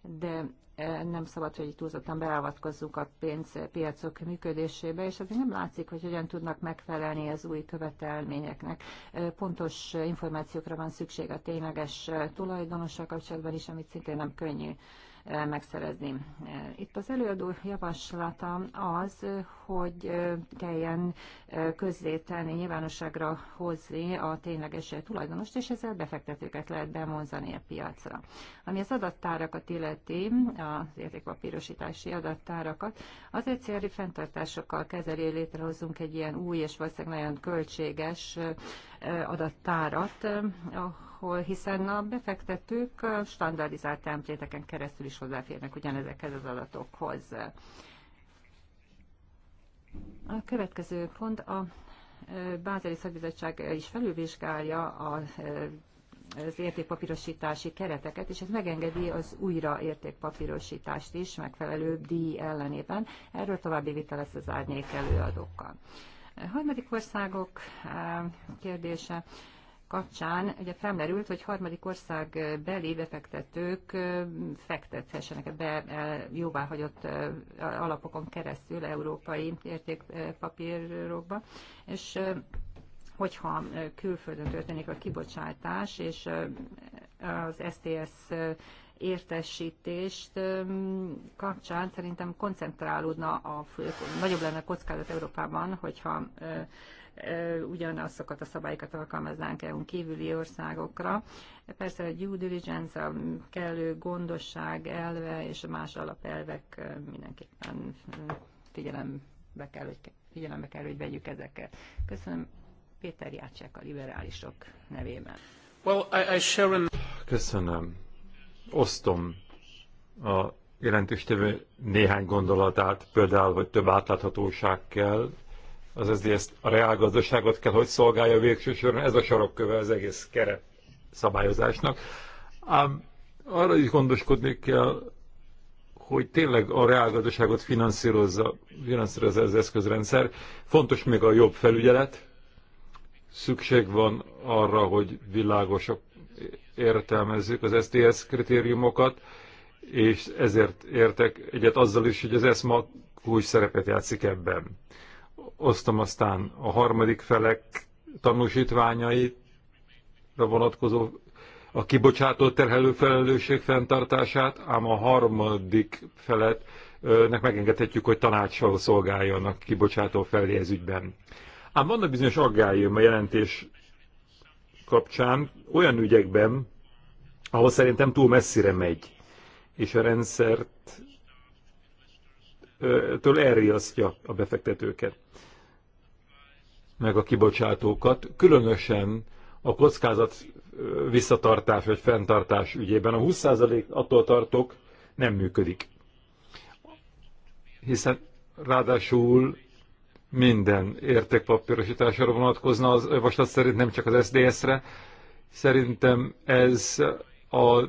de nem szabad, hogy túlzottan beavatkozzunk a pénzpiacok működésébe, és azért nem látszik, hogy hogyan tudnak megfelelni az új követelményeknek. Pontos információkra van szükség a tényleges tulajdonosok kapcsolatban is, amit szintén nem könnyű megszerezni. Itt az előadó javaslata az, hogy kelljen közzétenni, nyilvánosságra hozni a tényleges tulajdonost, és ezzel befektetőket lehet bemonzani a piacra. Ami az adattárakat illeti, az értékpapírosítási adattárakat, az egyszerű fenntartásokkal kezeli, létrehozzunk egy ilyen új és valószínűleg nagyon költséges adattárat, máshol, hiszen a befektetők standardizált templéteken keresztül is hozzáférnek ugyanezekhez az adatokhoz. A következő pont a Bázeli Szakbizottság is felülvizsgálja a az értékpapírosítási kereteket, és ez megengedi az újra értékpapírosítást is megfelelő díj ellenében. Erről további vita lesz az árnyék előadókkal. A harmadik országok kérdése kapcsán ugye felmerült, hogy harmadik ország beli befektetők fektethessenek be jóváhagyott alapokon keresztül európai értékpapírokba, és hogyha külföldön történik a kibocsátás, és az STS értesítést kapcsán szerintem koncentrálódna, a, nagyobb lenne a kockázat Európában, hogyha ugyanazokat a szabályokat alkalmaznánk eu kívüli országokra. Persze a due diligence, a kellő gondosság elve és más alapelvek mindenképpen figyelembe kell, hogy figyelembe kell, hogy vegyük ezeket. Köszönöm Péter Jácsák a liberálisok nevében. Well, I, I share in... Köszönöm. Osztom a jelentéstevő néhány gondolatát, például, hogy több átláthatóság kell az ezt a reálgazdaságot kell, hogy szolgálja végső soron. Ez a sarokköve az egész keret szabályozásnak. Ám arra is gondoskodni kell, hogy tényleg a reálgazdaságot finanszírozza, finanszírozza az eszközrendszer. Fontos még a jobb felügyelet. Szükség van arra, hogy világosak értelmezzük az STS kritériumokat, és ezért értek egyet azzal is, hogy az ESMA új szerepet játszik ebben. Osztom aztán a harmadik felek tanúsítványait, vonatkozó a kibocsátó terhelő felelősség fenntartását, ám a harmadik felet nek megengedhetjük, hogy tanácsal szolgáljon a kibocsátó felé ez ügyben. Ám vannak bizonyos aggályom a jelentés kapcsán olyan ügyekben, ahol szerintem túl messzire megy, és a rendszert től elriasztja a befektetőket, meg a kibocsátókat, különösen a kockázat visszatartás vagy fenntartás ügyében. A 20% attól tartok nem működik. Hiszen ráadásul minden értékpapírosításra vonatkozna az javaslat szerint, nem csak az SDS-re. Szerintem ez a,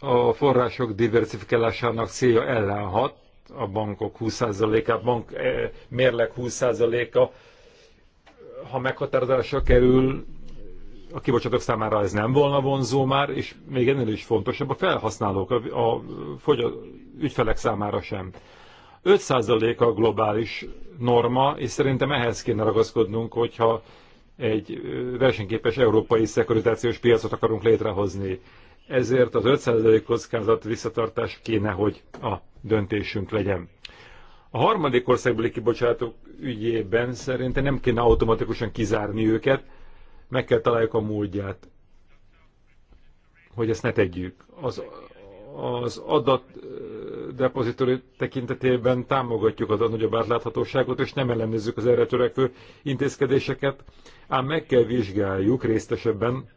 a források diversifikálásának célja ellenhat, a bankok 20%-a, bank eh, mérleg 20%-a, ha meghatározásra kerül, a kibocsátók számára ez nem volna vonzó már, és még ennél is fontosabb a felhasználók, a, a, a ügyfelek számára sem. 5% a globális norma, és szerintem ehhez kéne ragaszkodnunk, hogyha egy versenyképes európai szekuritációs piacot akarunk létrehozni. Ezért az 5% kockázat visszatartás kéne, hogy a döntésünk legyen. A harmadik országbeli kibocsátók ügyében szerintem nem kéne automatikusan kizárni őket, meg kell találjuk a módját, hogy ezt ne tegyük. Az, az depozitori tekintetében támogatjuk a nagyobb átláthatóságot, és nem ellenezzük az erre törekvő intézkedéseket, ám meg kell vizsgáljuk résztesebben,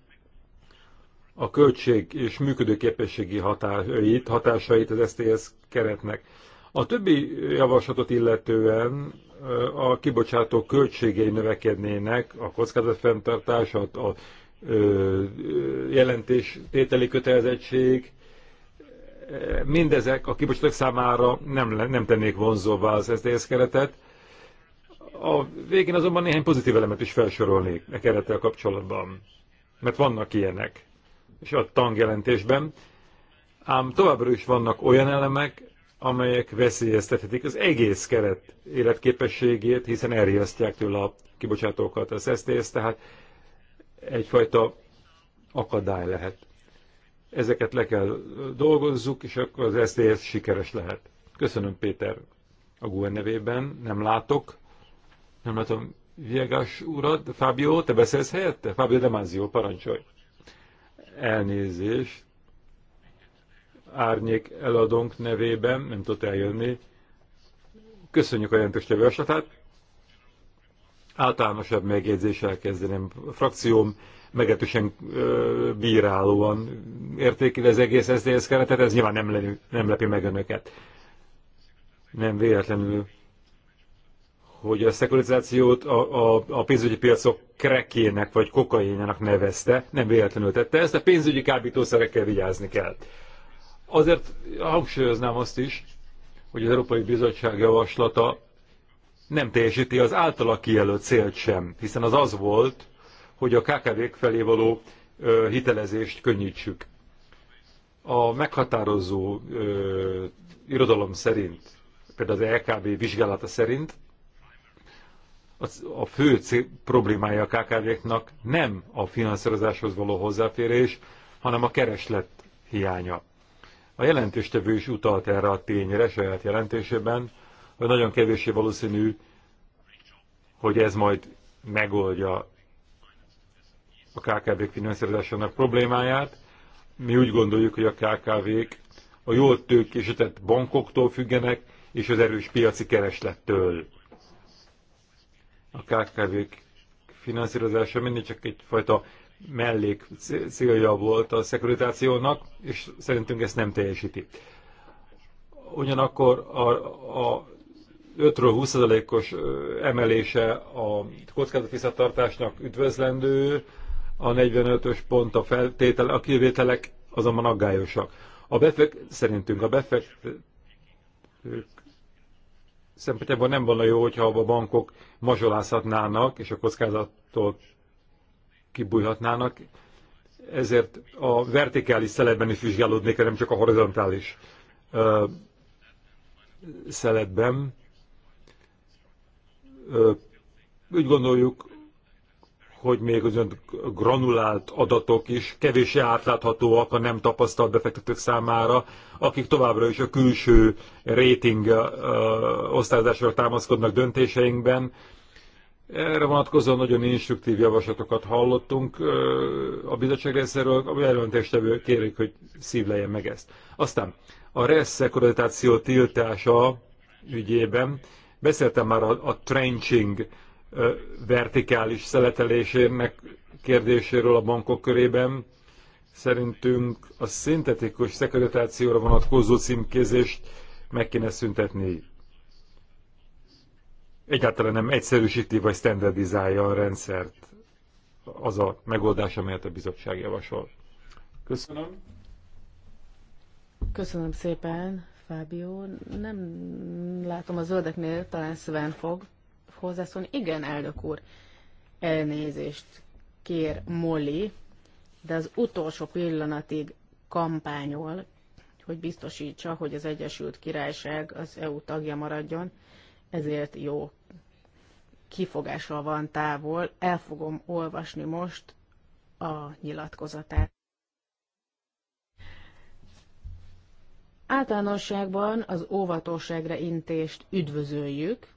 a költség és működőképességi hatásait, hatásait az STS keretnek. A többi javaslatot illetően a kibocsátó költségei növekednének, a kockázatfenntartás, a, a jelentés tételi kötelezettség, mindezek a kibocsátók számára nem, nem tennék vonzóvá az SZDSZ keretet. A végén azonban néhány pozitív elemet is felsorolnék a e kerettel kapcsolatban, mert vannak ilyenek és a tangjelentésben, ám továbbra is vannak olyan elemek, amelyek veszélyeztethetik az egész keret életképességét, hiszen elriasztják tőle a kibocsátókat az SZTS, tehát egyfajta akadály lehet. Ezeket le kell dolgozzuk, és akkor az SZTS sikeres lehet. Köszönöm Péter a GUE nevében, nem látok, nem látom Viegas urat, Fábio, te beszélsz helyette? Fábio Demázio, parancsolj! elnézést. Árnyék eladónk nevében nem tudott eljönni. Köszönjük a jelentős javaslatát. Általánosabb megjegyzéssel kezdeném. A frakcióm megetősen bírálóan értékeli az egész SZDSZ keretet, ez nyilván nem, lenő, nem lepi meg önöket. Nem véletlenül hogy a szekularizációt a, a, a pénzügyi piacok krekének vagy kokainjának nevezte, nem véletlenül tette ezt, a pénzügyi kábítószerekkel vigyázni kell. Azért hangsúlyoznám azt is, hogy az Európai Bizottság javaslata nem teljesíti az általa kijelölt célt sem, hiszen az az volt, hogy a KKV-k felé való ö, hitelezést könnyítsük. A meghatározó ö, irodalom szerint, például az LKB e vizsgálata szerint a fő problémája a KKV-knak nem a finanszírozáshoz való hozzáférés, hanem a kereslet hiánya. A jelentéstevő is utalt erre a tényre saját jelentésében, hogy nagyon kevéssé valószínű, hogy ez majd megoldja a KKV-k finanszírozásának problémáját. Mi úgy gondoljuk, hogy a KKV-k a jól tőkésített bankoktól függenek, és az erős piaci kereslettől a kkv finanszírozása mindig csak egyfajta mellék célja volt a szekuritációnak, és szerintünk ezt nem teljesíti. Ugyanakkor a, a 5-ről 20%-os emelése a kockázat visszatartásnak üdvözlendő, a 45-ös pont a feltétel, a kivételek azonban aggályosak. A befek, szerintünk a befek szempontjából nem volna jó, hogyha a bankok mazsolázhatnának, és a kockázattól kibújhatnának, ezért a vertikális szeletben is vizsgálódnék, nem csak a horizontális ö, szeletben. Ö, úgy gondoljuk, hogy még az granulált adatok is kevéssé átláthatóak a nem tapasztalt befektetők számára, akik továbbra is a külső rating osztályozásra támaszkodnak döntéseinkben. Erre vonatkozóan nagyon instruktív javaslatokat hallottunk a bizottság részéről, a jelentéstevő kérik, hogy szívleljen meg ezt. Aztán a RESZ akkreditáció tiltása ügyében beszéltem már a, a trenching vertikális szeletelésének kérdéséről a bankok körében. Szerintünk a szintetikus szekretációra vonatkozó címkézést meg kéne szüntetni. Egyáltalán nem egyszerűsíti vagy standardizálja a rendszert az a megoldás, amelyet a bizottság javasol. Köszönöm. Köszönöm szépen, Fábio. Nem látom a zöldeknél, talán Sven fog hozzászólni. Igen, elnök úr, elnézést kér Molly, de az utolsó pillanatig kampányol, hogy biztosítsa, hogy az Egyesült Királyság az EU tagja maradjon, ezért jó kifogással van távol. El fogom olvasni most a nyilatkozatát. Általánosságban az óvatosságra intést üdvözöljük,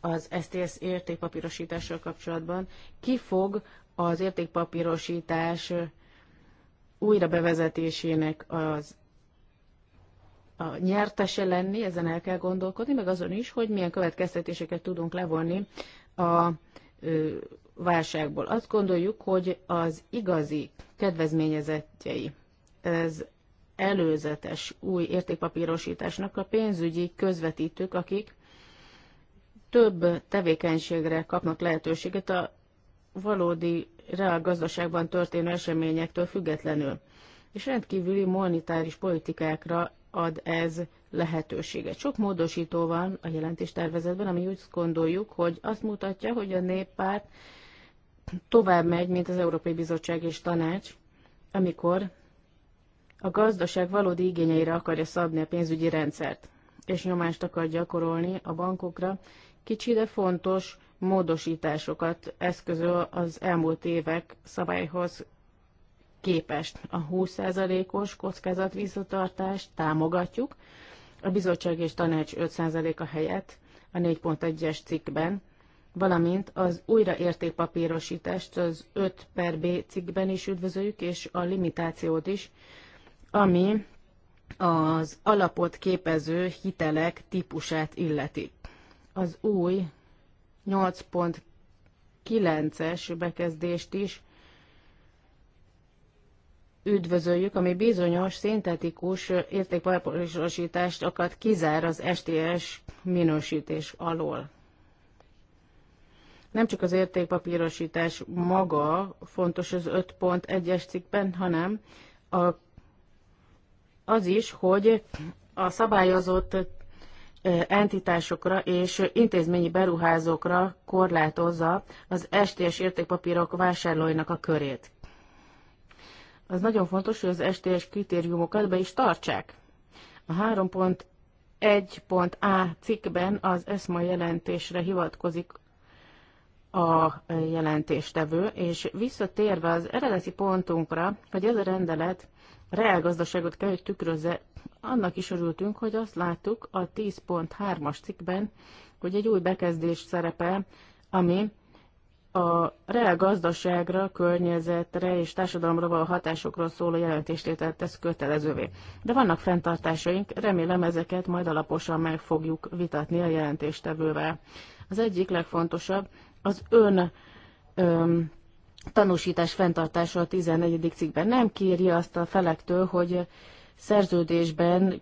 az STS értékpapírosítással kapcsolatban. Ki fog az értékpapírosítás újra bevezetésének az a nyertese lenni, ezen el kell gondolkodni, meg azon is, hogy milyen következtetéseket tudunk levonni a ö, válságból. Azt gondoljuk, hogy az igazi kedvezményezettjei, ez előzetes új értékpapírosításnak a pénzügyi közvetítők, akik több tevékenységre kapnak lehetőséget a valódi reál gazdaságban történő eseményektől függetlenül, és rendkívüli monetáris politikákra ad ez lehetőséget. Sok módosító van a jelentéstervezetben, ami úgy gondoljuk, hogy azt mutatja, hogy a néppárt tovább megy, mint az Európai Bizottság és Tanács, amikor a gazdaság valódi igényeire akarja szabni a pénzügyi rendszert, és nyomást akar gyakorolni a bankokra, kicsi, de fontos módosításokat eszközöl az elmúlt évek szabályhoz képest. A 20%-os kockázat visszatartást támogatjuk, a bizottság és tanács 5%-a helyett a 4.1-es cikkben, valamint az újraértékpapírosítást az 5 per B cikkben is üdvözöljük, és a limitációt is, ami az alapot képező hitelek típusát illeti az új 8.9-es bekezdést is üdvözöljük, ami bizonyos szintetikus akad kizár az STS minősítés alól. Nem csak az értékpapírosítás maga fontos az 5.1-es cikkben, hanem a, az is, hogy a szabályozott entitásokra és intézményi beruházókra korlátozza az STS értékpapírok vásárlóinak a körét. Az nagyon fontos, hogy az STS kritériumokat be is tartsák. A 3.1.a cikkben az ESMA jelentésre hivatkozik a jelentéstevő, és visszatérve az eredeti pontunkra, hogy ez a rendelet reálgazdaságot kell, hogy tükrözze. Annak is örültünk, hogy azt láttuk a 10.3-as cikkben, hogy egy új bekezdés szerepel, ami a reál gazdaságra, környezetre és társadalomra való hatásokról szóló jelentéstételt tesz kötelezővé. De vannak fenntartásaink, remélem ezeket majd alaposan meg fogjuk vitatni a jelentéstevővel. Az egyik legfontosabb az ön öm, tanúsítás fenntartása a 14. cikkben nem kéri azt a felektől, hogy szerződésben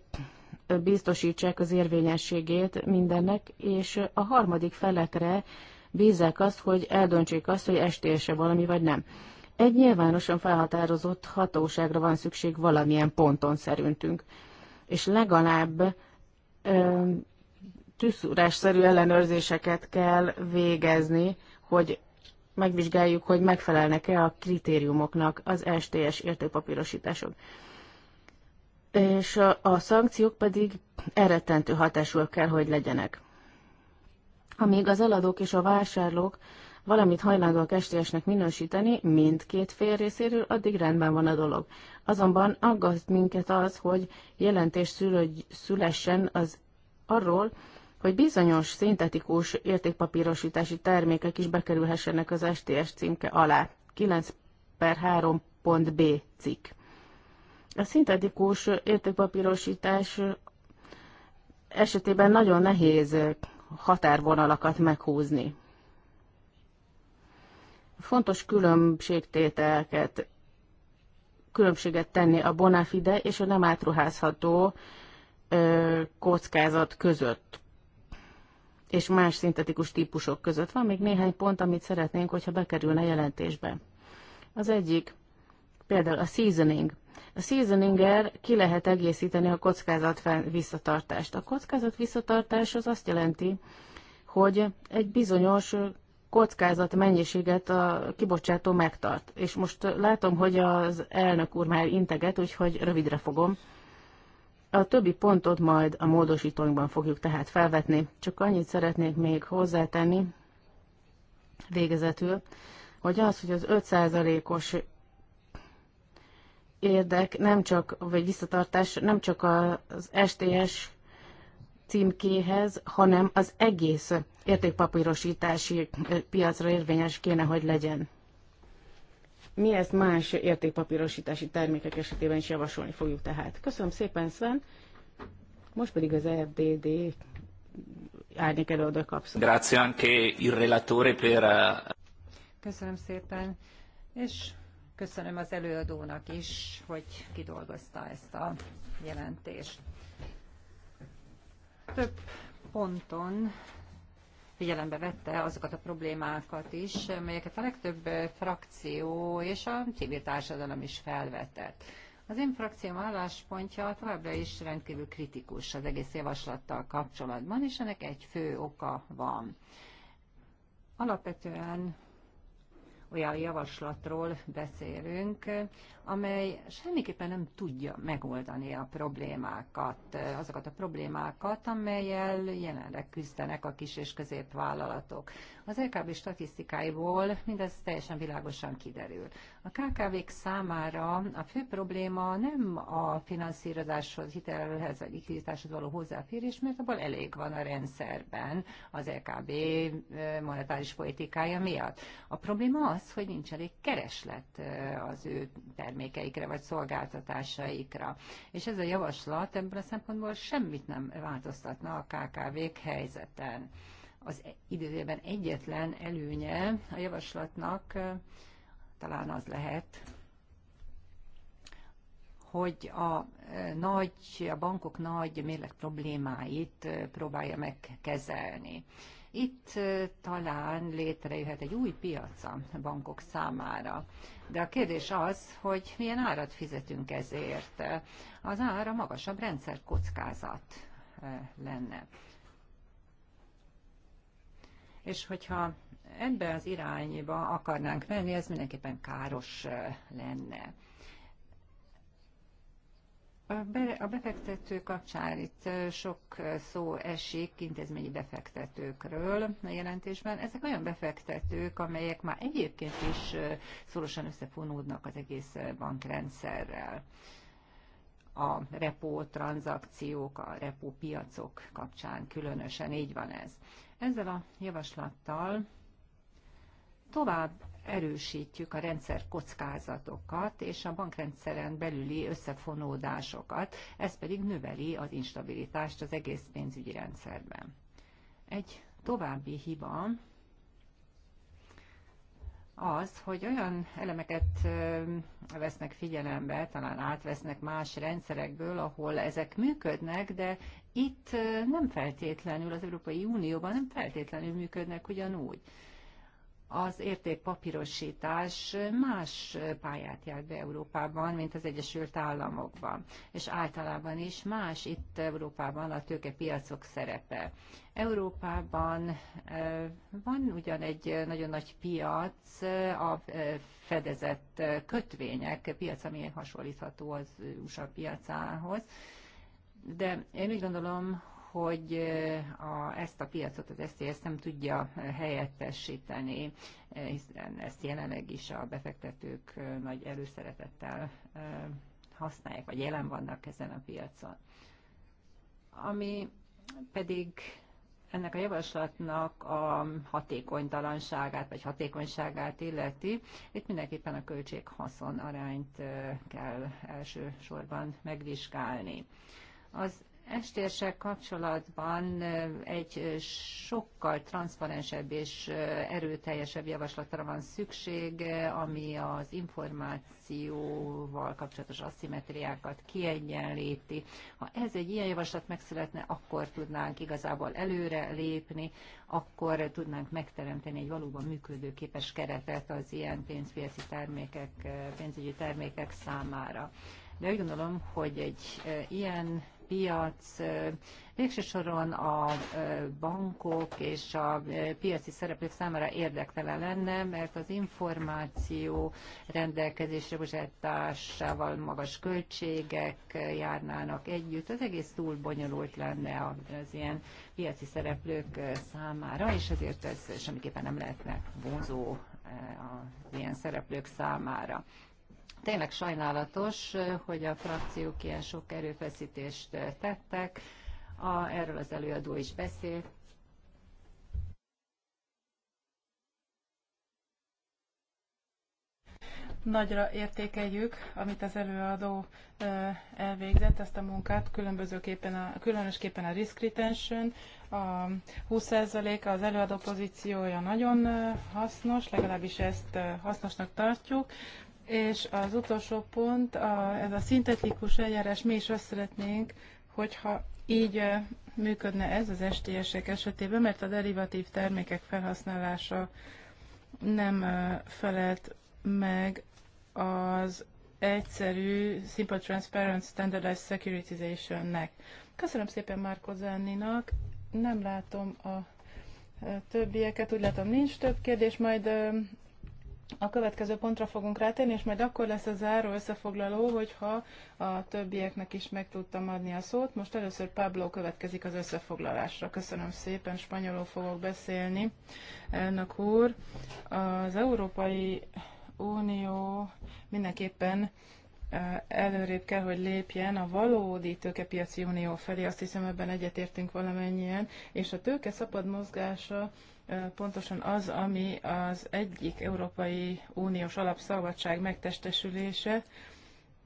biztosítsák az érvényességét mindennek, és a harmadik felekre bízzák azt, hogy eldöntsék azt, hogy estése valami vagy nem. Egy nyilvánosan felhatározott hatóságra van szükség valamilyen ponton szerintünk, és legalább ö, tűzszúrásszerű ellenőrzéseket kell végezni, hogy megvizsgáljuk, hogy megfelelnek-e a kritériumoknak az STS értékpapírosítások. És a, a szankciók pedig eretentő hatásúak kell, hogy legyenek. Amíg az eladók és a vásárlók valamit hajlandóak STS-nek minősíteni mindkét fél részéről, addig rendben van a dolog. Azonban aggaszt minket az, hogy jelentés szülessen az arról, hogy bizonyos szintetikus értékpapírosítási termékek is bekerülhessenek az STS címke alá. 9 per 3 pont B cikk. A szintetikus értékpapírosítás esetében nagyon nehéz határvonalakat meghúzni. Fontos különbségtételeket, különbséget tenni a bonafide és a nem átruházható kockázat között és más szintetikus típusok között. Van még néhány pont, amit szeretnénk, hogyha bekerülne jelentésbe. Az egyik, például a seasoning. A seasoninger ki lehet egészíteni a kockázat visszatartást. A kockázat visszatartás az azt jelenti, hogy egy bizonyos kockázat mennyiséget a kibocsátó megtart. És most látom, hogy az elnök úr már integet, úgyhogy rövidre fogom. A többi pontot majd a módosítóinkban fogjuk tehát felvetni. Csak annyit szeretnék még hozzátenni végezetül, hogy az, hogy az 5%-os érdek nem csak, vagy visszatartás nem csak az STS címkéhez, hanem az egész értékpapírosítási eh, piacra érvényes kéne, hogy legyen. Mi ezt más értékpapírosítási termékek esetében is javasolni fogjuk tehát. Köszönöm szépen, Sven. Most pedig az RDD árnyék előadó kapsz. Grazie anche il relatore per... Eh, köszönöm szépen, és köszönöm az előadónak is, hogy kidolgozta ezt a jelentést. Több ponton figyelembe vette azokat a problémákat is, melyeket a legtöbb frakció és a civil társadalom is felvetett. Az én frakcióm álláspontja továbbra is rendkívül kritikus az egész javaslattal kapcsolatban, és ennek egy fő oka van. Alapvetően olyan javaslatról beszélünk, amely semmiképpen nem tudja megoldani a problémákat, azokat a problémákat, amelyel jelenleg küzdenek a kis és középvállalatok. Az LKB statisztikáiból mindez teljesen világosan kiderül. A KKV-k számára a fő probléma nem a finanszírozáshoz, hitelhez vagy likviditáshoz való hozzáférés, mert abból elég van a rendszerben az LKB monetáris politikája miatt. A probléma az, hogy nincs elég kereslet az ő termékekben termékeikre vagy szolgáltatásaikra. És ez a javaslat ebből a szempontból semmit nem változtatna a KKV-k helyzeten. Az időjében egyetlen előnye a javaslatnak talán az lehet, hogy a, nagy, a bankok nagy mérleg problémáit próbálja megkezelni. Itt talán létrejöhet egy új piaca a bankok számára. De a kérdés az, hogy milyen árat fizetünk ezért. Az ára magasabb kockázat eh, lenne. És hogyha ebbe az irányba akarnánk menni, ez mindenképpen káros eh, lenne. A befektető kapcsán itt sok szó esik intézményi befektetőkről a jelentésben. Ezek olyan befektetők, amelyek már egyébként is szorosan összefonódnak az egész bankrendszerrel. A repo tranzakciók, a repo piacok kapcsán különösen így van ez. Ezzel a javaslattal tovább erősítjük a rendszer kockázatokat és a bankrendszeren belüli összefonódásokat, ez pedig növeli az instabilitást az egész pénzügyi rendszerben. Egy további hiba, az, hogy olyan elemeket vesznek figyelembe, talán átvesznek más rendszerekből, ahol ezek működnek, de itt nem feltétlenül, az Európai Unióban nem feltétlenül működnek ugyanúgy az értékpapírosítás más pályát járt be Európában, mint az Egyesült Államokban, és általában is más itt Európában a tőkepiacok szerepe. Európában van ugyan egy nagyon nagy piac, a fedezett kötvények piac, ami hasonlítható az USA piacához, de én úgy gondolom, hogy eh, a, ezt a piacot az STS nem tudja eh, helyettesíteni, eh, hiszen ezt jelenleg is a befektetők nagy előszeretettel használják, vagy jelen vannak ezen a piacon. Ami pedig ennek a javaslatnak a hatékonytalanságát vagy hatékonyságát illeti. Itt mindenképpen a költség-haszon arányt kell elsősorban megvizsgálni. Az Estérsek kapcsolatban egy sokkal transzparensebb és erőteljesebb javaslatra van szükség, ami az információval kapcsolatos aszimetriákat kiegyenlíti. Ha ez egy ilyen javaslat megszületne, akkor tudnánk igazából előre lépni, akkor tudnánk megteremteni egy valóban működőképes keretet az ilyen pénzpiaci termékek, pénzügyi termékek számára. De úgy gondolom, hogy egy ilyen piac, végső soron a bankok és a piaci szereplők számára érdektelen lenne, mert az információ rendelkezésre bozsátásával magas költségek járnának együtt. Az egész túl bonyolult lenne az ilyen piaci szereplők számára, és ezért ez semmiképpen nem lehetne vonzó az ilyen szereplők számára. Tényleg sajnálatos, hogy a frakciók ilyen sok erőfeszítést tettek, a, erről az előadó is beszélt, nagyra értékeljük, amit az előadó elvégzett, ezt a munkát, különbözőképpen a, különösképpen a risk retention, a 20% az előadó pozíciója nagyon hasznos, legalábbis ezt hasznosnak tartjuk, és az utolsó pont, a, ez a szintetikus eljárás, mi is azt szeretnénk, hogyha így működne ez az STS-ek esetében, mert a derivatív termékek felhasználása nem felelt meg az egyszerű Simple Transparent Standardized securitization-nek. Köszönöm szépen Márko Zenninak. nem látom a többieket, úgy látom nincs több kérdés, majd a következő pontra fogunk rátérni, és majd akkor lesz a záró összefoglaló, hogyha a többieknek is meg tudtam adni a szót. Most először Pablo következik az összefoglalásra. Köszönöm szépen, spanyolul fogok beszélni. Elnök úr, az Európai Unió mindenképpen e, előrébb kell, hogy lépjen a valódi tőkepiaci unió felé, azt hiszem ebben egyetértünk valamennyien, és a tőke szabad mozgása pontosan az, ami az egyik Európai Uniós alapszabadság megtestesülése,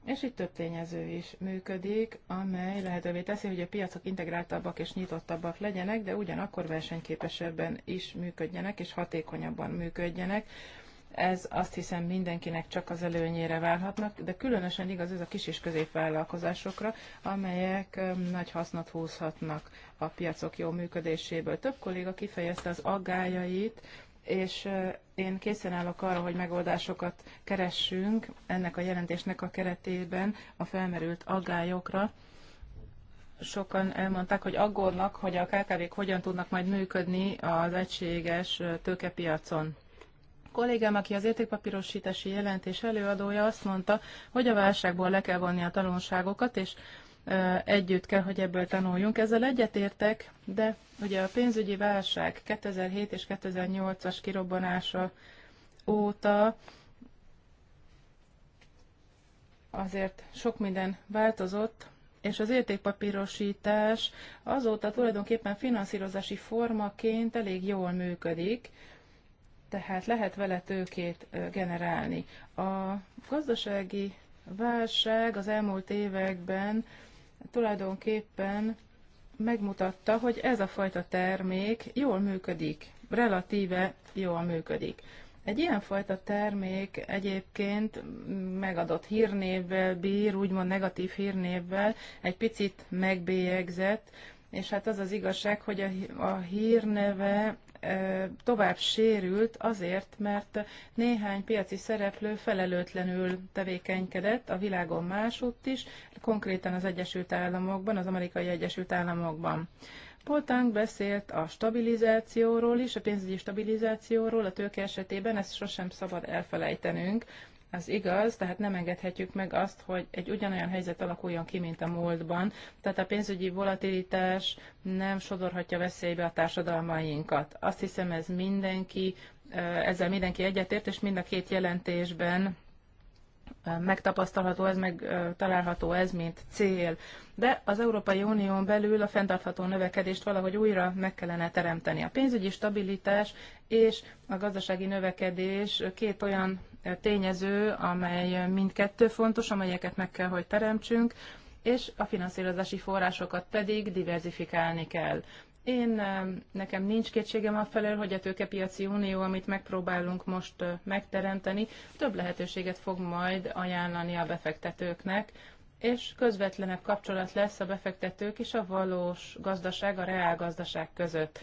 és itt több tényező is működik, amely lehetővé teszi, hogy a piacok integráltabbak és nyitottabbak legyenek, de ugyanakkor versenyképesebben is működjenek és hatékonyabban működjenek, ez azt hiszem mindenkinek csak az előnyére válhatnak, de különösen igaz ez a kis és középvállalkozásokra, amelyek um, nagy hasznot húzhatnak a piacok jó működéséből. Több kolléga kifejezte az aggájait, és uh, én készen állok arra, hogy megoldásokat keressünk ennek a jelentésnek a keretében a felmerült aggályokra. Sokan elmondták, hogy aggódnak, hogy a KKV-k hogyan tudnak majd működni az egységes uh, tőkepiacon kollégám, aki az értékpapírosítási jelentés előadója, azt mondta, hogy a válságból le kell vonni a tanulságokat, és együtt kell, hogy ebből tanuljunk. Ezzel egyetértek, de ugye a pénzügyi válság 2007 és 2008-as kirobbanása óta azért sok minden változott, és az értékpapírosítás azóta tulajdonképpen finanszírozási formaként elég jól működik, tehát lehet vele tőkét generálni. A gazdasági válság az elmúlt években tulajdonképpen megmutatta, hogy ez a fajta termék jól működik, relatíve jól működik. Egy ilyen fajta termék egyébként megadott hírnévvel bír, úgymond negatív hírnévvel, egy picit megbélyegzett, és hát az az igazság, hogy a hírneve tovább sérült azért, mert néhány piaci szereplő felelőtlenül tevékenykedett a világon másútt is, konkrétan az Egyesült Államokban, az amerikai Egyesült Államokban. Poltánk beszélt a stabilizációról is, a pénzügyi stabilizációról a tőke esetében, ezt sosem szabad elfelejtenünk, az igaz, tehát nem engedhetjük meg azt, hogy egy ugyanolyan helyzet alakuljon ki, mint a múltban. Tehát a pénzügyi volatilitás nem sodorhatja veszélybe a társadalmainkat. Azt hiszem, ez mindenki, ezzel mindenki egyetért, és mind a két jelentésben megtapasztalható ez, meg található ez, mint cél. De az Európai Unión belül a fenntartható növekedést valahogy újra meg kellene teremteni. A pénzügyi stabilitás és a gazdasági növekedés két olyan tényező, amely mindkettő fontos, amelyeket meg kell, hogy teremtsünk, és a finanszírozási forrásokat pedig diversifikálni kell. Én eh, nekem nincs kétségem a felől, hogy a tőkepiaci unió, amit megpróbálunk most eh, megteremteni, több lehetőséget fog majd ajánlani a befektetőknek, és közvetlenebb kapcsolat lesz a befektetők és a valós gazdaság, a reál gazdaság között.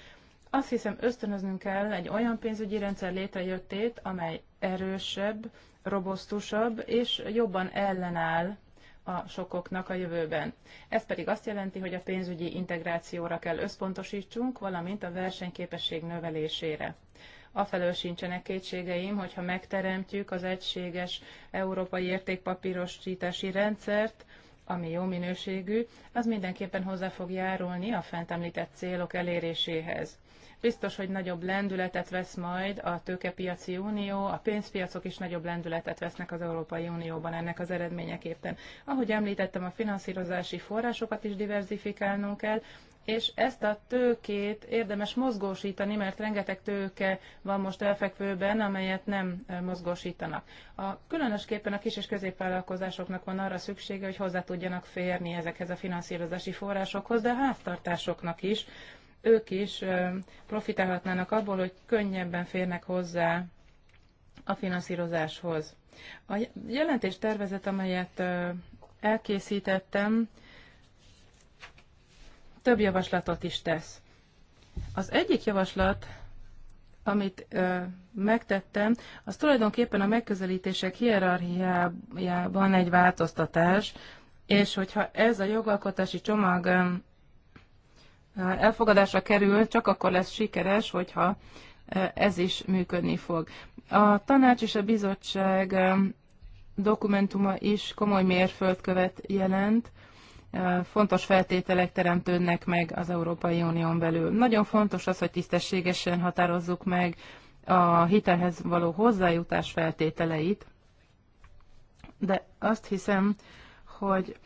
Azt hiszem ösztönöznünk kell egy olyan pénzügyi rendszer létrejöttét, amely erősebb, robosztusabb, és jobban ellenáll a sokoknak a jövőben. Ez pedig azt jelenti, hogy a pénzügyi integrációra kell összpontosítsunk, valamint a versenyképesség növelésére. Afelől sincsenek kétségeim, hogyha megteremtjük az egységes európai értékpapírosítási rendszert, ami jó minőségű, az mindenképpen hozzá fog járulni a fent említett célok eléréséhez biztos, hogy nagyobb lendületet vesz majd a tőkepiaci unió, a pénzpiacok is nagyobb lendületet vesznek az Európai Unióban ennek az eredményeképpen. Ahogy említettem, a finanszírozási forrásokat is diverzifikálnunk kell, és ezt a tőkét érdemes mozgósítani, mert rengeteg tőke van most elfekvőben, amelyet nem mozgósítanak. A, különösképpen a kis és középvállalkozásoknak van arra szüksége, hogy hozzá tudjanak férni ezekhez a finanszírozási forrásokhoz, de a háztartásoknak is, ők is profitálhatnának abból, hogy könnyebben férnek hozzá a finanszírozáshoz. A jelentés tervezet, amelyet elkészítettem, több javaslatot is tesz. Az egyik javaslat, amit ö, megtettem, az tulajdonképpen a megközelítések hierarchiájában egy változtatás, és hogyha ez a jogalkotási csomag elfogadásra kerül, csak akkor lesz sikeres, hogyha e, ez is működni fog. A tanács és a bizottság e, dokumentuma is komoly mérföldkövet jelent, e, fontos feltételek teremtődnek meg az Európai Unión belül. Nagyon fontos az, hogy tisztességesen határozzuk meg a hitelhez való hozzájutás feltételeit, de azt hiszem, hogy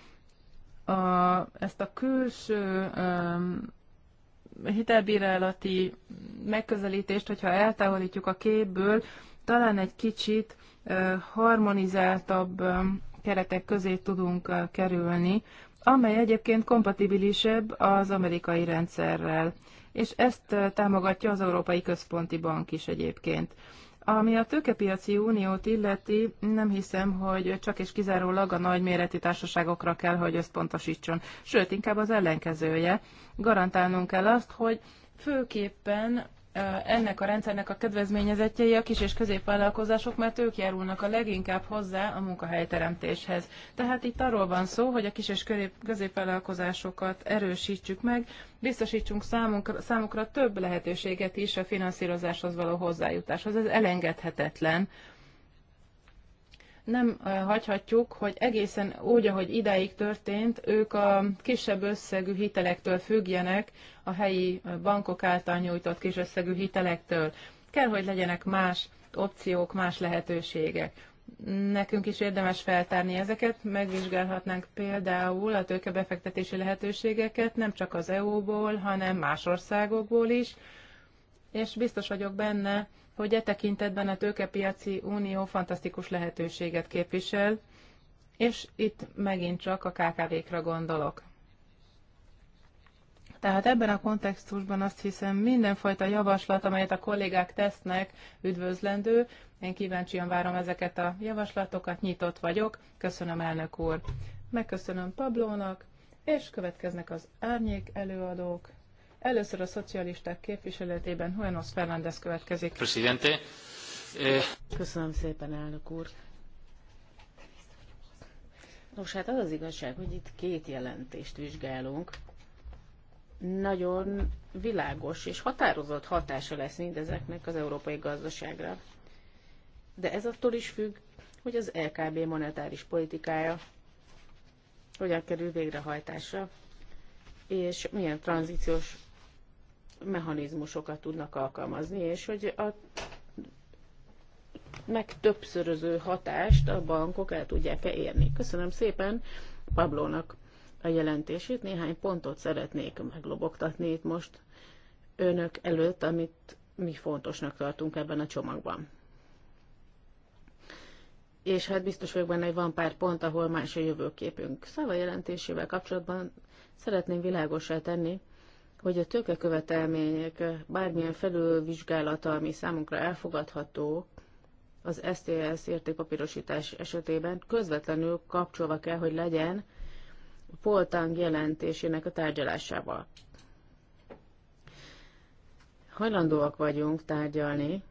a, ezt a külső um, hitelbírálati megközelítést, hogyha eltávolítjuk a képből, talán egy kicsit harmonizáltabb keretek közé tudunk kerülni, amely egyébként kompatibilisebb az amerikai rendszerrel. És ezt támogatja az Európai Központi Bank is egyébként. Ami a tőkepiaci uniót illeti, nem hiszem, hogy csak és kizárólag a nagyméretű társaságokra kell, hogy összpontosítson. Sőt, inkább az ellenkezője. Garantálnunk kell azt, hogy főképpen ennek a rendszernek a kedvezményezettjei a kis és középvállalkozások, mert ők járulnak a leginkább hozzá a munkahelyteremtéshez. Tehát itt arról van szó, hogy a kis és középvállalkozásokat erősítsük meg, biztosítsunk számunkra, számukra több lehetőséget is a finanszírozáshoz való hozzájutáshoz. Ez elengedhetetlen nem hagyhatjuk, hogy egészen úgy, ahogy ideig történt, ők a kisebb összegű hitelektől függjenek, a helyi bankok által nyújtott kis összegű hitelektől. Kell, hogy legyenek más opciók, más lehetőségek. Nekünk is érdemes feltárni ezeket, megvizsgálhatnánk például a tőkebefektetési lehetőségeket, nem csak az EU-ból, hanem más országokból is, és biztos vagyok benne, hogy e tekintetben a tőkepiaci unió fantasztikus lehetőséget képvisel, és itt megint csak a KKV-kra gondolok. Tehát ebben a kontextusban azt hiszem mindenfajta javaslat, amelyet a kollégák tesznek, üdvözlendő. Én kíváncsian várom ezeket a javaslatokat, nyitott vagyok. Köszönöm, elnök úr. Megköszönöm Pablónak, és következnek az árnyék előadók. Először a szocialisták képviseletében Huenos Fernández következik. Presidente. Eh, Köszönöm szépen, elnök úr. Nos, hát az az igazság, hogy itt két jelentést vizsgálunk. Nagyon világos és határozott hatása lesz mindezeknek az európai gazdaságra. De ez attól is függ, hogy az LKB monetáris politikája hogyan kerül végrehajtásra, és milyen tranzíciós mechanizmusokat tudnak alkalmazni, és hogy a megtöbbszöröző hatást a bankok el tudják -e érni. Köszönöm szépen Pablónak a jelentését. Néhány pontot szeretnék meglobogtatni itt most önök előtt, amit mi fontosnak tartunk ebben a csomagban. És hát biztos vagyok benne, hogy van pár pont, ahol más a jövőképünk. Szava jelentésével kapcsolatban szeretném világosá tenni, hogy a tőkekövetelmények bármilyen felülvizsgálata, ami számunkra elfogadható, az STS értékpapírosítás esetében közvetlenül kapcsolva kell, hogy legyen Poltang jelentésének a tárgyalásával. Hajlandóak vagyunk tárgyalni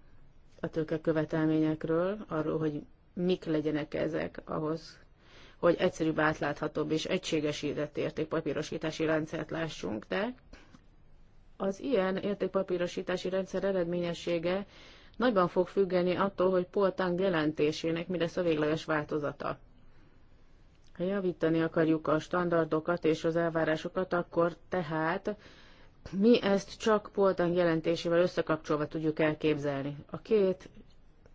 a tőkekövetelményekről, arról, hogy mik legyenek ezek ahhoz, hogy egyszerűbb, átláthatóbb és egységesített értékpapírosítási rendszert lássunk, de az ilyen értékpapírosítási rendszer eredményessége nagyban fog függeni attól, hogy Poltán jelentésének mi lesz a végleges változata. Ha javítani akarjuk a standardokat és az elvárásokat, akkor tehát mi ezt csak Poltán jelentésével összekapcsolva tudjuk elképzelni. A két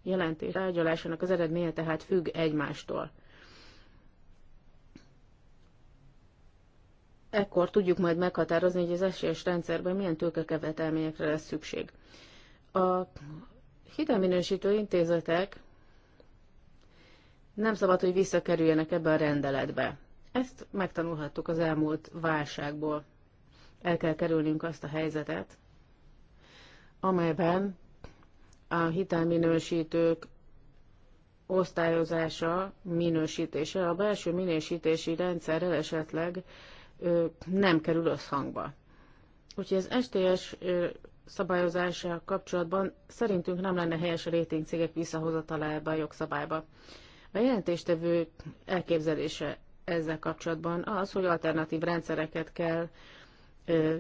jelentés tárgyalásának az eredménye tehát függ egymástól. ekkor tudjuk majd meghatározni, hogy az esélyes rendszerben milyen tőkekövetelményekre lesz szükség. A hitelminősítő intézetek nem szabad, hogy visszakerüljenek ebbe a rendeletbe. Ezt megtanulhattuk az elmúlt válságból. El kell kerülnünk azt a helyzetet, amelyben a hitelminősítők osztályozása, minősítése, a belső minősítési rendszerrel esetleg nem kerül összhangba. Úgyhogy az STS szabályozással kapcsolatban szerintünk nem lenne helyes a rétingcégek visszahozatalába a jogszabályba. A jelentéstevő elképzelése ezzel kapcsolatban az, hogy alternatív rendszereket kell ö,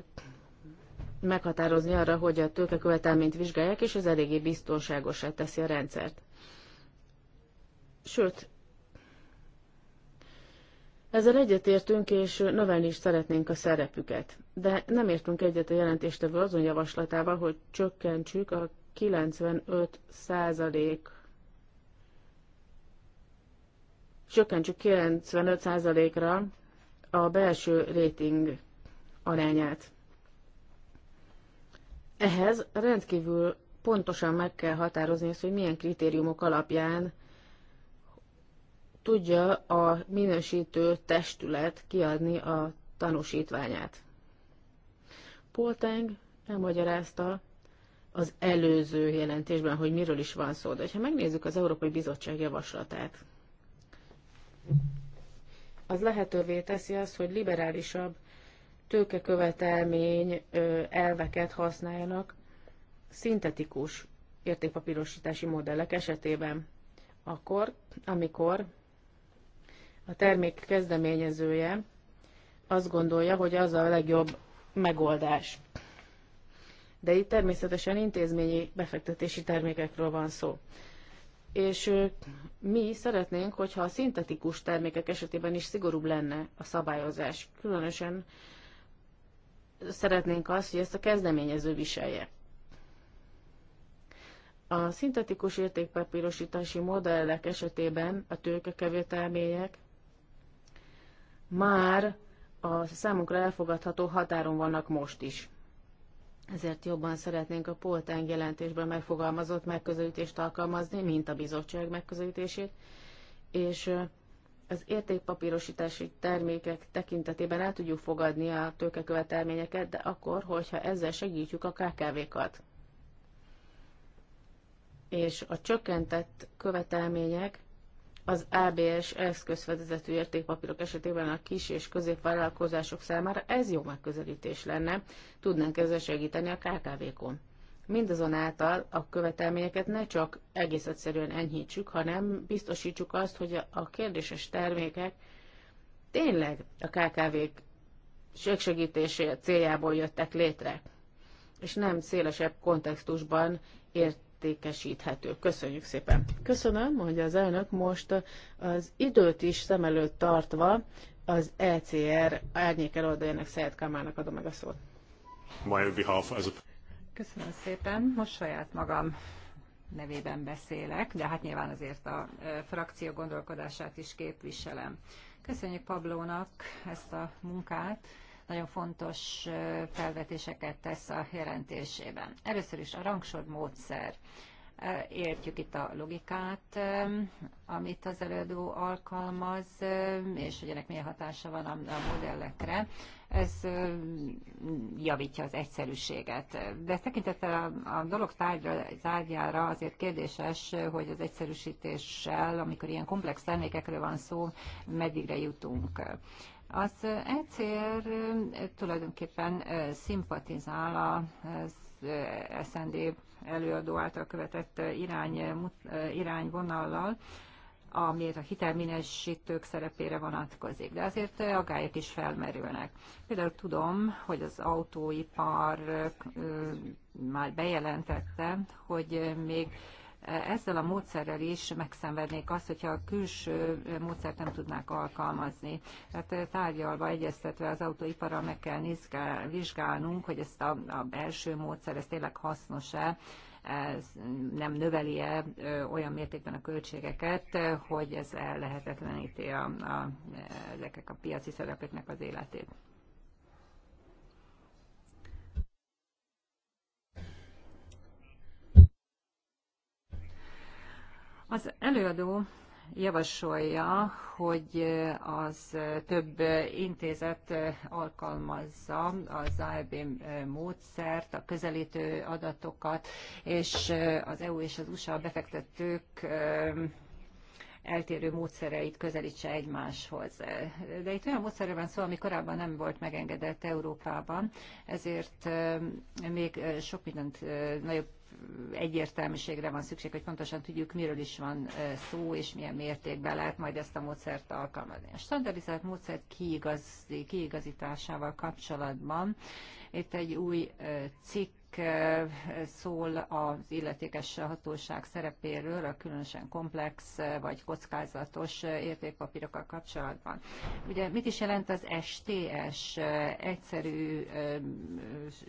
meghatározni arra, hogy a tőkekövetelményt vizsgálják, és ez eléggé biztonságosá teszi a rendszert. Sőt, ezzel egyetértünk, és növelni is szeretnénk a szerepüket. De nem értünk egyet a jelentéstevő azon javaslatával, hogy csökkentsük a 95 százalék csökkentsük 95 százalékra a belső rating arányát. Ehhez rendkívül pontosan meg kell határozni azt, hogy milyen kritériumok alapján tudja a minősítő testület kiadni a tanúsítványát. Polteng elmagyarázta az előző jelentésben, hogy miről is van szó, de ha megnézzük az Európai Bizottság javaslatát, az lehetővé teszi azt, hogy liberálisabb tőkekövetelmény elveket használjanak szintetikus értékpapírosítási modellek esetében. Akkor, amikor a termék kezdeményezője azt gondolja, hogy az a legjobb megoldás. De itt természetesen intézményi befektetési termékekről van szó. És mi szeretnénk, hogyha a szintetikus termékek esetében is szigorúbb lenne a szabályozás. Különösen szeretnénk azt, hogy ezt a kezdeményező viselje. A szintetikus értékpapírosítási modellek esetében a tőkekövetelmények már a számunkra elfogadható határon vannak most is. Ezért jobban szeretnénk a Poltán jelentésben megfogalmazott megközelítést alkalmazni, mint a bizottság megközelítését, és az értékpapírosítási termékek tekintetében el tudjuk fogadni a tőkekövetelményeket, de akkor, hogyha ezzel segítjük a KKV-kat. És a csökkentett követelmények az ABS eszközvezető értékpapírok esetében a kis és középvállalkozások számára ez jó megközelítés lenne, tudnánk ezzel segíteni a KKV-kon. Mindazonáltal a követelményeket ne csak egész egyszerűen enyhítsük, hanem biztosítsuk azt, hogy a kérdéses termékek tényleg a KKV-k segítésé céljából jöttek létre, és nem szélesebb kontextusban ért értékesíthető. Köszönjük szépen. Köszönöm, hogy az elnök most az időt is szem előtt tartva az ECR árnyék előadójának Szeret Kamának adom meg a szót. Köszönöm szépen. Most saját magam nevében beszélek, de hát nyilván azért a e, frakció gondolkodását is képviselem. Köszönjük Pablónak ezt a munkát nagyon fontos felvetéseket tesz a jelentésében. Először is a rangsor módszer. Értjük itt a logikát, amit az előadó alkalmaz, és hogy ennek milyen hatása van a modellekre. Ez javítja az egyszerűséget. De tekintettel a, a dolog tárgyra, tárgyára azért kérdéses, hogy az egyszerűsítéssel, amikor ilyen komplex termékekről van szó, meddigre jutunk. Az ECR tulajdonképpen szimpatizál az SND előadó által követett irány, irányvonallal, amiért a hitelminősítők szerepére vonatkozik. De azért agályok is felmerülnek. Például tudom, hogy az autóipar már bejelentette, hogy még ezzel a módszerrel is megszenvednék azt, hogyha a külső módszert nem tudnák alkalmazni. Tehát tárgyalva, egyeztetve az autóiparral meg kell vizsgálnunk, hogy ezt a, a belső módszer, ez tényleg hasznos-e, ez nem növeli-e olyan mértékben a költségeket, hogy ez ellehetetleníti a, a, ezeknek a piaci szereplőknek az életét. Az előadó javasolja, hogy az több intézet alkalmazza az ARB módszert, a közelítő adatokat, és az EU és az USA befektetők eltérő módszereit közelítse egymáshoz. De itt olyan módszerről van szó, ami korábban nem volt megengedett Európában, ezért még sok mindent nagyobb egyértelműségre van szükség, hogy pontosan tudjuk, miről is van szó, és milyen mértékben lehet majd ezt a módszert alkalmazni. A standardizált módszer kiigaz, kiigazításával kapcsolatban itt egy új cikk szól az illetékes hatóság szerepéről a különösen komplex vagy kockázatos értékpapírokkal kapcsolatban. Ugye mit is jelent az STS, egyszerű,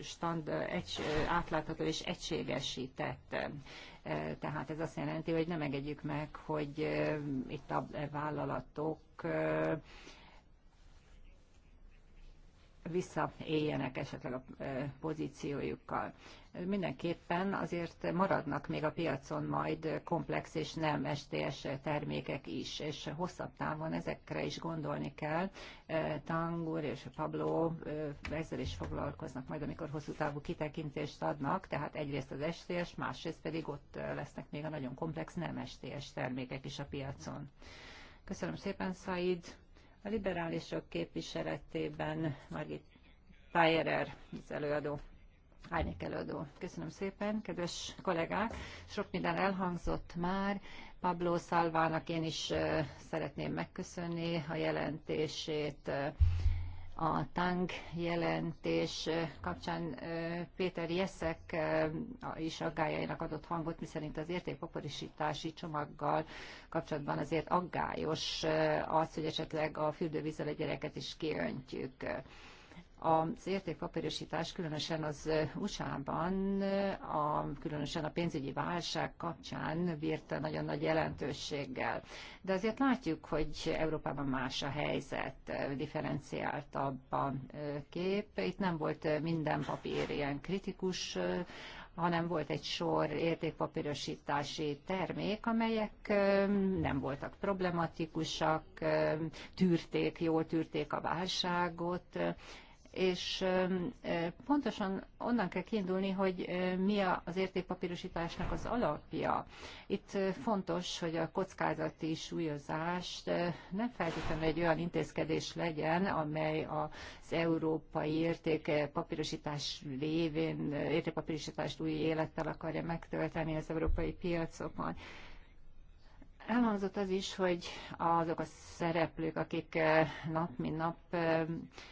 stand, egy, átlátható és egységesített tehát ez azt jelenti, hogy nem engedjük meg, hogy itt a vállalatok visszaéljenek esetleg a e, pozíciójukkal. Mindenképpen azért maradnak még a piacon majd komplex és nem STS termékek is, és hosszabb távon ezekre is gondolni kell. E, Tangur és Pablo e, ezzel is foglalkoznak majd, amikor hosszú távú kitekintést adnak, tehát egyrészt az STS, másrészt pedig ott lesznek még a nagyon komplex nem STS termékek is a piacon. Köszönöm szépen, Said! A liberálisok képviseletében Margit Tájerer, az előadó, árnyék előadó. Köszönöm szépen, kedves kollégák! Sok minden elhangzott már. Pablo Szalvának én is szeretném megköszönni a jelentését a TANG jelentés kapcsán Péter Jeszek is aggájainak adott hangot, miszerint az értékpaparisítási csomaggal kapcsolatban azért aggályos az, hogy esetleg a fürdővízzel a gyereket is kiöntjük az értékpapírosítás különösen az USA-ban, a, különösen a pénzügyi válság kapcsán bírta nagyon nagy jelentőséggel. De azért látjuk, hogy Európában más a helyzet, differenciáltabb a kép. Itt nem volt minden papír ilyen kritikus, hanem volt egy sor értékpapírosítási termék, amelyek nem voltak problematikusak, tűrték, jól tűrték a válságot, és pontosan onnan kell kiindulni, hogy mi az értékpapírosításnak az alapja. Itt fontos, hogy a kockázati súlyozást nem feltétlenül egy olyan intézkedés legyen, amely az európai értékpapírosítás lévén, értékpapírosítást új élettel akarja megtölteni az európai piacokon. Elhangzott az is, hogy azok a szereplők, akik eh, nap mint nap eh,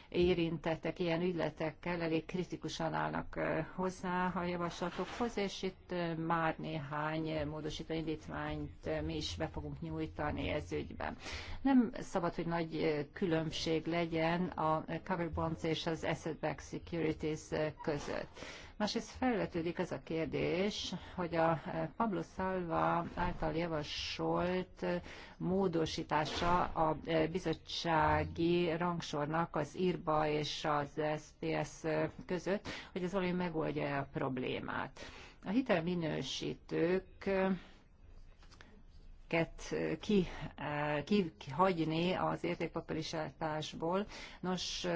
érintettek ilyen ügyletekkel, elég kritikusan állnak eh, hozzá a javaslatokhoz, és itt már néhány módosító indítványt mi is be fogunk nyújtani ez ügyben. Nem szabad, hogy nagy különbség legyen a cover bonds és az asset-backed securities között Másrészt felvetődik ez a kérdés, hogy a eh, Pablo Salva által javasolt eh, módosítása a eh, bizottsági rangsornak az IRBA és az SPS között, hogy ez valami megoldja a problémát. A hitelminősítők ki, hagyni az értékpapírisátásból. Nos,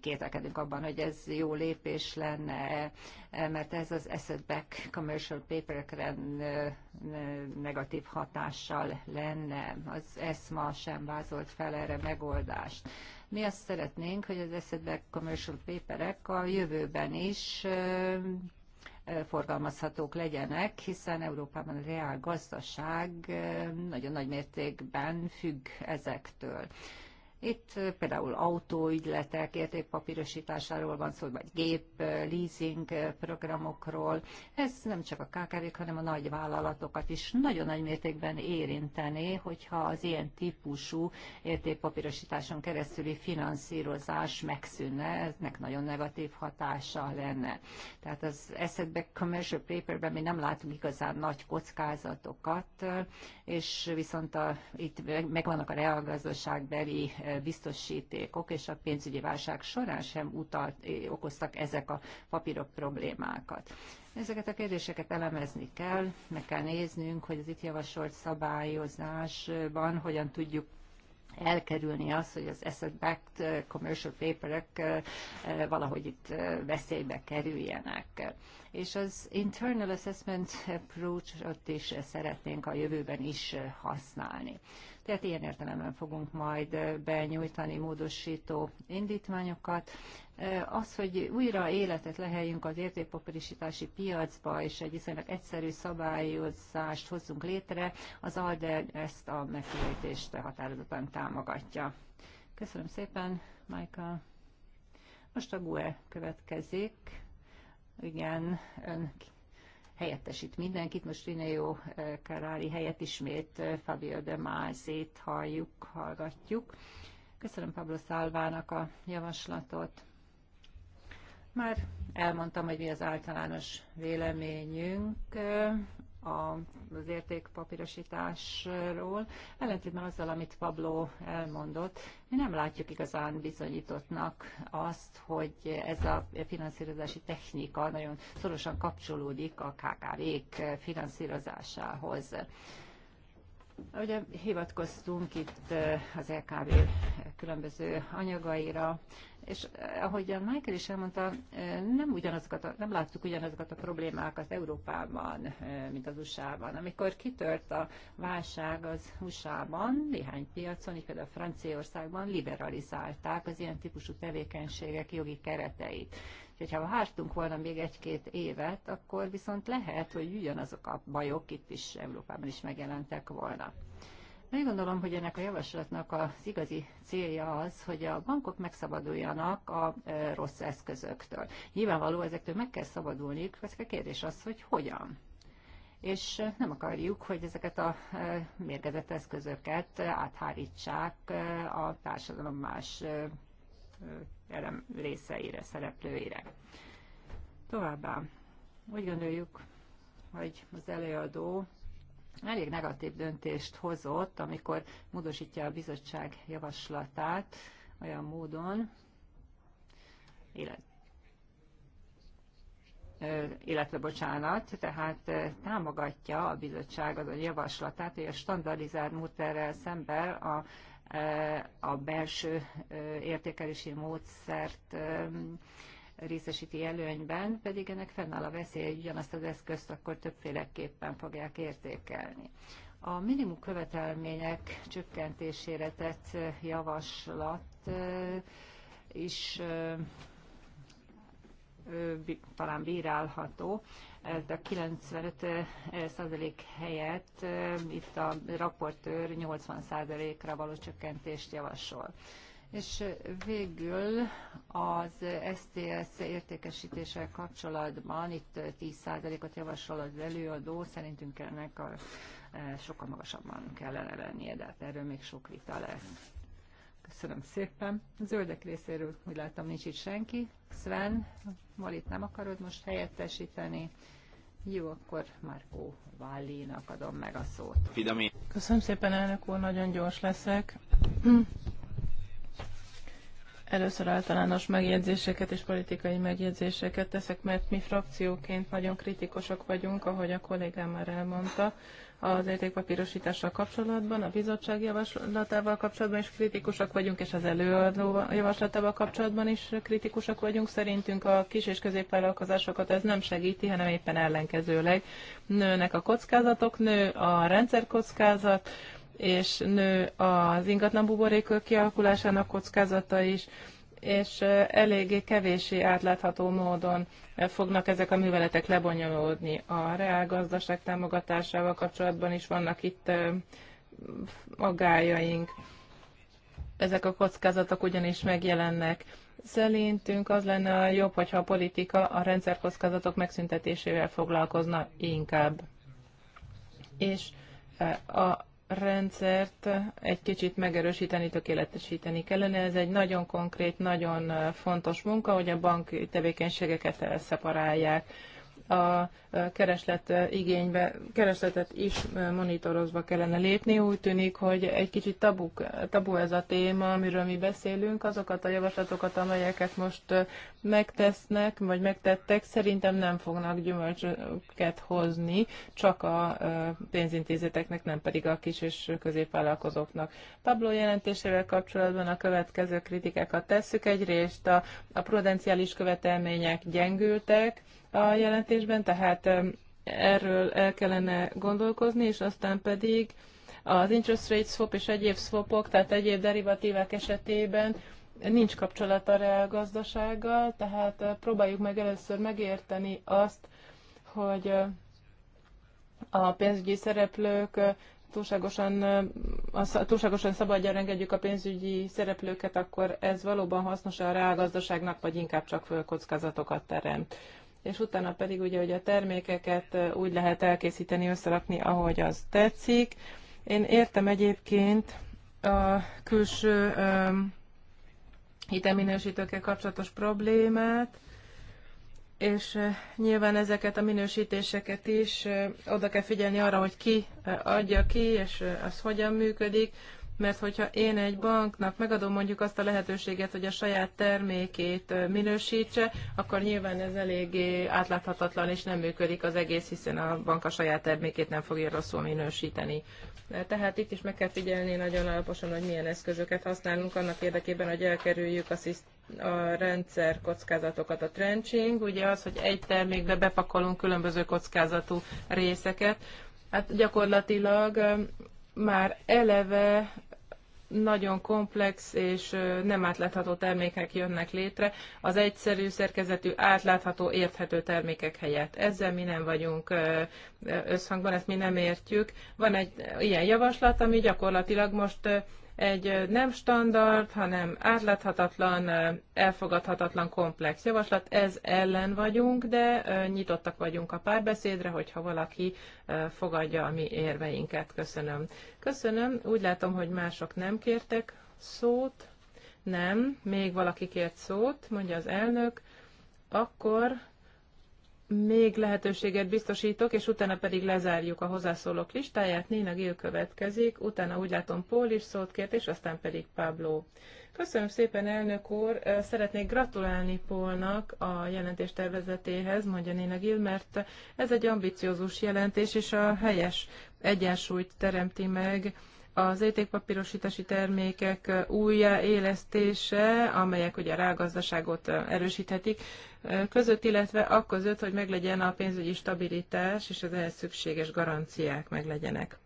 kételkedünk abban, hogy ez jó lépés lenne, mert ez az asset-back commercial paper negatív hatással lenne. Az ESMA sem vázolt fel erre megoldást. Mi azt szeretnénk, hogy az asset-back commercial paperek a jövőben is forgalmazhatók legyenek, hiszen Európában a reál gazdaság nagyon nagy mértékben függ ezektől. Itt eh, például autóügyletek értékpapírosításáról van szó, vagy gép, eh, leasing eh, programokról. Ez nem csak a KKV-k, hanem a nagy vállalatokat is nagyon nagy mértékben érintené, hogyha az ilyen típusú értékpapírosításon keresztüli finanszírozás megszűnne, eznek nagyon negatív hatása lenne. Tehát az asset commercial paperben mi nem látunk igazán nagy kockázatokat, és viszont a, itt megvannak a reálgazdaságbeli eh, biztosítékok, és a pénzügyi válság során sem utalt, eh, okoztak ezek a papírok problémákat. Ezeket a kérdéseket elemezni kell, meg kell néznünk, hogy az itt javasolt szabályozásban hogyan tudjuk elkerülni azt, hogy az asset-backed eh, commercial paperek eh, eh, valahogy itt veszélybe kerüljenek. És az internal assessment approach-ot is szeretnénk a jövőben is használni. Tehát ilyen értelemben fogunk majd benyújtani módosító indítványokat, Eh, az, hogy újra életet leheljünk az értékpapírisítási piacba, és egy viszonylag egyszerű szabályozást hozzunk létre, az ALDE ezt a megközelítést határozottan támogatja. Köszönöm szépen, Michael. Most a GUE következik. Igen, ön helyettesít mindenkit. Most Rineo eh, Karári helyett ismét eh, Fabio de Mázét halljuk, hallgatjuk. Köszönöm Pablo Szálvának a javaslatot. Már elmondtam, hogy mi az általános véleményünk eh, az értékpapírosításról, ellentétben azzal, amit Pablo elmondott, mi nem látjuk igazán bizonyítottnak azt, hogy ez a finanszírozási technika nagyon szorosan kapcsolódik a KKV-k finanszírozásához. Ugye hivatkoztunk itt eh, az LKV különböző anyagaira, és eh, ahogy a Michael is elmondta, eh, nem, ugyanazokat a, nem láttuk ugyanazokat a problémákat Európában, eh, mint az USA-ban. Amikor kitört a válság az USA-ban, néhány piacon, így például Franciaországban liberalizálták az ilyen típusú tevékenységek jogi kereteit. És ha vártunk volna még egy-két évet, akkor viszont lehet, hogy ugyanazok a bajok itt is Európában is megjelentek volna. Én gondolom, hogy ennek a javaslatnak az igazi célja az, hogy a bankok megszabaduljanak a rossz eszközöktől. Nyilvánvaló ezektől meg kell szabadulniuk, csak a kérdés az, hogy hogyan. És nem akarjuk, hogy ezeket a mérgezett eszközöket áthárítsák a társadalom más elem részeire, szereplőire. Továbbá úgy gondoljuk, hogy az előadó elég negatív döntést hozott, amikor módosítja a bizottság javaslatát olyan módon, illetve illetve bocsánat, tehát támogatja a bizottság az a javaslatát, hogy a standardizált módszerrel szemben a, a belső értékelési módszert részesíti előnyben, pedig ennek fennáll a veszély, hogy ugyanazt az eszközt akkor többféleképpen fogják értékelni. A minimum követelmények csökkentésére tett javaslat is talán bírálható. Ez a 95 százalék helyett itt a raportőr 80 százalékra való csökkentést javasol. És végül az STS értékesítéssel kapcsolatban itt 10%-ot javasol az előadó, szerintünk ennek a, e, sokkal magasabban kellene lennie, de hát erről még sok vita lesz. Köszönöm szépen. A zöldek részéről úgy látom nincs itt senki. Sven, Malit nem akarod most helyettesíteni. Jó, akkor Márkó Vallinak adom meg a szót. Köszönöm szépen, elnök úr, nagyon gyors leszek. Először általános megjegyzéseket és politikai megjegyzéseket teszek, mert mi frakcióként nagyon kritikusak vagyunk, ahogy a kollégám már elmondta, az értékpapírosítással kapcsolatban, a bizottság javaslatával kapcsolatban is kritikusak vagyunk, és az előadó javaslatával kapcsolatban is kritikusak vagyunk. Szerintünk a kis és középvállalkozásokat ez nem segíti, hanem éppen ellenkezőleg nőnek a kockázatok, nő a rendszerkockázat, és nő az ingatlan buborékok kialakulásának kockázata is, és eléggé kevési átlátható módon fognak ezek a műveletek lebonyolódni. A reálgazdaság támogatásával kapcsolatban is vannak itt magájaink Ezek a kockázatok ugyanis megjelennek. Szerintünk az lenne jobb, hogyha a politika a rendszerkockázatok megszüntetésével foglalkozna inkább. És a rendszert egy kicsit megerősíteni, tökéletesíteni kellene. Ez egy nagyon konkrét, nagyon eh, fontos munka, hogy a bank tevékenységeket eh, szeparálják a kereslet igénybe, keresletet is monitorozva kellene lépni. Úgy tűnik, hogy egy kicsit tabuk, tabu ez a téma, amiről mi beszélünk. Azokat a javaslatokat, amelyeket most megtesznek, vagy megtettek, szerintem nem fognak gyümölcsöket hozni, csak a pénzintézeteknek, nem pedig a kis és középvállalkozóknak. Pablo jelentésével kapcsolatban a következő kritikákat tesszük. Egyrészt a, a prudenciális követelmények gyengültek, a jelentésben, tehát erről el kellene gondolkozni, és aztán pedig az interest rate swap és egyéb swapok, tehát egyéb derivatívák esetében nincs kapcsolata a gazdasággal, tehát próbáljuk meg először megérteni azt, hogy a pénzügyi szereplők túlságosan, a, túlságosan szabadjára engedjük a pénzügyi szereplőket, akkor ez valóban hasznos a reálgazdaságnak, vagy inkább csak fölkockázatokat teremt és utána pedig ugye, hogy a termékeket úgy lehet elkészíteni, összerakni, ahogy az tetszik. Én értem egyébként a külső hitelminősítőkkel kapcsolatos problémát, és nyilván ezeket a minősítéseket is oda kell figyelni arra, hogy ki adja ki, és az hogyan működik. Mert hogyha én egy banknak megadom mondjuk azt a lehetőséget, hogy a saját termékét minősítse, akkor nyilván ez eléggé átláthatatlan és nem működik az egész, hiszen a bank a saját termékét nem fogja rosszul minősíteni. Tehát itt is meg kell figyelni nagyon alaposan, hogy milyen eszközöket használunk annak érdekében, hogy elkerüljük a, a rendszer kockázatokat. A trenching ugye az, hogy egy termékbe bepakolunk különböző kockázatú részeket. Hát gyakorlatilag már eleve nagyon komplex és nem átlátható termékek jönnek létre az egyszerű szerkezetű, átlátható, érthető termékek helyett. Ezzel mi nem vagyunk összhangban, ezt mi nem értjük. Van egy ilyen javaslat, ami gyakorlatilag most egy nem standard, hanem átláthatatlan, elfogadhatatlan komplex javaslat. Ez ellen vagyunk, de nyitottak vagyunk a párbeszédre, hogyha valaki fogadja a mi érveinket. Köszönöm. Köszönöm. Úgy látom, hogy mások nem kértek szót. Nem, még valaki kért szót, mondja az elnök. Akkor még lehetőséget biztosítok, és utána pedig lezárjuk a hozzászólók listáját. Néna Gil következik, utána úgy látom Paul is szót kért, és aztán pedig Pablo. Köszönöm szépen, elnök úr! Szeretnék gratulálni Polnak a jelentés tervezetéhez, mondja Néna Gil, mert ez egy ambiciózus jelentés, és a helyes egyensúlyt teremti meg az értékpapírosítási termékek újjáélesztése, amelyek ugye a rágazdaságot erősíthetik, között, illetve akközött, hogy meglegyen a pénzügyi stabilitás és az ehhez szükséges garanciák meglegyenek.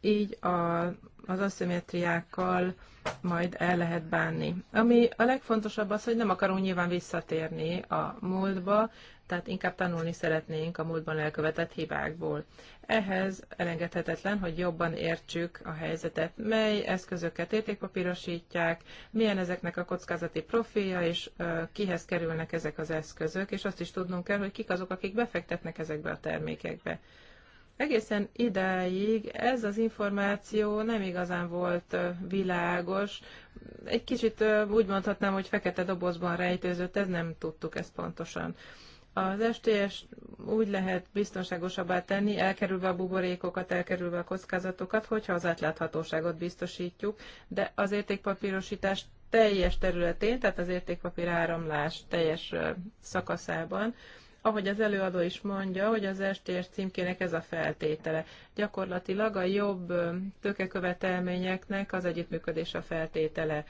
Így a az aszimetriákkal majd el lehet bánni. Ami a legfontosabb az, hogy nem akarunk nyilván visszatérni a múltba, tehát inkább tanulni szeretnénk a múltban elkövetett hibákból. Ehhez elengedhetetlen, hogy jobban értsük a helyzetet, mely eszközöket értékpapírosítják, milyen ezeknek a kockázati profilja, és kihez kerülnek ezek az eszközök, és azt is tudnunk kell, hogy kik azok, akik befektetnek ezekbe a termékekbe egészen idáig ez az információ nem igazán volt világos. Egy kicsit úgy mondhatnám, hogy fekete dobozban rejtőzött, ez nem tudtuk ezt pontosan. Az STS úgy lehet biztonságosabbá tenni, elkerülve a buborékokat, elkerülve a kockázatokat, hogyha az átláthatóságot biztosítjuk, de az értékpapírosítás teljes területén, tehát az értékpapír áramlás teljes szakaszában ahogy az előadó is mondja, hogy az STS címkének ez a feltétele. Gyakorlatilag a jobb tökekövetelményeknek az együttműködés a feltétele.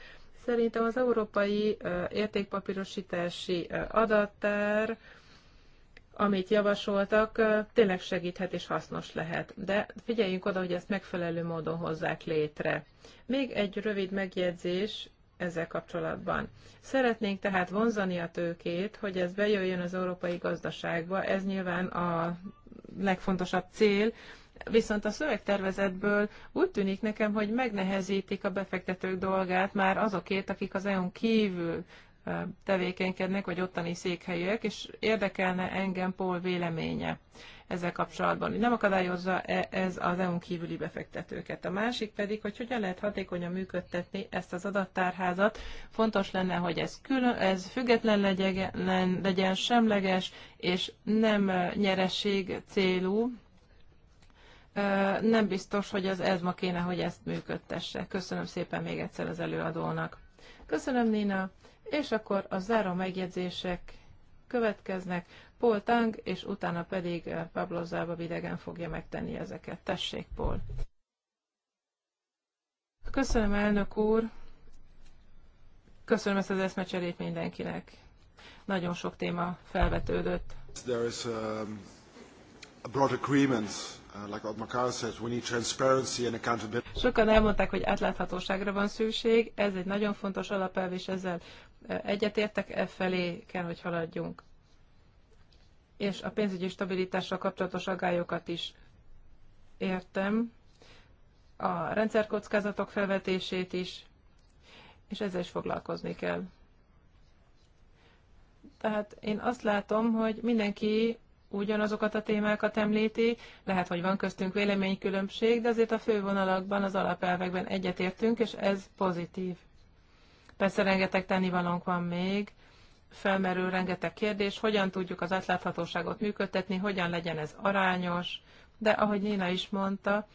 Szerintem az európai értékpapírosítási adattár, amit javasoltak, tényleg segíthet és hasznos lehet. De figyeljünk oda, hogy ezt megfelelő módon hozzák létre. Még egy rövid megjegyzés ezzel kapcsolatban. Szeretnénk tehát vonzani a tőkét, hogy ez bejöjjön az európai gazdaságba, ez nyilván a legfontosabb cél, Viszont a szövegtervezetből úgy tűnik nekem, hogy megnehezítik a befektetők dolgát már azokért, akik az EU-n kívül tevékenykednek, vagy ottani székhelyűek, és érdekelne engem Paul véleménye ezzel kapcsolatban, hogy nem akadályozza -e ez az EU-n kívüli befektetőket. A másik pedig, hogy hogyan lehet hatékonyan működtetni ezt az adattárházat. Fontos lenne, hogy ez, külön, ez független legyen, legyen, semleges, és nem nyereség célú, nem biztos, hogy az ma kéne, hogy ezt működtesse. Köszönöm szépen még egyszer az előadónak. Köszönöm, Nina. És akkor a záró megjegyzések következnek. Paul Tang, és utána pedig eh, Pablo Zába videgen fogja megtenni ezeket. Tessék, Paul! Köszönöm, elnök úr! Köszönöm ezt az eszmecserét mindenkinek. Nagyon sok téma felvetődött. There is a, um, a broad agreement, uh, like Otmar said, we need transparency and accountability. Sokan elmondták, hogy átláthatóságra van szükség, ez egy nagyon fontos alapelv, és ezzel eh, egyetértek, e felé kell, hogy haladjunk és a pénzügyi stabilitással kapcsolatos agályokat is értem, a rendszerkockázatok felvetését is, és ezzel is foglalkozni kell. Tehát én azt látom, hogy mindenki ugyanazokat a témákat említi, lehet, hogy van köztünk véleménykülönbség, de azért a fővonalakban, az alapelvekben egyetértünk, és ez pozitív. Persze rengeteg tennivalónk van még, felmerül rengeteg kérdés, hogyan tudjuk az átláthatóságot működtetni, hogyan legyen ez arányos, de ahogy Nina is mondta,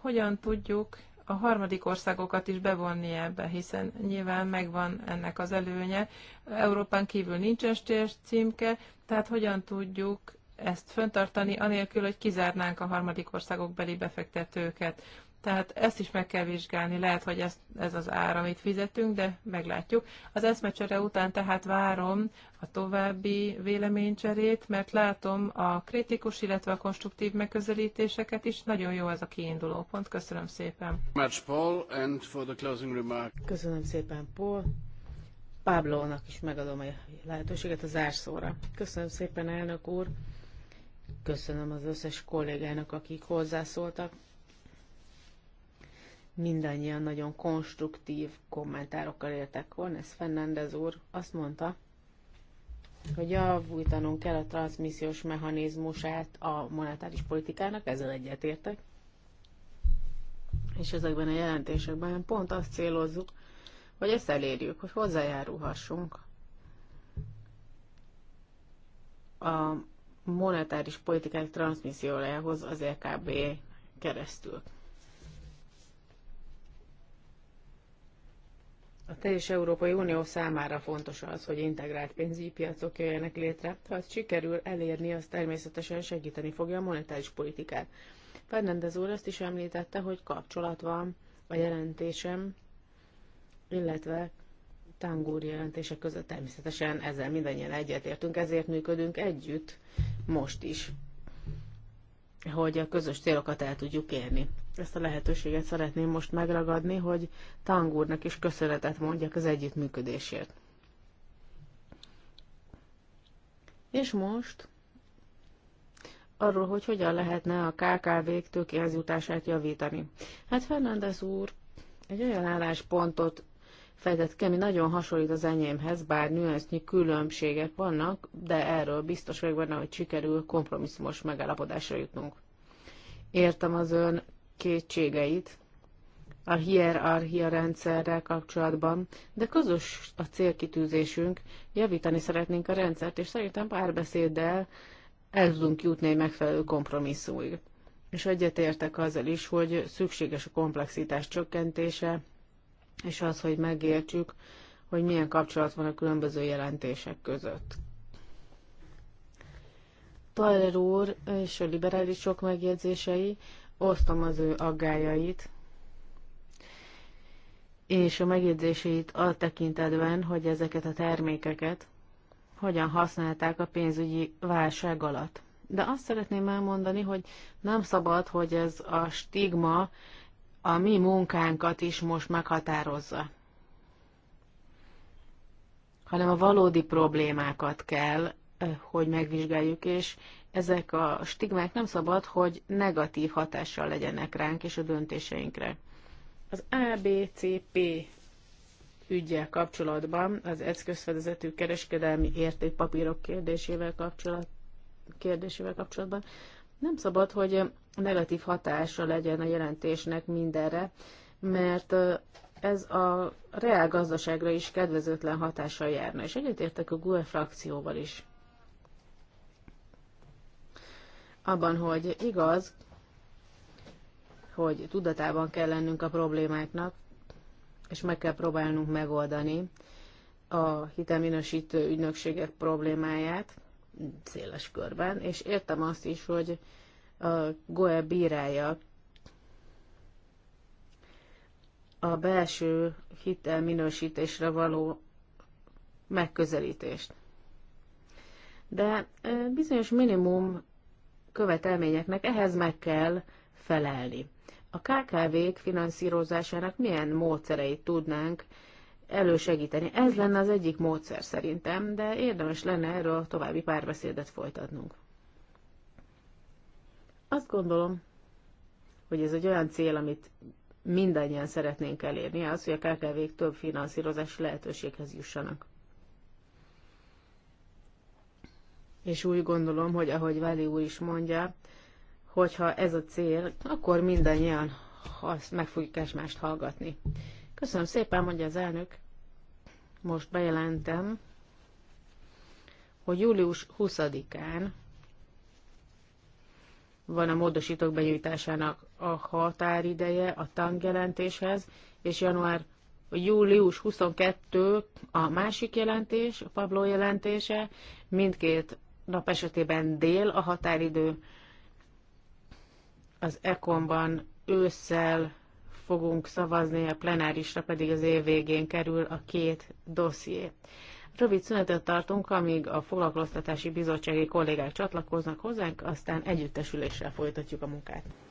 hogyan tudjuk a harmadik országokat is bevonni ebbe, hiszen nyilván megvan ennek az előnye. Európán kívül nincs estés címke, tehát hogyan tudjuk ezt föntartani, anélkül, hogy kizárnánk a harmadik országok beli befektetőket. Tehát ezt is meg kell vizsgálni, lehet, hogy ez, ez az ára, amit fizetünk, de meglátjuk. Az eszmecsere után tehát várom a további véleménycserét, mert látom a kritikus, illetve a konstruktív megközelítéseket is. Nagyon jó ez a kiinduló pont. Köszönöm szépen. Köszönöm szépen, Paul. Pablónak is megadom a lehetőséget a zárszóra. Köszönöm szépen, elnök úr. Köszönöm az összes kollégának, akik hozzászóltak mindannyian nagyon konstruktív kommentárokkal éltek volna. Ez Fernández úr azt mondta, hogy javultanunk kell a transmissziós mechanizmusát a monetáris politikának, ezzel egyetértek. És ezekben a jelentésekben pont azt célozzuk, hogy ezt elérjük, hogy hozzájárulhassunk a monetáris politikák transmissziójához az EKB keresztül. A teljes Európai Unió számára fontos az, hogy integrált pénzügyi piacok jöjjenek létre. Ha ezt sikerül elérni, az természetesen segíteni fogja a monetáris politikát. Fernández úr azt is említette, hogy kapcsolat van a jelentésem, illetve Tangúr jelentése között természetesen ezzel mindannyian egyetértünk, ezért működünk együtt most is, hogy a közös célokat el tudjuk érni ezt a lehetőséget szeretném most megragadni, hogy Tangúrnak is köszönetet mondjak az együttműködésért. És most arról, hogy hogyan lehetne a KKV-k tőkéhez jutását javítani. Hát Fernández úr egy olyan álláspontot fejtett ki, ami nagyon hasonlít az enyémhez, bár nüansznyi különbségek vannak, de erről biztos vagyok benne, hogy sikerül kompromisszumos megállapodásra jutnunk. Értem az ön kétségeit a hierarchia rendszerrel kapcsolatban, de közös a célkitűzésünk, javítani szeretnénk a rendszert, és szerintem párbeszéddel el tudunk jutni egy megfelelő kompromisszumig. És egyetértek azzal is, hogy szükséges a komplexitás csökkentése, és az, hogy megértsük, hogy milyen kapcsolat van a különböző jelentések között. Tyler úr és a liberálisok megjegyzései osztom az ő aggájait és a megjegyzéseit a tekintetben, hogy ezeket a termékeket hogyan használták a pénzügyi válság alatt. De azt szeretném elmondani, hogy nem szabad, hogy ez a stigma a mi munkánkat is most meghatározza, hanem a valódi problémákat kell, eh, hogy megvizsgáljuk, és ezek a stigmák nem szabad, hogy negatív hatással legyenek ránk és a döntéseinkre. Az ABCP ügyel kapcsolatban, az eszközfedezetű kereskedelmi értékpapírok kérdésével, kapcsolat, kérdésével kapcsolatban nem szabad, hogy negatív hatása legyen a jelentésnek mindenre, mert ez a reál gazdaságra is kedvezőtlen hatással járna, és egyetértek a GUE frakcióval is. abban, hogy igaz, hogy tudatában kell lennünk a problémáknak, és meg kell próbálnunk megoldani a hitelminősítő ügynökségek problémáját széles körben, és értem azt is, hogy a GOE bírálja a belső hitelminősítésre való megközelítést. De bizonyos minimum követelményeknek ehhez meg kell felelni. A KKV-k finanszírozásának milyen módszereit tudnánk elősegíteni? Ez lenne az egyik módszer szerintem, de érdemes lenne erről további párbeszédet folytatnunk. Azt gondolom, hogy ez egy olyan cél, amit mindannyian szeretnénk elérni, az, hogy a KKV-k több finanszírozási lehetőséghez jussanak. és úgy gondolom, hogy ahogy Veli úr is mondja, hogyha ez a cél, akkor mindannyian meg fogjuk egymást hallgatni. Köszönöm szépen, mondja az elnök. Most bejelentem, hogy július 20-án van a módosítók benyújtásának a határideje a tangjelentéshez, és január július 22 a másik jelentés, a Pablo jelentése, mindkét nap esetében dél a határidő. Az ekonban ősszel fogunk szavazni, a plenárisra pedig az év végén kerül a két dosszié. Rövid szünetet tartunk, amíg a foglalkoztatási bizottsági kollégák csatlakoznak hozzánk, aztán együttesüléssel folytatjuk a munkát.